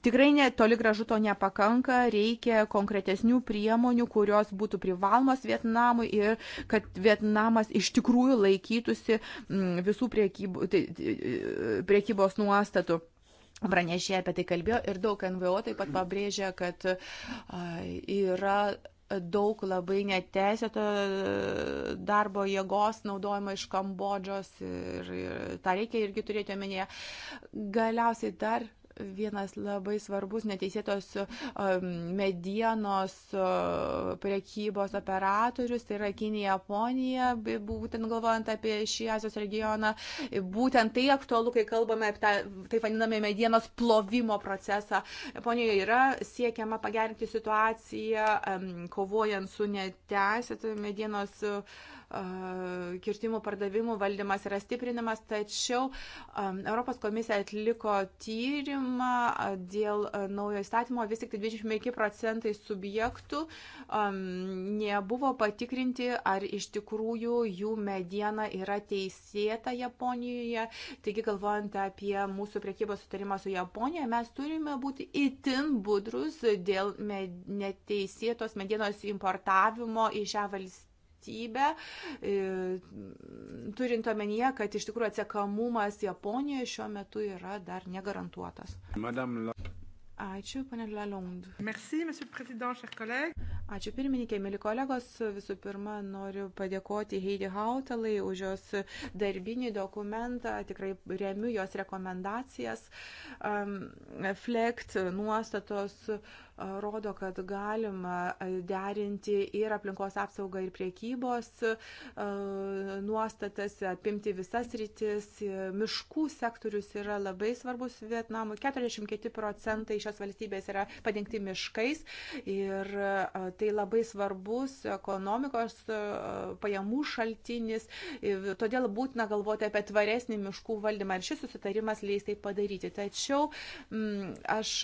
tikrai ne, toli gražu to nepakanka, reikia konkretesnių priemonių, kurios būtų privalomos Vietnamui ir kad Vietnamas iš tikrųjų laikytųsi visų priekybų, tai, e, priekybos nuostatų. Pranešė apie tai kalbėjo ir daug NVO taip pat pabrėžė, kad yra daug labai neteisėto darbo jėgos naudojimo iš Kambodžos ir, ir tą reikia irgi turėti omenyje. Galiausiai dar vienas labai svarbus neteisėtos um, medienos uh, prekybos operatorius, tai yra Kinija, Japonija, būtent galvojant apie šį Azijos regioną. Būtent tai aktualu, kai kalbame apie tą, taip vadinamą medienos plovimo procesą. Japonijoje yra siekiama pagerinti situaciją, um, kovojant su neteisėtų medienos prekybos kirtimų pardavimų valdymas yra stiprinimas, tačiau Europos komisija atliko tyrimą dėl naujo įstatymo, vis tik tai 25 procentai subjektų nebuvo patikrinti, ar iš tikrųjų jų mediena yra teisėta Japonijoje. Taigi, galvojant apie mūsų priekybos sutarimą su Japonija, mes turime būti itin budrus dėl med neteisėtos medienos importavimo į šią valstybę valstybę, e, turint omenyje, kad iš tikrųjų atsiekamumas Japonijoje šiuo metu yra dar negarantuotas. Madame... Ačiū, panė Lalond. Merci, monsieur président, chers collègues. Ačiū pirmininkė, mėly kolegos. Visų pirma, noriu padėkoti Heidi Hautalai už jos darbinį dokumentą. Tikrai remiu jos rekomendacijas. Um, flekt nuostatos. Uh, rodo, kad galima derinti ir aplinkos apsaugą, ir priekybos nuostatas, apimti visas rytis. Miškų sektorius yra labai svarbus Vietnamui. 44 procentai šios valstybės yra padengti miškais ir tai labai svarbus ekonomikos pajamų šaltinis. Todėl būtina galvoti apie tvaresnį miškų valdymą ir šis susitarimas leis tai padaryti. Tačiau m, aš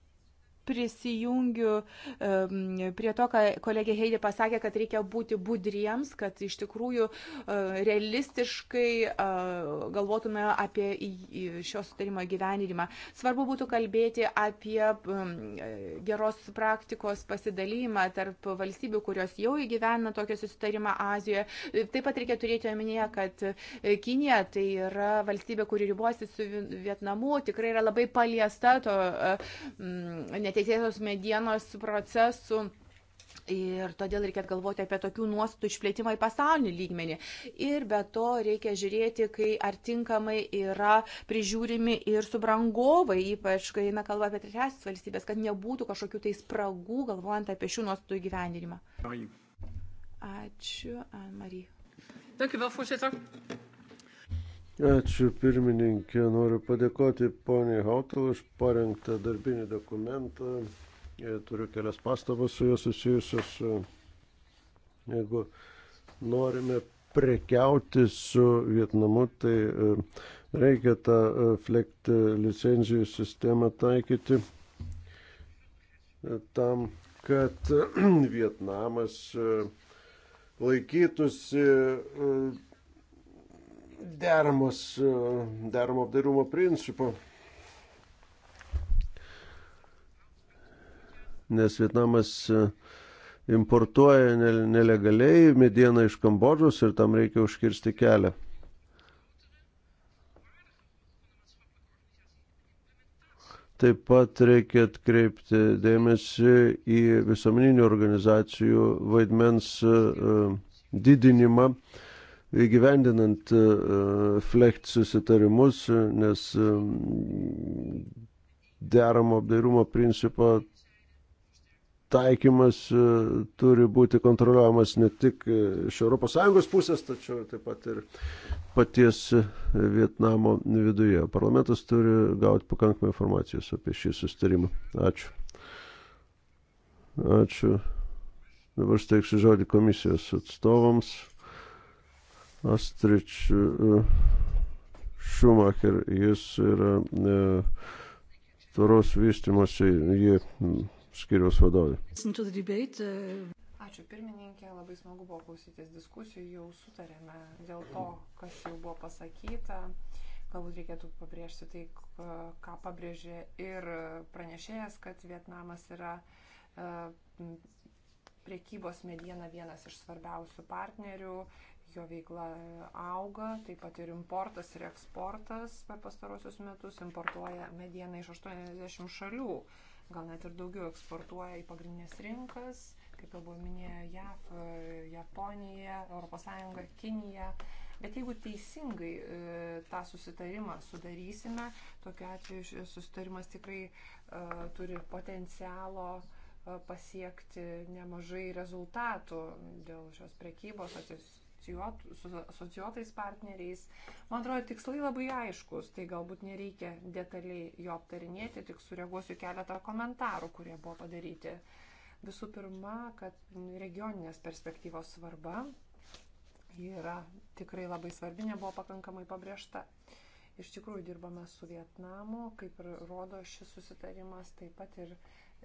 prisijungiu prie to, ką kolegė Heidė pasakė, kad reikia būti budriems, kad iš tikrųjų e, realistiškai e, galvotume apie šio sutarimo gyvenimą. Svarbu būtų kalbėti apie geros praktikos pasidalymą tarp valstybių, kurios jau įgyvena tokį susitarimą Azijoje. Taip pat reikia turėti omenyje, kad Kinija tai yra valstybė, kuri ribosi su Vietnamu, tikrai yra labai paliesta to e, neteisėto neteisėtos medienos procesų. Ir todėl reikėtų galvoti apie tokių nuostatų išplėtimą į pasaulinį lygmenį. Ir be to reikia žiūrėti, kai ar tinkamai yra prižiūrimi ir subrangovai, ypač kai eina kalba apie trečiasis valstybės, kad nebūtų kažkokių tai spragų, galvojant apie šių nuostatų įgyvendinimą. Ačiū, Anne Marie. Dank u wel, voorzitter. Ačiū pirmininkė, noriu padėkoti poniai Hautal už parengtą darbinį dokumentą. E, turiu kelias pastabas su juo susijusios. E, jeigu norime prekiauti su Vietnamu, tai e, reikia tą flekt licenzijų sistemą taikyti tam, kad Vietnamas laikytųsi deramos, e, deramo apdairumo principo. Nes Vietnamas e, importuoja nelegaliai medieną iš Kambodžos ir tam reikia užkirsti kelią. Taip pat reikia atkreipti dėmesį į visuomeninių organizacijų vaidmens e, didinimą, uh, įgyvendinant e, e, flekt susitarimus, nes e, deramo apdairumo principo taikymas turi būti kontroliuojamas ne tik iš ES pusės, tačiau taip pat ir paties Vietnamo viduje. Parlamentas turi gauti pakankamai informacijos apie šį sustarimą. Ačiū. Ačiū. Dabar steiksiu žodį komisijos atstovams. Astrič Šumacher, e, jis yra e, tvaros vystimosi, ji skiriaus vadovė. E. Ačiū pirmininkė, labai smagu buvo klausytis diskusijų, jau sutarėme dėl to, kas jau buvo pasakyta. Galbūt reikėtų pabrėžti tai, ką pabrėžė ir pranešėjas, kad Vietnamas yra e, priekybos mediena vienas iš svarbiausių partnerių jo veikla auga, taip pat ir importas ir eksportas per pastarosius metus importuoja medieną iš 80 šalių, gal net ir daugiau eksportuoja į pagrindinės rinkas, kaip jau buvo minėjo JAF, Japonija, ES, Kinija. Bet jeigu teisingai e, tą susitarimą sudarysime, tokiu atveju šis susitarimas tikrai e, turi potencialo e, pasiekti nemažai rezultatų dėl šios prekybos, atsius asocijuot, su asocijuotais partneriais. Man atrodo, tikslai labai aiškus, tai galbūt nereikia detaliai jo aptarinėti, tik sureaguosiu keletą komentarų, kurie buvo padaryti. Visų pirma, kad regioninės perspektyvos svarba yra tikrai labai svarbi, nebuvo pakankamai pabrėžta. Iš tikrųjų dirbame su Vietnamu, kaip ir rodo šis susitarimas, taip pat ir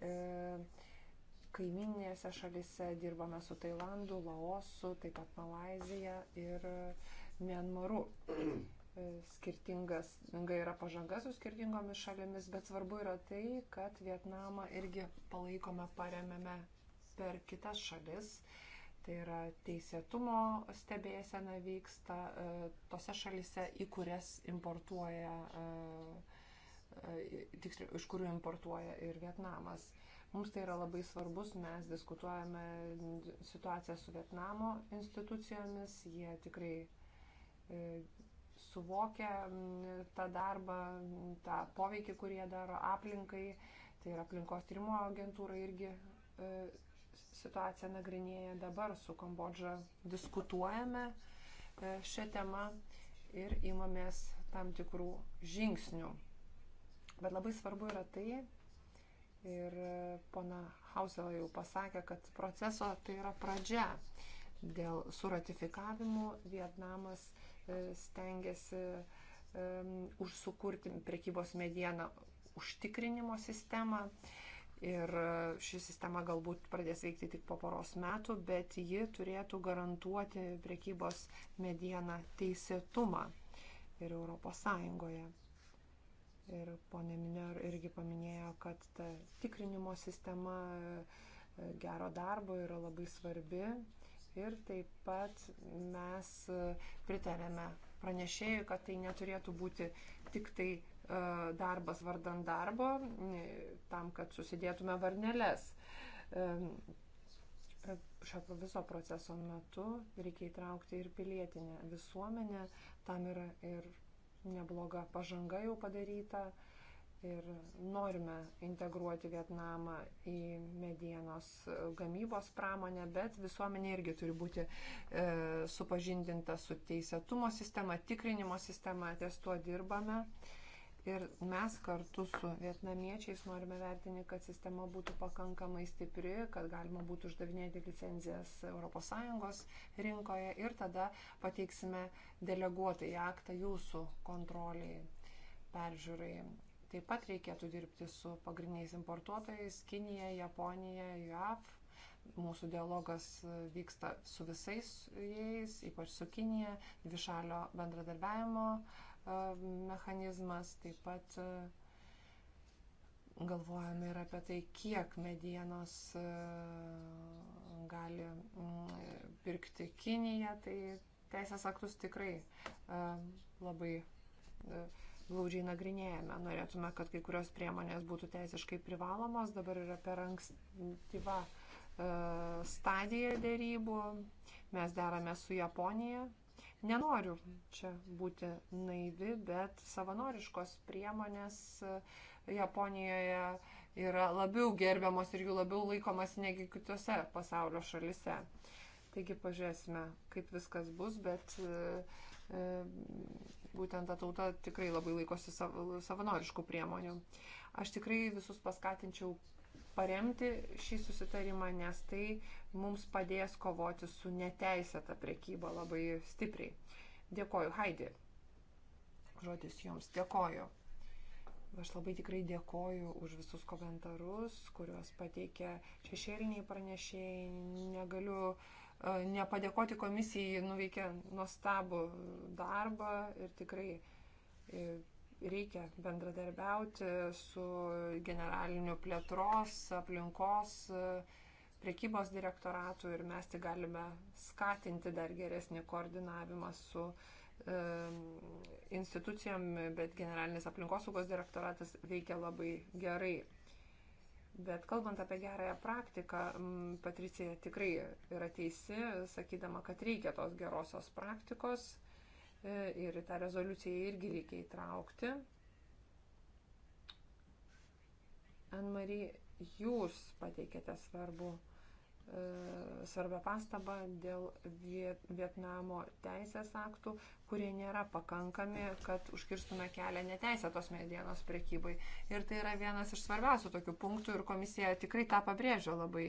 e, kaiminėse šalise, dirbame su Tailandu, Laosu, taip pat Malazija ir Mianmaru. E, skirtingas yra pažanga su skirtingomis šalimis, bet svarbu yra tai, kad Vietnamą irgi palaikome, paremėme per kitas šalis. Tai yra teisėtumo stebėsena vyksta e, tose šalise, į kurias importuoja, e, tiksliau, iš kurių importuoja ir Vietnamas. Mums tai yra labai svarbus, mes diskutuojame situaciją su Vietnamo institucijomis, jie tikrai e, suvokia tą darbą, tą poveikį, kurį jie daro aplinkai, tai yra aplinkos tyrimo agentūra irgi e, situaciją nagrinėja dabar su Kambodža, diskutuojame e, šią temą ir imamės tam tikrų žingsnių. Bet labai svarbu yra tai, Ir e, pana Hausela jau pasakė, kad proceso tai yra pradžia. Dėl suratifikavimų Vietnamas e, stengiasi um, e, užsukurti prekybos medieną užtikrinimo sistemą. Ir ši sistema galbūt pradės veikti tik po poros metų, bet ji turėtų garantuoti prekybos medieną teisėtumą ir Europos Sąjungoje. Ir ponė Miner irgi paminėjo, kad ta tikrinimo sistema e, gero darbo yra labai svarbi. Ir taip pat mes e, pritarėme pranešėjui, kad tai neturėtų būti tik tai e, darbas vardan darbo, tam, kad susidėtume varneles. Šio viso proceso metu reikia įtraukti ir pilietinę visuomenę, tam yra ir nebloga pažanga jau padaryta ir norime integruoti Vietnamą į medienos gamybos pramonę, bet visuomenė irgi turi būti e, supažindinta su teisėtumo sistema, tikrinimo sistema, ties tuo dirbame. E, Ir mes kartu su vietnamiečiais norime vertinti, kad sistema būtų pakankamai stipri, kad galima būtų uždavinėti licenzijas ES rinkoje ir tada pateiksime deleguotą į aktą jūsų kontroliai, peržiūrai. Taip pat reikėtų dirbti su pagrindiniais importuotojais - Kinija, Japonija, JAV. Mūsų dialogas vyksta su visais jais, ypač su Kinija, dvišalio bendradarbiavimo uh, mechanizmas, taip pat galvojame ir apie tai, kiek medienos gali pirkti Kinija, tai teisės aktus tikrai labai glaudžiai nagrinėjame. Norėtume, kad kai kurios priemonės būtų teisiškai privalomos, dabar yra per ankstyva stadija dėrybų, mes derame su Japonija, Nenoriu čia būti naivi, bet savanoriškos priemonės e, Japonijoje yra labiau gerbiamos ir jų labiau laikomas negi kitose pasaulio šalise. Taigi pažiūrėsime, kaip viskas bus, bet e, e, būtent ta tauta tikrai labai laikosi savanoriškų priemonių. Aš tikrai visus paskatinčiau paremti šį susitarimą, nes tai mums padės kovoti su neteisėta prekyba labai stipriai. Dėkoju, Haidė. Žodis jums. Dėkoju. Aš labai tikrai dėkoju už visus komentarus, kuriuos pateikė šešėliniai pranešėjai. Negaliu e, nepadėkoti komisijai, nuveikė nuostabų darbą ir tikrai e, Reikia bendradarbiauti su generaliniu plėtros, aplinkos, prekybos direktoratu ir mes tik galime skatinti dar geresnį koordinavimą su e, institucijom, bet generalinis aplinkosaugos direktoratas veikia labai gerai. Bet kalbant apie gerąją praktiką, Patricija tikrai yra teisi, sakydama, kad reikia tos gerosios praktikos E, ir tą rezoliuciją irgi reikia įtraukti. Anmarie, jūs pateikėte svarbu, e, svarbę pastabą dėl Vietnamo teisės aktų, kurie nėra pakankami, kad užkirstume kelią neteisėtos medienos prekybai. Ir tai yra vienas iš svarbiausių tokių punktų ir komisija tikrai tą pabrėžia labai.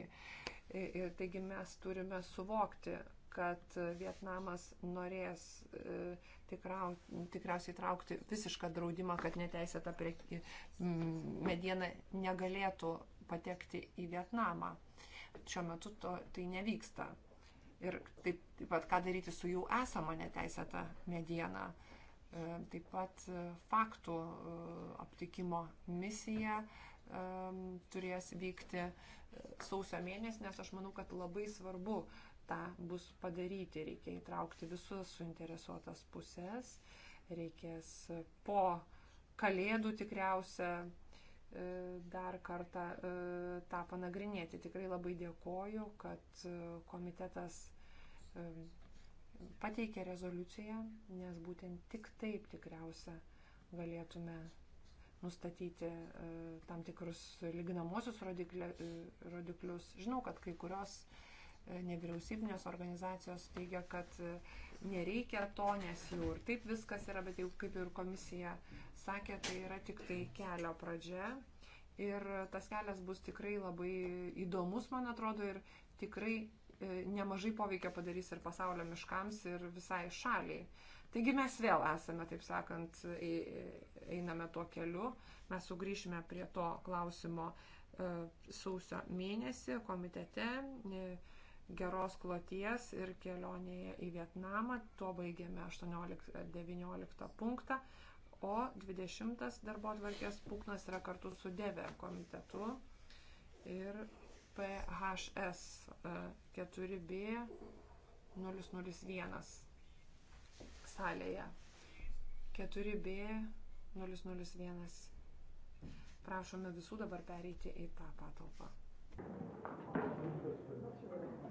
Ir taigi mes turime suvokti, kad Vietnamas norės e, tikrau, tikriausiai traukti visišką draudimą, kad neteisėta mediena negalėtų patekti į Vietnamą. Šiuo metu to, tai nevyksta. Ir taip, taip pat, ką daryti su jų esama neteisėta mediena. E, taip pat e, faktų aptikimo misija turės vykti sausio mėnesį, nes aš manau, kad labai svarbu uh, tą bus padaryti. Reikia įtraukti visus suinteresuotas pusės, reikės po kalėdų tikriausia e, dar kartą e, tą panagrinėti. Tikrai labai dėkoju, kad e, komitetas pateikė rezoliuciją, nes būtent tik taip tikriausia galėtume nustatyti tam tikrus lyginamosius rodiklius. Žinau, kad kai kurios uh, nevyriausybinės organizacijos teigia, kad e, nereikia to, nes jau ir taip viskas yra, bet jau kaip ir komisija sakė, tai yra tik tai kelio pradžia. Ir tas kelias bus tikrai labai įdomus, man atrodo, ir tikrai e, nemažai poveikia padarys ir pasaulio miškams, ir visai šaliai. Taigi mes vėl esame, taip sakant, e, einame tuo keliu. Mes sugrįšime prie to klausimo sausio mėnesį komitete geros kloties ir kelionėje į Vietnamą. Tuo baigėme 18-19 punktą, o 20 darbo atvarkės punktas yra kartu su DEVE komitetu ir PHS 4B 001 salėje. 4B 001. Prašome visų dabar pereiti į tą patalpą. Thank you.